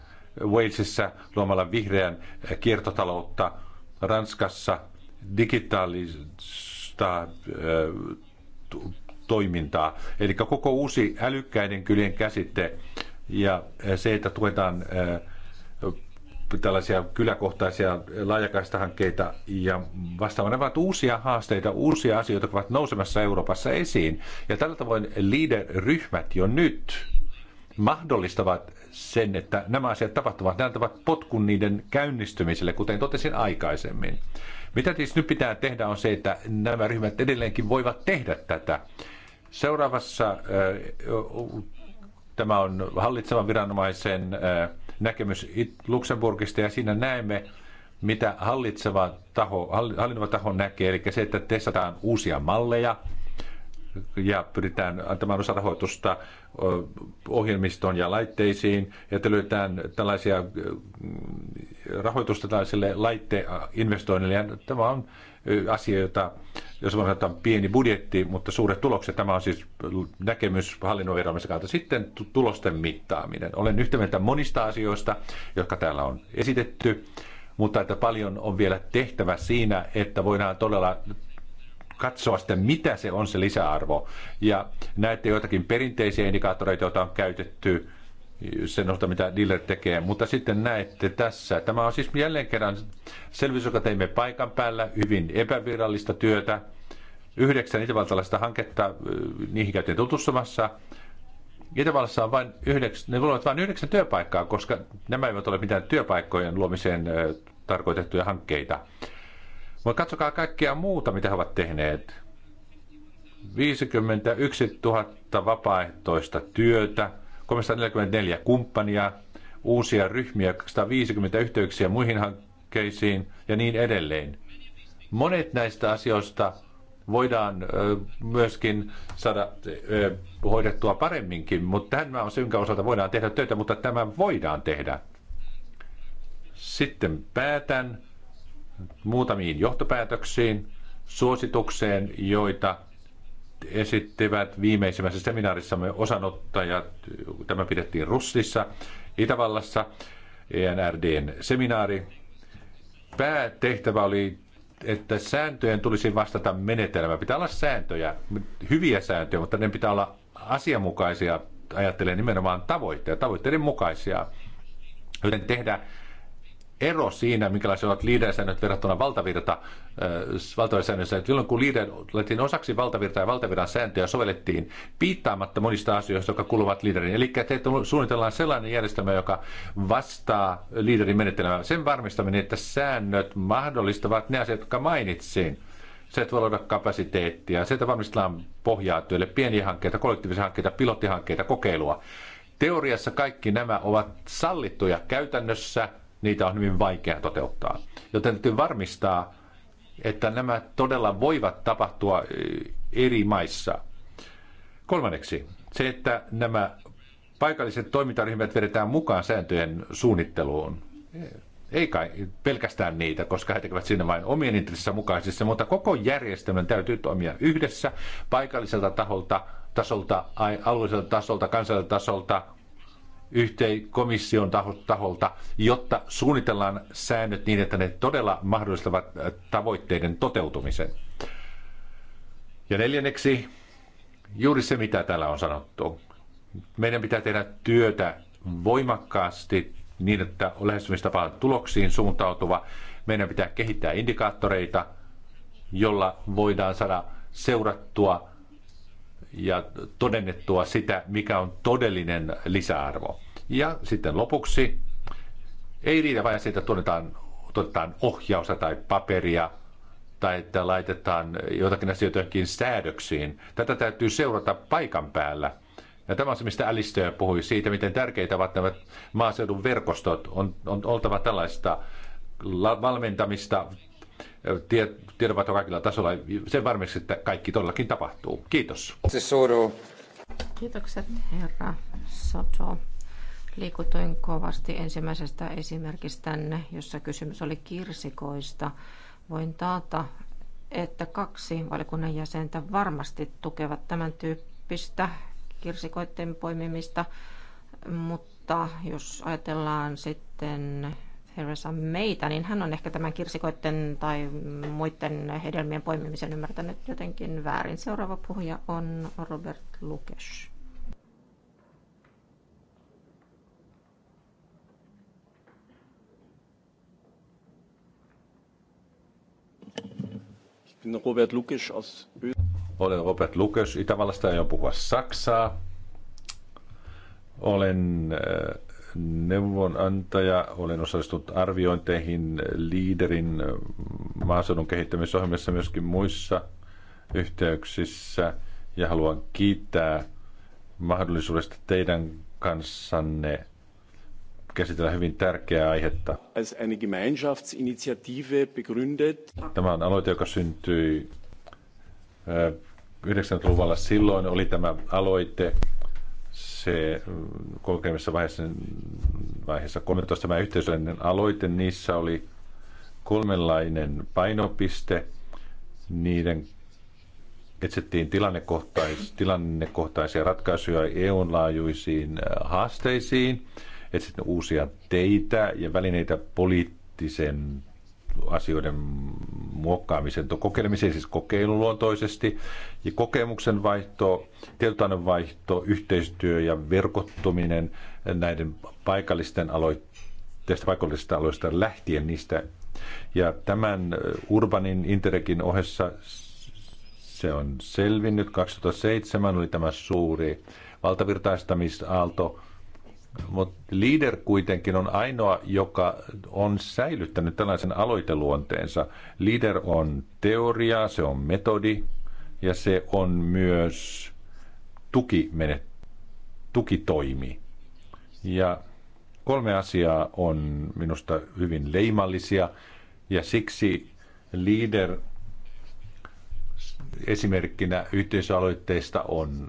Walesissa luomalla vihreän kiertotaloutta. Ranskassa digitaalis tehostaa toimintaa. Eli koko uusi älykkäiden kylien käsite ja se, että tuetaan tällaisia kyläkohtaisia laajakaistahankkeita ja vastaavana ovat uusia haasteita, uusia asioita, jotka ovat nousemassa Euroopassa esiin. Ja tällä tavoin leader-ryhmät jo nyt mahdollistavat sen, että nämä asiat tapahtuvat. Nämä antavat potkun niiden käynnistymiselle, kuten totesin aikaisemmin. Mitä siis nyt pitää tehdä on se, että nämä ryhmät edelleenkin voivat tehdä tätä. Seuraavassa tämä on hallitsevan viranomaisen näkemys Luxemburgista ja siinä näemme, mitä hallitseva taho, hallinnova taho näkee, eli se, että testataan uusia malleja ja pyritään antamaan osa rahoitusta ohjelmistoon ja laitteisiin, ja että löydetään tällaisia rahoitusta tällaiselle laitteinvestoinnille. Äh, ja tämä on äh, asia, jota, jos voin sanoa, pieni budjetti, mutta suuret tulokset. Tämä on siis näkemys hallinnon viranomaisen kautta. Sitten tulosten mittaaminen. Olen yhtä mieltä monista asioista, jotka täällä on esitetty, mutta että paljon on vielä tehtävä siinä, että voidaan todella katsoa sitten, mitä se on se lisäarvo. Ja näette joitakin perinteisiä indikaattoreita, joita on käytetty – sen osalta, mitä dealer tekee. Mutta sitten näette tässä, tämä on siis jälleen kerran selvitys, joka teimme paikan päällä, hyvin epävirallista työtä. Yhdeksän itävaltalaista hanketta, niihin käytiin tutustumassa. Itävallassa on vain yhdeksän, ne luovat vain yhdeksän työpaikkaa, koska nämä eivät ole mitään työpaikkojen luomiseen tarkoitettuja hankkeita. Mutta katsokaa kaikkea muuta, mitä he ovat tehneet. 51 000 vapaaehtoista työtä, 344 kumppania, uusia ryhmiä, 250 yhteyksiä muihin hankkeisiin ja niin edelleen. Monet näistä asioista voidaan myöskin saada hoidettua paremminkin, mutta tämä on se, jonka osalta voidaan tehdä töitä, mutta tämä voidaan tehdä. Sitten päätän muutamiin johtopäätöksiin, suositukseen, joita esittivät viimeisimmässä seminaarissamme osanottajat. Tämä pidettiin Russissa, Itävallassa, ENRDn seminaari. Päätehtävä oli että sääntöjen tulisi vastata menetelmään. Pitää olla sääntöjä, hyviä sääntöjä, mutta ne pitää olla asianmukaisia, ajattelee nimenomaan tavoitteita, tavoitteiden mukaisia. Joten tehdä ero siinä, minkälaisia ovat liidensäännöt verrattuna valtavirta, valtavirtasäännöissä. Silloin kun liiden otettiin osaksi valtavirtaa ja valtavirran sääntöjä sovellettiin piittaamatta monista asioista, jotka kuuluvat liiderin. Eli te suunnitellaan sellainen järjestelmä, joka vastaa liiderin menetelmää. Sen varmistaminen, että säännöt mahdollistavat ne asiat, jotka mainitsin se, että voi luoda kapasiteettia, se, että valmistellaan pohjaa työlle, pieniä hankkeita, kollektiivisia hankkeita, pilottihankkeita, kokeilua. Teoriassa kaikki nämä ovat sallittuja käytännössä niitä on hyvin vaikea toteuttaa. Joten täytyy varmistaa, että nämä todella voivat tapahtua eri maissa. Kolmanneksi, se, että nämä paikalliset toimintaryhmät vedetään mukaan sääntöjen suunnitteluun. Ei kai pelkästään niitä, koska he tekevät sinne vain omien intressissä mukaisissa, mutta koko järjestelmän täytyy toimia yhdessä paikalliselta taholta, tasolta, alueelliselta tasolta, kansalliselta tasolta, yhteen komission taholta, jotta suunnitellaan säännöt niin, että ne todella mahdollistavat äh, tavoitteiden toteutumisen. Ja neljänneksi, juuri se mitä täällä on sanottu. Meidän pitää tehdä työtä voimakkaasti niin, että lähestymistapa on tuloksiin suuntautuva. Meidän pitää kehittää indikaattoreita, jolla voidaan saada seurattua ja todennettua sitä, mikä on todellinen lisäarvo. Ja sitten lopuksi ei riitä vain siitä, että tuotetaan, tuotetaan ohjausta tai paperia tai että laitetaan jotakin asioita johonkin säädöksiin. Tätä täytyy seurata paikan päällä. Ja tämä on se, mistä Alistair puhui siitä, miten tärkeitä ovat nämä maaseudun verkostot. On, on oltava tällaista valmentamista, tiedot kaikilla tasolla sen varmiksi, että kaikki todellakin tapahtuu. Kiitos. Kiitokset herra Soto. Liikutuin kovasti ensimmäisestä esimerkistänne, jossa kysymys oli kirsikoista. Voin taata, että kaksi valikunnan jäsentä varmasti tukevat tämän tyyppistä kirsikoiden poimimista, mutta jos ajatellaan sitten herransa meitä, niin hän on ehkä tämän kirsikoiden tai muiden hedelmien poimimisen ymmärtänyt jotenkin väärin. Seuraava puhuja on Robert Lukes. Robert Lukes aus Olen Robert Lukes Itävallasta ja puhua saksaa. Olen äh, neuvonantaja. Olen osallistunut arviointeihin liiderin maaseudun kehittämisohjelmissa myöskin muissa yhteyksissä ja haluan kiittää mahdollisuudesta teidän kanssanne käsitellä hyvin tärkeää aihetta. Tämä on aloite, joka syntyi 90-luvulla. Silloin oli tämä aloite, se mm, kolmessa vaiheessa, vaiheessa 13 tämä yhteisöllinen aloite, niissä oli kolmenlainen painopiste. Niiden etsittiin tilannekohtais, tilannekohtaisia ratkaisuja EUn laajuisiin äh, haasteisiin, etsittiin uusia teitä ja välineitä poliittisen asioiden muokkaamisen kokeilemisen, siis kokeiluluontoisesti, ja kokemuksen vaihto, tietotainon vaihto, yhteistyö ja verkottuminen näiden paikallisten aloitteista, paikallisista aloista lähtien niistä. Ja tämän Urbanin Interregin ohessa se on selvinnyt. 2007 oli tämä suuri valtavirtaistamisaalto, mutta Leader kuitenkin on ainoa, joka on säilyttänyt tällaisen aloiteluonteensa. Leader on teoria, se on metodi ja se on myös tukimene, tukitoimi. Ja kolme asiaa on minusta hyvin leimallisia ja siksi Leader esimerkkinä yhteisöaloitteista on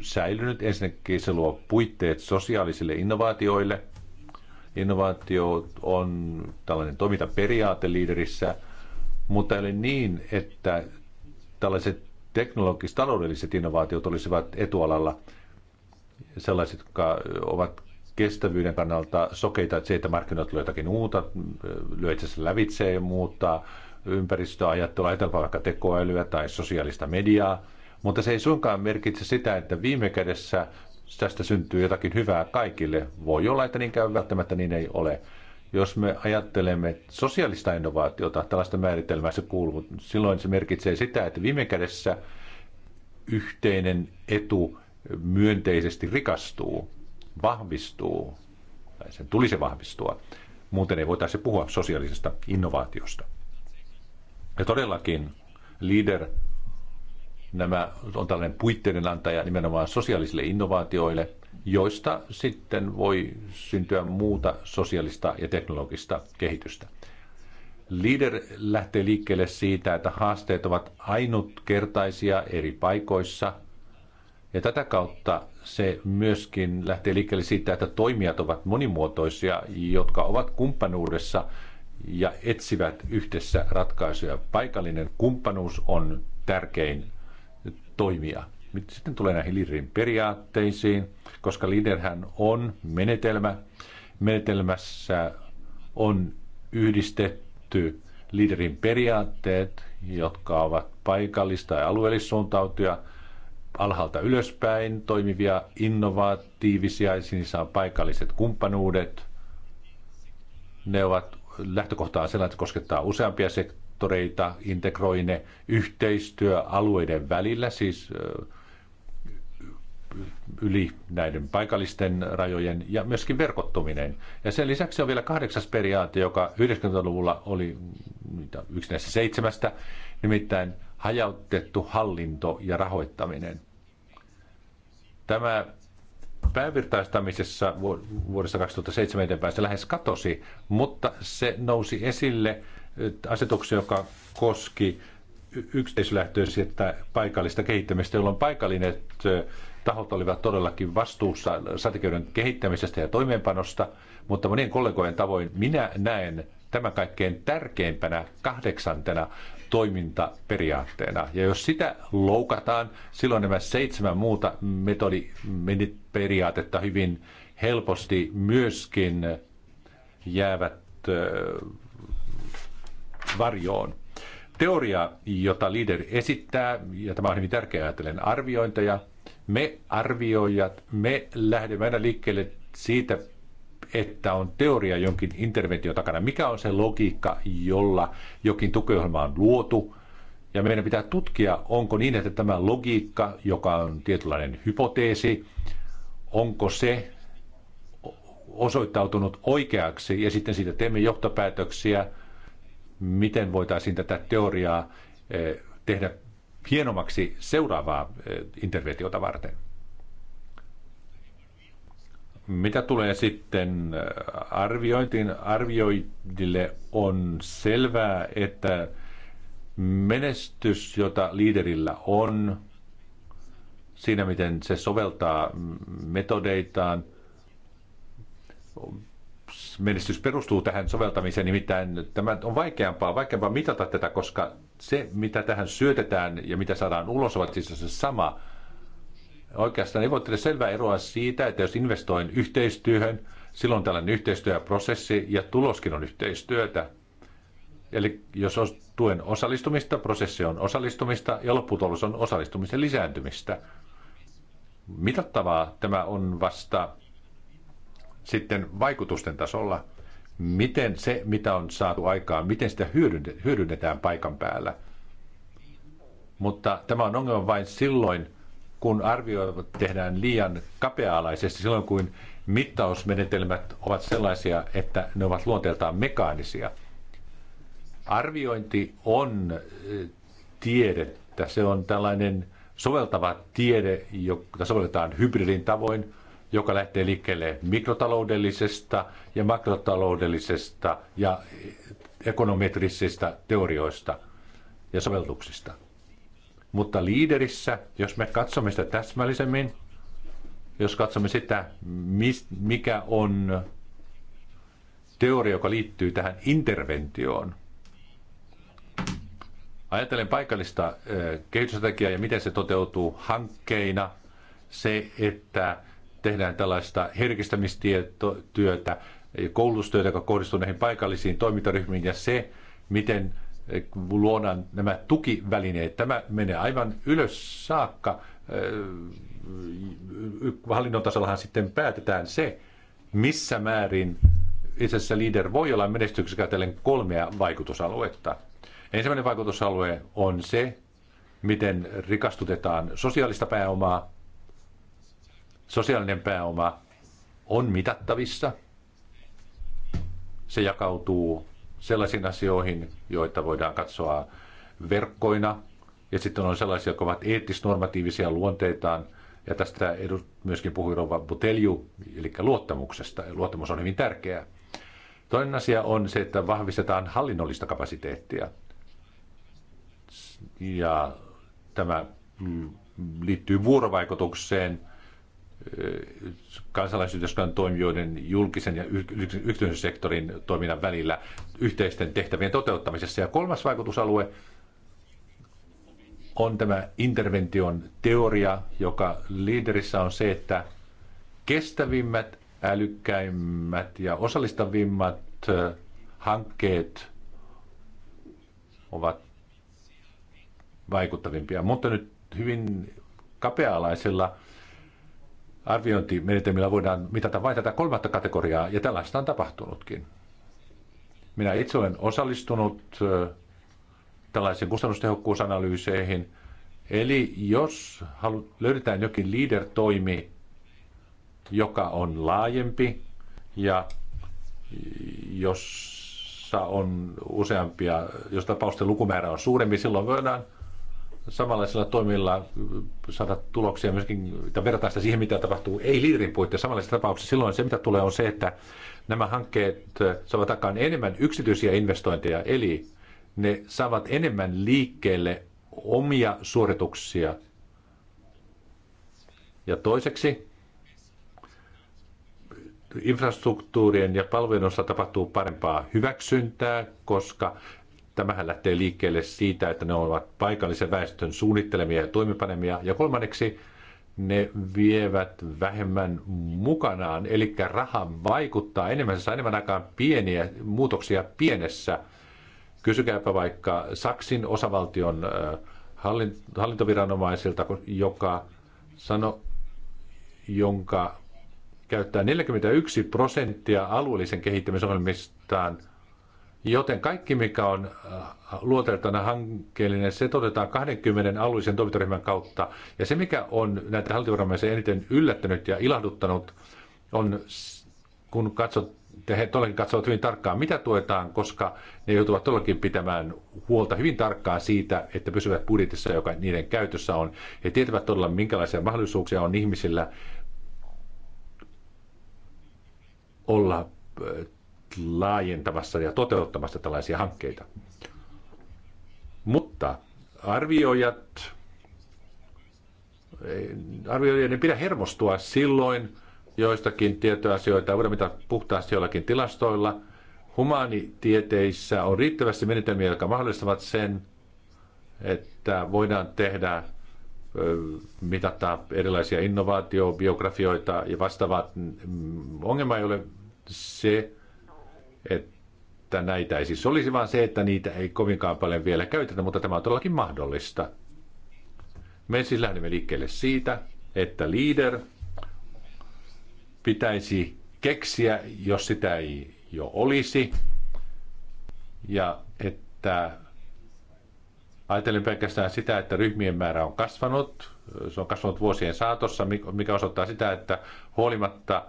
säilynyt. Ensinnäkin se luo puitteet sosiaalisille innovaatioille. Innovaatio on tällainen toimintaperiaate liiderissä, mutta ei ole niin, että tällaiset teknologiset taloudelliset innovaatiot olisivat etualalla sellaiset, jotka ovat kestävyyden kannalta sokeita, että se, että markkinoilla tulee jotakin uuta, lyö itse asiassa lävitse ja muuttaa ympäristöajattelua, ajatellaan vaikka tekoälyä tai sosiaalista mediaa – mutta se ei suinkaan merkitse sitä, että viime kädessä tästä syntyy jotakin hyvää kaikille. Voi olla, että niin käy välttämättä niin ei ole. Jos me ajattelemme sosiaalista innovaatiota, tällaista määritelmää se kuuluu, silloin se merkitsee sitä, että viime kädessä yhteinen etu myönteisesti rikastuu, vahvistuu, tai sen tulisi vahvistua. Muuten ei voitaisiin puhua sosiaalisesta innovaatiosta. Ja todellakin Leader nämä on tällainen puitteiden antaja nimenomaan sosiaalisille innovaatioille, joista sitten voi syntyä muuta sosiaalista ja teknologista kehitystä. Leader lähtee liikkeelle siitä, että haasteet ovat ainutkertaisia eri paikoissa. Ja tätä kautta se myöskin lähtee liikkeelle siitä, että toimijat ovat monimuotoisia, jotka ovat kumppanuudessa ja etsivät yhdessä ratkaisuja. Paikallinen kumppanuus on tärkein toimia. Sitten tulee näihin Liderin periaatteisiin, koska Liderhän on menetelmä. Menetelmässä on yhdistetty Liderin periaatteet, jotka ovat paikallista ja alueellissuuntautuja, alhaalta ylöspäin toimivia, innovatiivisia, ja on paikalliset kumppanuudet. Ne ovat lähtökohtaa sellainen, että koskettaa useampia sektoreita sektoreita, integroi ne yhteistyö alueiden välillä, siis yli näiden paikallisten rajojen ja myöskin verkottuminen. Ja sen lisäksi on vielä kahdeksas periaate, joka 90-luvulla oli yksi näistä seitsemästä, nimittäin hajautettu hallinto ja rahoittaminen. Tämä päävirtaistamisessa vuodesta 2007 eteenpäin se lähes katosi, mutta se nousi esille – asetuksen, joka koski että paikallista kehittämistä, jolloin paikalliset tahot olivat todellakin vastuussa strategioiden kehittämisestä ja toimeenpanosta, mutta monien kollegojen tavoin minä näen tämän kaikkein tärkeimpänä kahdeksantena toimintaperiaatteena. Ja jos sitä loukataan, silloin nämä seitsemän muuta metodiperiaatetta hyvin helposti myöskin jäävät varjoon. Teoria, jota Lider esittää, ja tämä on hyvin tärkeää ajatellen arviointeja, me arvioijat, me lähdemme aina liikkeelle siitä, että on teoria jonkin intervention takana. Mikä on se logiikka, jolla jokin tukiohjelma on luotu? Ja meidän pitää tutkia, onko niin, että tämä logiikka, joka on tietynlainen hypoteesi, onko se osoittautunut oikeaksi ja sitten siitä teemme johtopäätöksiä – miten voitaisiin tätä teoriaa eh, tehdä hienommaksi seuraavaa eh, interventiota varten. Mitä tulee sitten eh, arviointiin, arvioidille on selvää, että menestys, jota liiderillä on, siinä miten se soveltaa metodeitaan, menestys perustuu tähän soveltamiseen, nimittäin tämä on vaikeampaa, vaikeampaa mitata tätä, koska se, mitä tähän syötetään ja mitä saadaan ulos, ovat siis se sama. Oikeastaan ei voi tehdä selvää eroa siitä, että jos investoin yhteistyöhön, silloin tällainen yhteistyöprosessi ja tuloskin on yhteistyötä. Eli jos tuen osallistumista, prosessi on osallistumista ja lopputulos on osallistumisen lisääntymistä. Mitattavaa tämä on vasta sitten vaikutusten tasolla, miten se, mitä on saatu aikaan, miten sitä hyödynnetään paikan päällä. Mutta tämä on ongelma vain silloin, kun arvioivat tehdään liian kapea-alaisesti, silloin kun mittausmenetelmät ovat sellaisia, että ne ovat luonteeltaan mekaanisia. Arviointi on eh, tiedettä. Se on tällainen soveltava tiede, jota sovelletaan hybridin tavoin joka lähtee liikkeelle mikrotaloudellisesta ja makrotaloudellisesta ja ekonometrisistä teorioista ja sovelluksista. Mutta liiderissä, jos me katsomme sitä täsmällisemmin, jos katsomme sitä, mikä on teoria, joka liittyy tähän interventioon, Ajattelen paikallista kehitysstrategiaa ja miten se toteutuu hankkeina. Se, että tehdään tällaista herkistämistyötä, koulutustyötä, joka kohdistuu näihin paikallisiin toimintaryhmiin ja se, miten eh, luodaan nämä tukivälineet. Tämä menee aivan ylös saakka. Eh, hallinnon tasollahan sitten päätetään se, missä määrin itse asiassa leader voi olla menestyksekä kolmea vaikutusaluetta. Ensimmäinen vaikutusalue on se, miten rikastutetaan sosiaalista pääomaa, Sosiaalinen pääoma on mitattavissa. Se jakautuu sellaisiin asioihin, joita voidaan katsoa verkkoina, ja sitten on sellaisia, jotka ovat eettis-normatiivisia luonteitaan, ja tästä myöskin puhui Rova Butelju, eli luottamuksesta. Luottamus on hyvin tärkeää. Toinen asia on se, että vahvistetaan hallinnollista kapasiteettia. Ja tämä liittyy vuorovaikutukseen – kansalaisyhteiskunnan toimijoiden, julkisen ja yksityisen sektorin toiminnan välillä yhteisten tehtävien toteuttamisessa. Ja kolmas vaikutusalue on tämä intervention teoria, joka liiderissä on se, että kestävimmät, älykkäimmät ja osallistavimmat hankkeet ovat vaikuttavimpia, mutta nyt hyvin kapea-alaisella arviointimenetelmillä voidaan mitata vain tätä kolmatta kategoriaa, ja tällaista on tapahtunutkin. Minä itse olen osallistunut tällaisiin kustannustehokkuusanalyyseihin. Eli jos halu- löydetään jokin leader-toimi, joka on laajempi ja jossa on useampia, jos tapausten lukumäärä on suurempi, silloin voidaan samanlaisilla toimilla saada tuloksia myöskin, tai vertaa sitä siihen, mitä tapahtuu ei-liiderin puitteissa samanlaisissa tapauksissa. Silloin se, mitä tulee, on se, että nämä hankkeet saavat aikaan enemmän yksityisiä investointeja, eli ne saavat enemmän liikkeelle omia suorituksia. Ja toiseksi, infrastruktuurien ja palvelujen osalta tapahtuu parempaa hyväksyntää, koska Tämähän lähtee liikkeelle siitä, että ne ovat paikallisen väestön suunnittelemia ja toimipanemia. Ja kolmanneksi ne vievät vähemmän mukanaan, eli raha vaikuttaa enemmän, se saa enemmän aikaan pieniä muutoksia pienessä. Kysykääpä vaikka Saksin osavaltion äh, hallintoviranomaisilta, joka sano, jonka käyttää 41 prosenttia alueellisen kehittämisohjelmistaan Joten kaikki, mikä on äh, luoteltana hankkeellinen, se toteutetaan 20 alueellisen toimintaryhmän kautta. Ja se, mikä on näitä hallintoviranomaisia eniten yllättänyt ja ilahduttanut, on, kun katsot, he todellakin katsovat hyvin tarkkaan, mitä tuetaan, koska ne joutuvat todellakin pitämään huolta hyvin tarkkaan siitä, että pysyvät budjetissa, joka niiden käytössä on. He tietävät todella, minkälaisia mahdollisuuksia on ihmisillä olla äh, laajentamassa ja toteuttamassa tällaisia hankkeita. Mutta arvioijat, ei pidä hermostua silloin joistakin tietoasioita, voidaan mitata puhtaasti joillakin tilastoilla. Humaanitieteissä on riittävästi menetelmiä, jotka mahdollistavat sen, että voidaan tehdä mitata erilaisia innovaatiobiografioita ja vastaavat. Mm, ongelma ei ole se, että näitä ei siis olisi, vaan se, että niitä ei kovinkaan paljon vielä käytetä, mutta tämä on todellakin mahdollista. Me siis lähdemme liikkeelle siitä, että leader pitäisi keksiä, jos sitä ei jo olisi, ja että ajatellen pelkästään sitä, että ryhmien määrä on kasvanut, se on kasvanut vuosien saatossa, mikä osoittaa sitä, että huolimatta –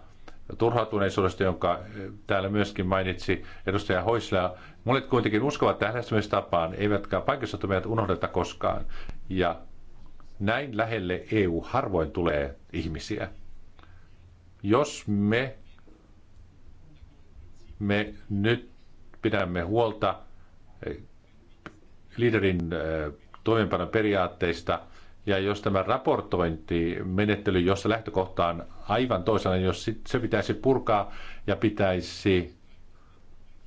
turhautuneisuudesta, jonka eh, täällä myöskin mainitsi edustaja Hoisla. Monet kuitenkin uskovat tähän tapaan, eivätkä paikallisottomia unohdeta koskaan. Ja näin lähelle EU harvoin tulee ihmisiä. Jos me, me nyt pidämme huolta eh, liiderin eh, toimeenpanon periaatteista – ja jos tämä raportointimenettely, jossa lähtökohta on aivan toisena, jos se pitäisi purkaa ja pitäisi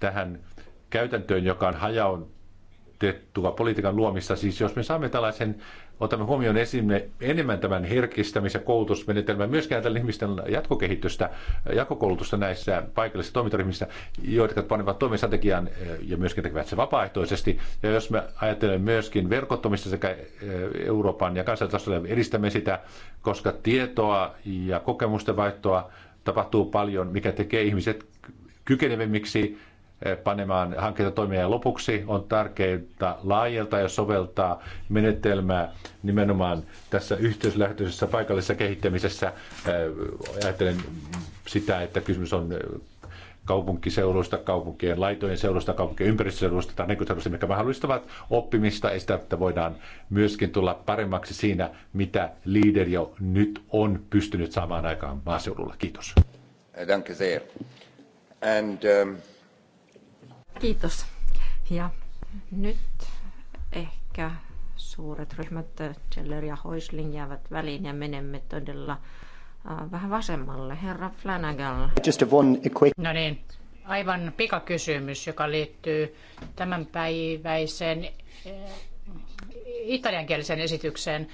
tähän käytäntöön, joka on hajautettua politiikan luomista, siis jos me saamme tällaisen otamme huomioon esimme enemmän tämän herkistämis- ja koulutusmenetelmän, myöskään tällä ihmisten jatkokehitystä, jatkokoulutusta näissä paikallisissa toimintaryhmissä, jotka panevat toimistrategian eh, ja myöskin tekevät se vapaaehtoisesti. Ja jos me ajattelemme myöskin verkottomista sekä eh, Euroopan ja kansallisella edistämme sitä, koska tietoa ja kokemusten vaihtoa tapahtuu paljon, mikä tekee ihmiset kykenevimmiksi panemaan hankkeita toimia lopuksi on tärkeintä laajelta ja soveltaa menetelmää nimenomaan tässä yhteislähtöisessä paikallisessa kehittämisessä. Äh, ajattelen sitä, että kysymys on kaupunkiseuduista, kaupunkien laitojen seudusta, kaupunkien ympäristöseudusta tai näkyiseudusta, mikä mahdollistavat oppimista ja sitä, että voidaan myöskin tulla paremmaksi siinä, mitä liider jo nyt on pystynyt saamaan aikaan maaseudulla. Kiitos. Äh, danke sehr. And, um... Kiitos. Ja nyt ehkä suuret ryhmät, Zeller ja Hoisling, jäävät väliin ja menemme todella äh, vähän vasemmalle. Herra Flanagan. Just one quick... No niin, aivan pikakysymys, joka liittyy tämänpäiväiseen eh, italiankielisen esitykseen.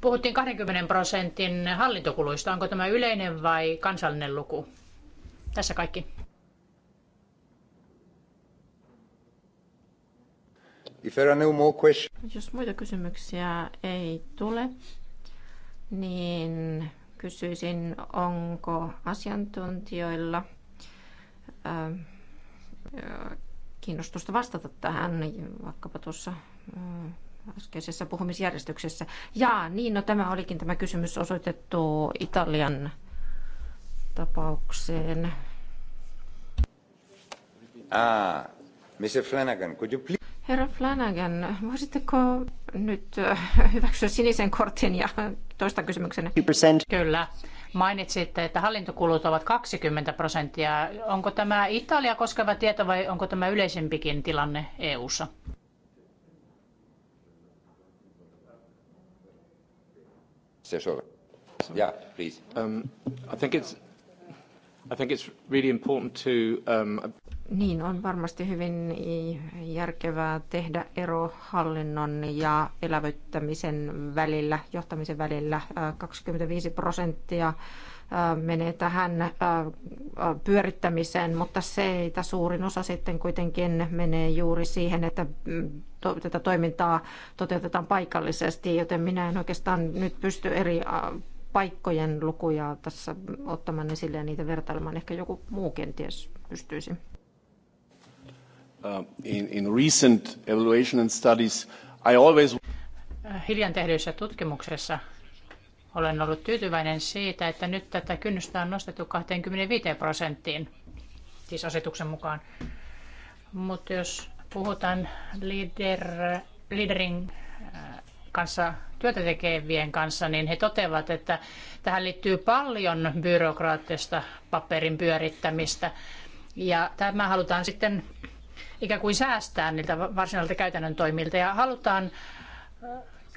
Puhuttiin 20 prosentin hallintokuluista. Onko tämä yleinen vai kansallinen luku? Tässä kaikki. If there are no more questions. Jos muita kysymyksiä ei tule, niin kysyisin, onko asiantuntijoilla kiinnostusta vastata tähän, vaikkapa tuossa äskeisessä puhumisjärjestyksessä. Ja niin, no tämä olikin tämä kysymys osoitettu Italian tapaukseen. Ah, Mr. Flanagan, could you please... Herra Flanagan, voisitteko nyt äh, hyväksyä sinisen kortin ja toista kysymyksen? Kyllä. Mainitsitte, että hallintokulut ovat 20 prosenttia. Onko tämä Italia koskeva tieto vai onko tämä yleisempikin tilanne EU:ssa? Se sure. Yeah, please. Um, I think it's I think it's really important to um... Niin, on varmasti hyvin järkevää tehdä ero hallinnon ja elävyttämisen välillä, johtamisen välillä 25 prosenttia menee tähän pyörittämiseen, mutta se seitä suurin osa sitten kuitenkin menee juuri siihen, että mm, to, tätä toimintaa toteutetaan paikallisesti, joten minä en oikeastaan nyt pysty eri paikkojen lukuja tässä ottamaan esille ja niitä vertailemaan. Ehkä joku muu kenties pystyisi. Uh, Hiljan tehdyissä tutkimuksessa olen ollut tyytyväinen siitä, että nyt tätä kynnystä on nostettu 25 prosenttiin, siis asetuksen mukaan. Mutta jos puhutaan leader, leaderin äh, kanssa, työtä tekevien kanssa, niin he toteavat, että tähän liittyy paljon byrokraattista paperin pyörittämistä. Ja tämä halutaan sitten ikään kuin säästää niiltä varsinaisilta käytännön toimilta ja halutaan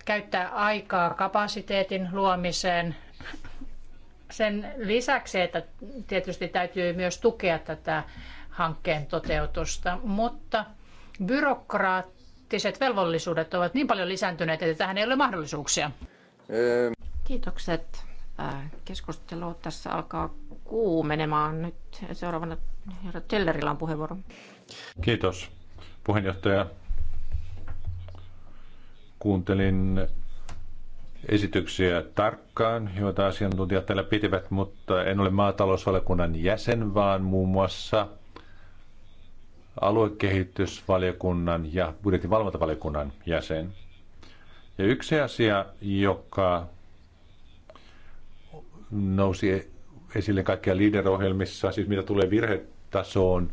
käyttää aikaa kapasiteetin luomiseen. Sen lisäksi, että tietysti täytyy myös tukea tätä hankkeen toteutusta, mutta byrokraattiset velvollisuudet ovat niin paljon lisääntyneet, että tähän ei ole mahdollisuuksia. Kiitokset. Äh, keskustelu tässä alkaa kuumenemaan nyt. Seuraavana herra Tellerillä on puheenvuoro. Kiitos puheenjohtaja. Kuuntelin esityksiä tarkkaan, joita asiantuntijat täällä pitivät, mutta en ole maatalousvaliokunnan jäsen, vaan muun muassa aluekehitysvaliokunnan ja budjettivalvontavaliokunnan jäsen. Ja yksi asia, joka nousi esille kaikkia liiderohjelmissa, siis mitä tulee virhetasoon,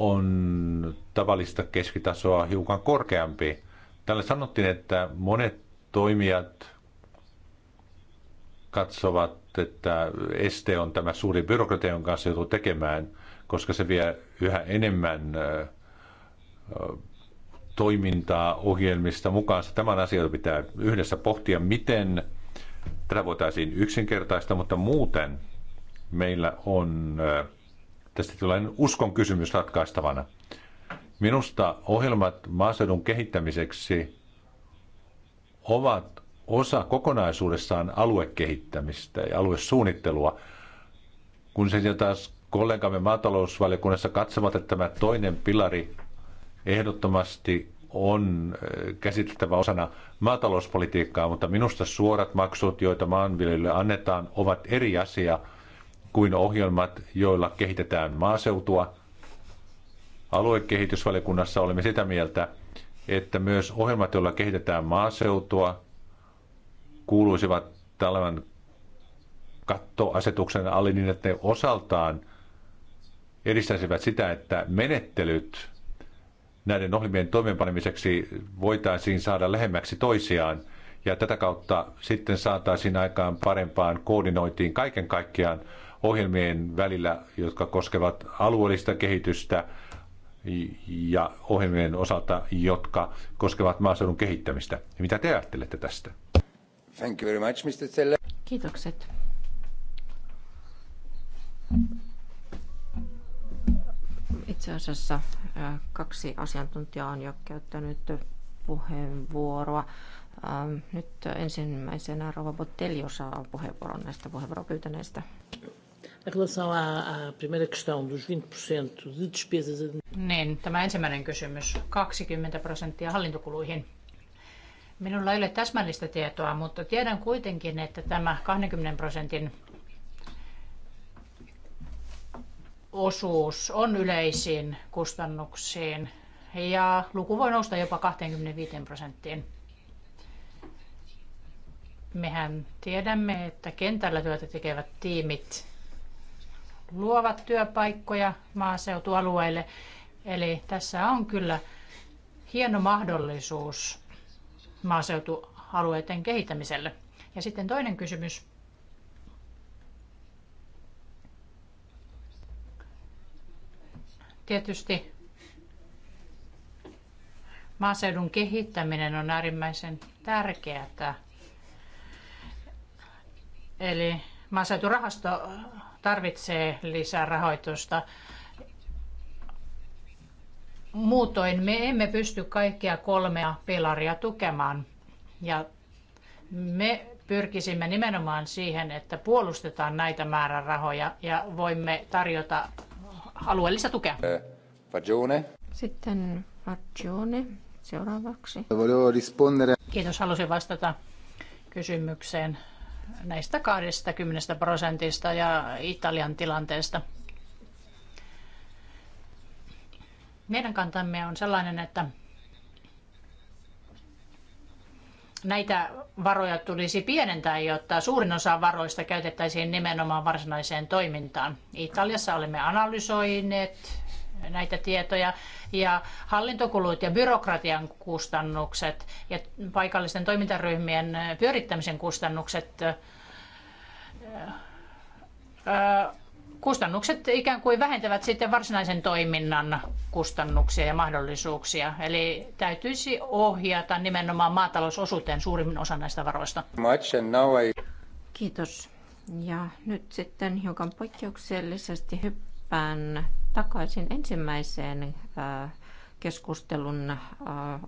on tavallista keskitasoa hiukan korkeampi. Tällä sanottiin, että monet toimijat katsovat, että este on tämä suuri byrokratia, jonka kanssa joutuu tekemään, koska se vie yhä enemmän toimintaa ohjelmista mukaansa. Tämän asian pitää yhdessä pohtia, miten tätä voitaisiin yksinkertaista, mutta muuten meillä on äh, tästä tulee uskon kysymys ratkaistavana. Minusta ohjelmat maaseudun kehittämiseksi ovat osa kokonaisuudessaan aluekehittämistä ja aluesuunnittelua, kun se taas kollegamme maatalousvaliokunnassa katsovat, että tämä toinen pilari ehdottomasti on eh, käsiteltävä osana maatalouspolitiikkaa, mutta minusta suorat maksut, joita maanviljelijöille annetaan, ovat eri asia – kuin ohjelmat, joilla kehitetään maaseutua. Aluekehitysvaliokunnassa olemme sitä mieltä, että myös ohjelmat, joilla kehitetään maaseutua, kuuluisivat tämän kattoasetuksen alle niin, että ne osaltaan edistäisivät sitä, että menettelyt näiden ohjelmien toimeenpanemiseksi voitaisiin saada lähemmäksi toisiaan ja tätä kautta sitten saataisiin aikaan parempaan koordinointiin kaiken kaikkiaan ohjelmien välillä, jotka koskevat alueellista kehitystä ja ohjelmien osalta, jotka koskevat maaseudun kehittämistä. Mitä te ajattelette tästä? Thank you very much, Mr. Zeller. Kiitokset. Itse asiassa kaksi asiantuntijaa on jo käyttänyt puheenvuoroa. Nyt ensimmäisenä Rova Botelli osaa puheenvuoron näistä puheenvuoropyytäneistä. Em relação à, à primeira questão dos 20% de despesas... Niin, tämä ensimmäinen kysymys, 20 prosenttia hallintokuluihin. Minulla ei ole täsmällistä tietoa, mutta tiedän kuitenkin, että tämä 20 prosentin osuus on yleisiin kustannuksiin ja luku voi nousta jopa 25 prosenttiin. Mehän tiedämme, että kentällä työtä tekevät tiimit luovat työpaikkoja maaseutualueille. Eli tässä on kyllä hieno mahdollisuus maaseutualueiden kehittämiselle. Ja sitten toinen kysymys. Tietysti maaseudun kehittäminen on äärimmäisen tärkeää. Eli maaseuturahasto tarvitsee lisää rahoitusta. Muutoin me emme pysty kaikkia kolmea pilaria tukemaan. Ja me pyrkisimme nimenomaan siihen, että puolustetaan näitä määrärahoja ja voimme tarjota alueellista tukea. Eh, Fagione. Sitten Fagione seuraavaksi. Kiitos, halusin vastata kysymykseen näistä 20 prosentista ja Italian tilanteesta. Meidän kantamme on sellainen, että näitä varoja tulisi pienentää, jotta suurin osa varoista käytettäisiin nimenomaan varsinaiseen toimintaan. Italiassa olemme analysoineet näitä tietoja ja hallintokulut ja byrokratian kustannukset ja paikallisten toimintaryhmien pyörittämisen kustannukset kustannukset ikään kuin vähentävät sitten varsinaisen toiminnan kustannuksia ja mahdollisuuksia. Eli täytyisi ohjata nimenomaan maatalousosuuteen suurimmin osa näistä varoista. Kiitos. Ja nyt sitten hiukan poikkeuksellisesti hyppään takaisin ensimmäiseen keskustelun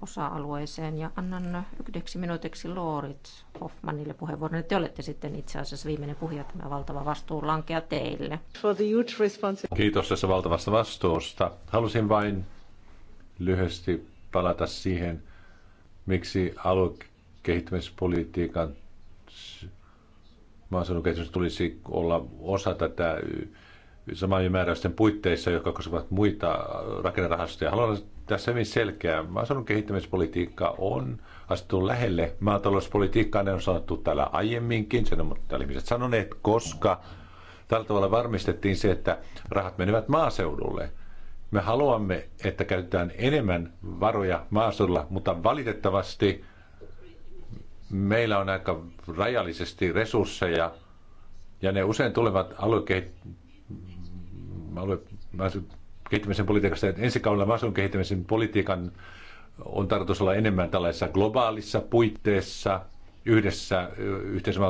osa-alueeseen ja annan yhdeksi minuutiksi Loorit Hoffmanille puheenvuoron. Te olette sitten itse asiassa viimeinen puhuja, tämä valtava vastuu lankea teille. Kiitos tässä valtavasta vastuusta. Halusin vain lyhyesti palata siihen, miksi aluekehittämispolitiikan maaseudun kehitys tulisi olla osa tätä samojen määräysten puitteissa, jotka koskevat muita rakennerahastoja. Haluan tässä hyvin selkeä. Maaseudun kehittämispolitiikka on astettu lähelle maatalouspolitiikkaa. Ne on sanottu täällä aiemminkin, sen on ihmiset sanoneet, koska tällä tavalla varmistettiin se, että rahat menevät maaseudulle. Me haluamme, että käytetään enemmän varoja maaseudulla, mutta valitettavasti meillä on aika rajallisesti resursseja ja ne usein tulevat aluekehittämiseen alue, kehittämisen politiikasta. Ensi kaudella asun kehittämisen politiikan on tarkoitus olla enemmän tällaisessa globaalissa puitteessa yhdessä yhteisen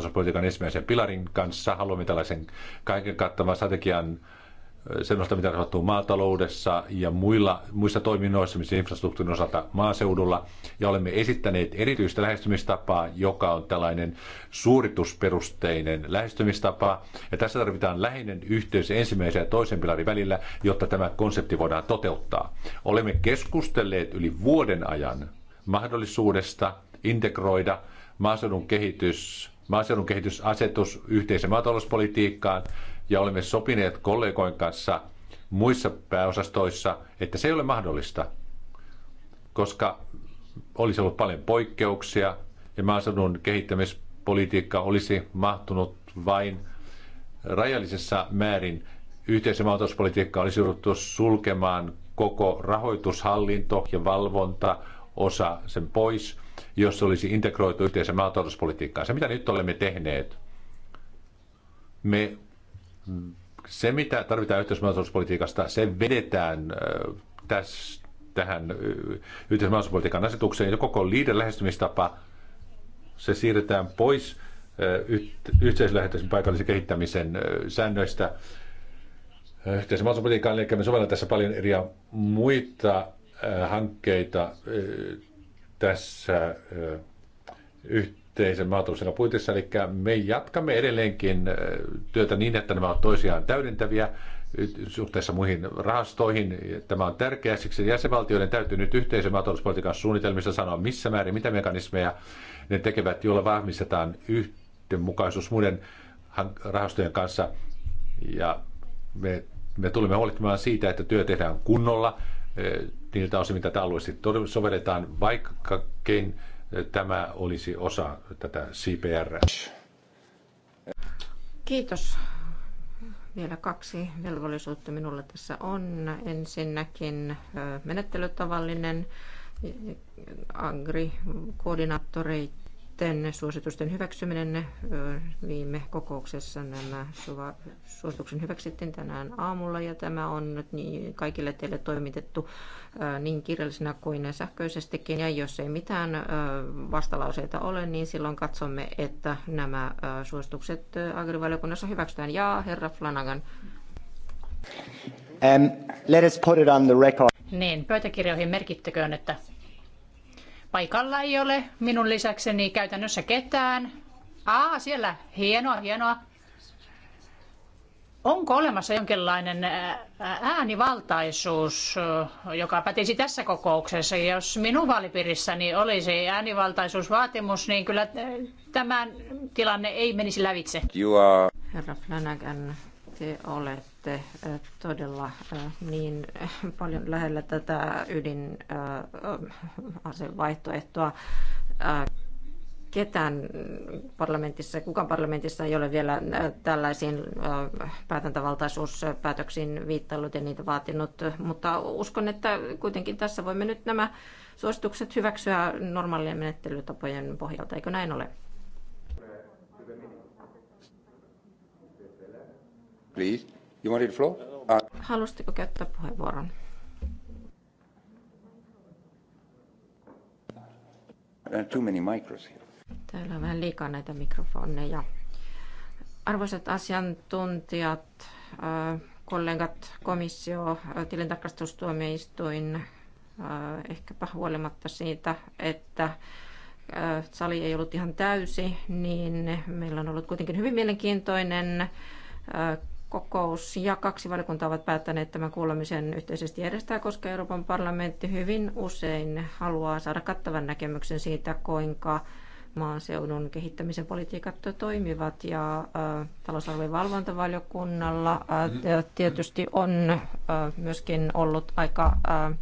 ensimmäisen pilarin kanssa. Haluamme tällaisen kaiken kattavan strategian sellaista, mitä tapahtuu maataloudessa ja muilla, muissa toiminnoissa, missä infrastruktuurin osalta maaseudulla. Ja olemme esittäneet erityistä lähestymistapaa, joka on tällainen suoritusperusteinen lähestymistapa. Ja tässä tarvitaan läheinen yhteys ensimmäisen ja toisen pilarin välillä, jotta tämä konsepti voidaan toteuttaa. Olemme keskustelleet yli vuoden ajan mahdollisuudesta integroida maaseudun kehitys, maaseudun kehitysasetus yhteisen maatalouspolitiikkaan – ja olemme sopineet kollegojen kanssa muissa pääosastoissa, että se ei ole mahdollista, koska olisi ollut paljon poikkeuksia ja maaseudun kehittämispolitiikka olisi mahtunut vain rajallisessa määrin. Yhteisen maatalouspolitiikka olisi jouduttu sulkemaan koko rahoitushallinto ja valvonta osa sen pois, jos se olisi integroitu yhteisen maatalouspolitiikkaan. Se, mitä nyt olemme tehneet, me se, mitä tarvitaan yhteismaisuuspolitiikasta, se vedetään tässä, tähän yhteismaisuuspolitiikan asetukseen ja koko liiden lähestymistapa, se siirretään pois yhteislähetyksen paikallisen kehittämisen säännöistä. yhteismaisuuspolitiikan eli me sovellamme tässä paljon eri muita hankkeita tässä yhteydessä yhteisen maatalousena puitteissa. Eli me jatkamme edelleenkin työtä niin, että nämä ovat toisiaan täydentäviä suhteessa muihin rahastoihin. Tämä on tärkeää, siksi jäsenvaltioiden täytyy nyt yhteisen maatalouspolitiikan suunnitelmissa sanoa, missä määrin, mitä mekanismeja ne tekevät, joilla vahvistetaan yhdenmukaisuus muiden rahastojen kanssa. Ja me, me tulemme huolehtimaan siitä, että työ tehdään kunnolla niiltä osin, mitä alueellisesti sovelletaan, vaikkakin tämä olisi osa tätä CPR. Kiitos. Vielä kaksi velvollisuutta minulla tässä on. Ensinnäkin menettelytavallinen agri-koordinaattoreita sitten suositusten hyväksyminen viime kokouksessa nämä suosituksen hyväksyttiin tänään aamulla ja tämä on nyt niin kaikille teille toimitettu niin kirjallisena kuin sähköisestikin. Ja jos ei mitään vastalauseita ole, niin silloin katsomme, että nämä suositukset agrivaliokunnassa hyväksytään. Ja herra Flanagan. Um, let us put it on the record. Niin, pöytäkirjoihin merkittäköön, että Paikalla ei ole minun lisäkseni käytännössä ketään. Aa, siellä. Hienoa, hienoa. Onko olemassa jonkinlainen äänivaltaisuus, joka pätisi tässä kokouksessa? Jos minun vaalipiirissäni olisi äänivaltaisuusvaatimus, niin kyllä tämän tilanne ei menisi lävitse. Herra Flanagan, te olette olette todella niin paljon lähellä tätä ydinasevaihtoehtoa. Ketään parlamentissa, kukaan parlamentissa ei ole vielä tällaisiin päätäntävaltaisuuspäätöksiin viittailut ja niitä vaatinut, mutta uskon, että kuitenkin tässä voimme nyt nämä suositukset hyväksyä normaalien menettelytapojen pohjalta, eikö näin ole? Please. You the floor? Uh. Halusitko käyttää puheenvuoron? Uh, too many micros here. Täällä on vähän liikaa näitä mikrofoneja. Arvoisat asiantuntijat, uh, kollegat, komissio, uh, tilintarkastustuomioistuin, ehkäpä huolimatta siitä, että sali ei ollut ihan täysi, niin meillä on ollut kuitenkin hyvin mielenkiintoinen kokous ja kaksi valiokuntaa ovat päättäneet tämän kuulemisen yhteisesti järjestää, koska Euroopan parlamentti hyvin usein haluaa saada kattavan näkemyksen siitä, kuinka maaseudun kehittämisen politiikat toimivat ja äh, talousalueen valvontavaliokunnalla äh, tietysti on äh, myöskin ollut aika äh,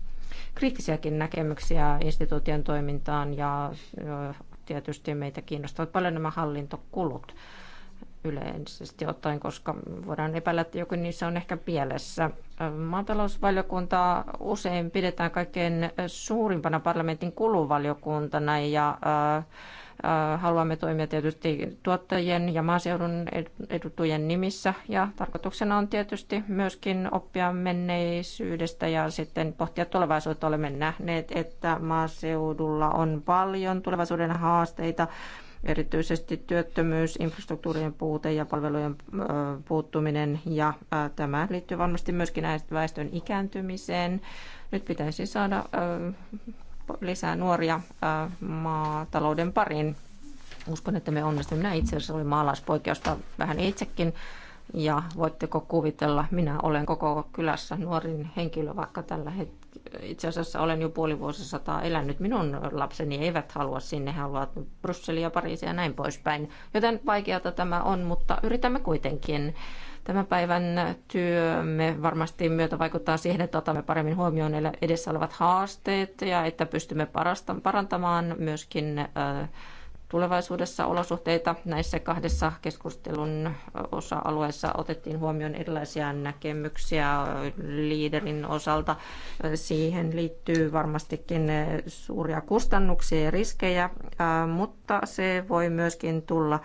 kriittisiäkin näkemyksiä instituution toimintaan ja äh, tietysti meitä kiinnostavat paljon nämä hallintokulut. Äh, yleisesti ottaen, koska voidaan epäillä, että joku niissä on ehkä pielessä. Maatalousvaliokuntaa usein pidetään kaikkein suurimpana parlamentin kuluvaliokuntana ja äh, äh, haluamme toimia tietysti tuottajien ja maaseudun edutujen nimissä ja tarkoituksena on tietysti myöskin oppia menneisyydestä ja sitten pohtia tulevaisuutta. Olemme nähneet, että maaseudulla on paljon tulevaisuuden haasteita erityisesti työttömyys, infrastruktuurien puute ja palvelujen puuttuminen. Ja tämä liittyy varmasti myöskin väestön ikääntymiseen. Nyt pitäisi saada lisää nuoria maatalouden pariin. Uskon, että me onnistumme. Minä itse asiassa olin maalaispoikeusta vähän itsekin. Ja voitteko kuvitella, minä olen koko kylässä nuorin henkilö, vaikka tällä hetkellä itse asiassa olen jo puoli vuosisataa elänyt. Minun lapseni eivät halua sinne, haluavat Brysseliä, Pariisia ja näin poispäin. Joten vaikeata tämä on, mutta yritämme kuitenkin. Tämän päivän työmme varmasti myötä vaikuttaa siihen, että otamme paremmin huomioon edessä olevat haasteet ja että pystymme parantamaan myöskin äh, tulevaisuudessa olosuhteita. Näissä kahdessa keskustelun osa-alueessa otettiin huomioon erilaisia näkemyksiä liiderin osalta. Siihen liittyy varmastikin suuria kustannuksia ja riskejä, mutta se voi myöskin tulla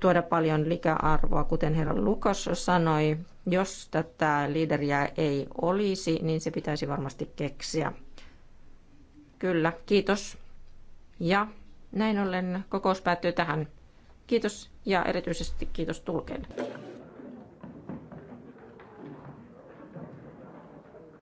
tuoda paljon lisäarvoa, kuten herra Lukas sanoi. Jos tätä liideriä ei olisi, niin se pitäisi varmasti keksiä. Kyllä, kiitos. Ja näin ollen kokous päättyy tähän. Kiitos ja erityisesti kiitos tulkeille.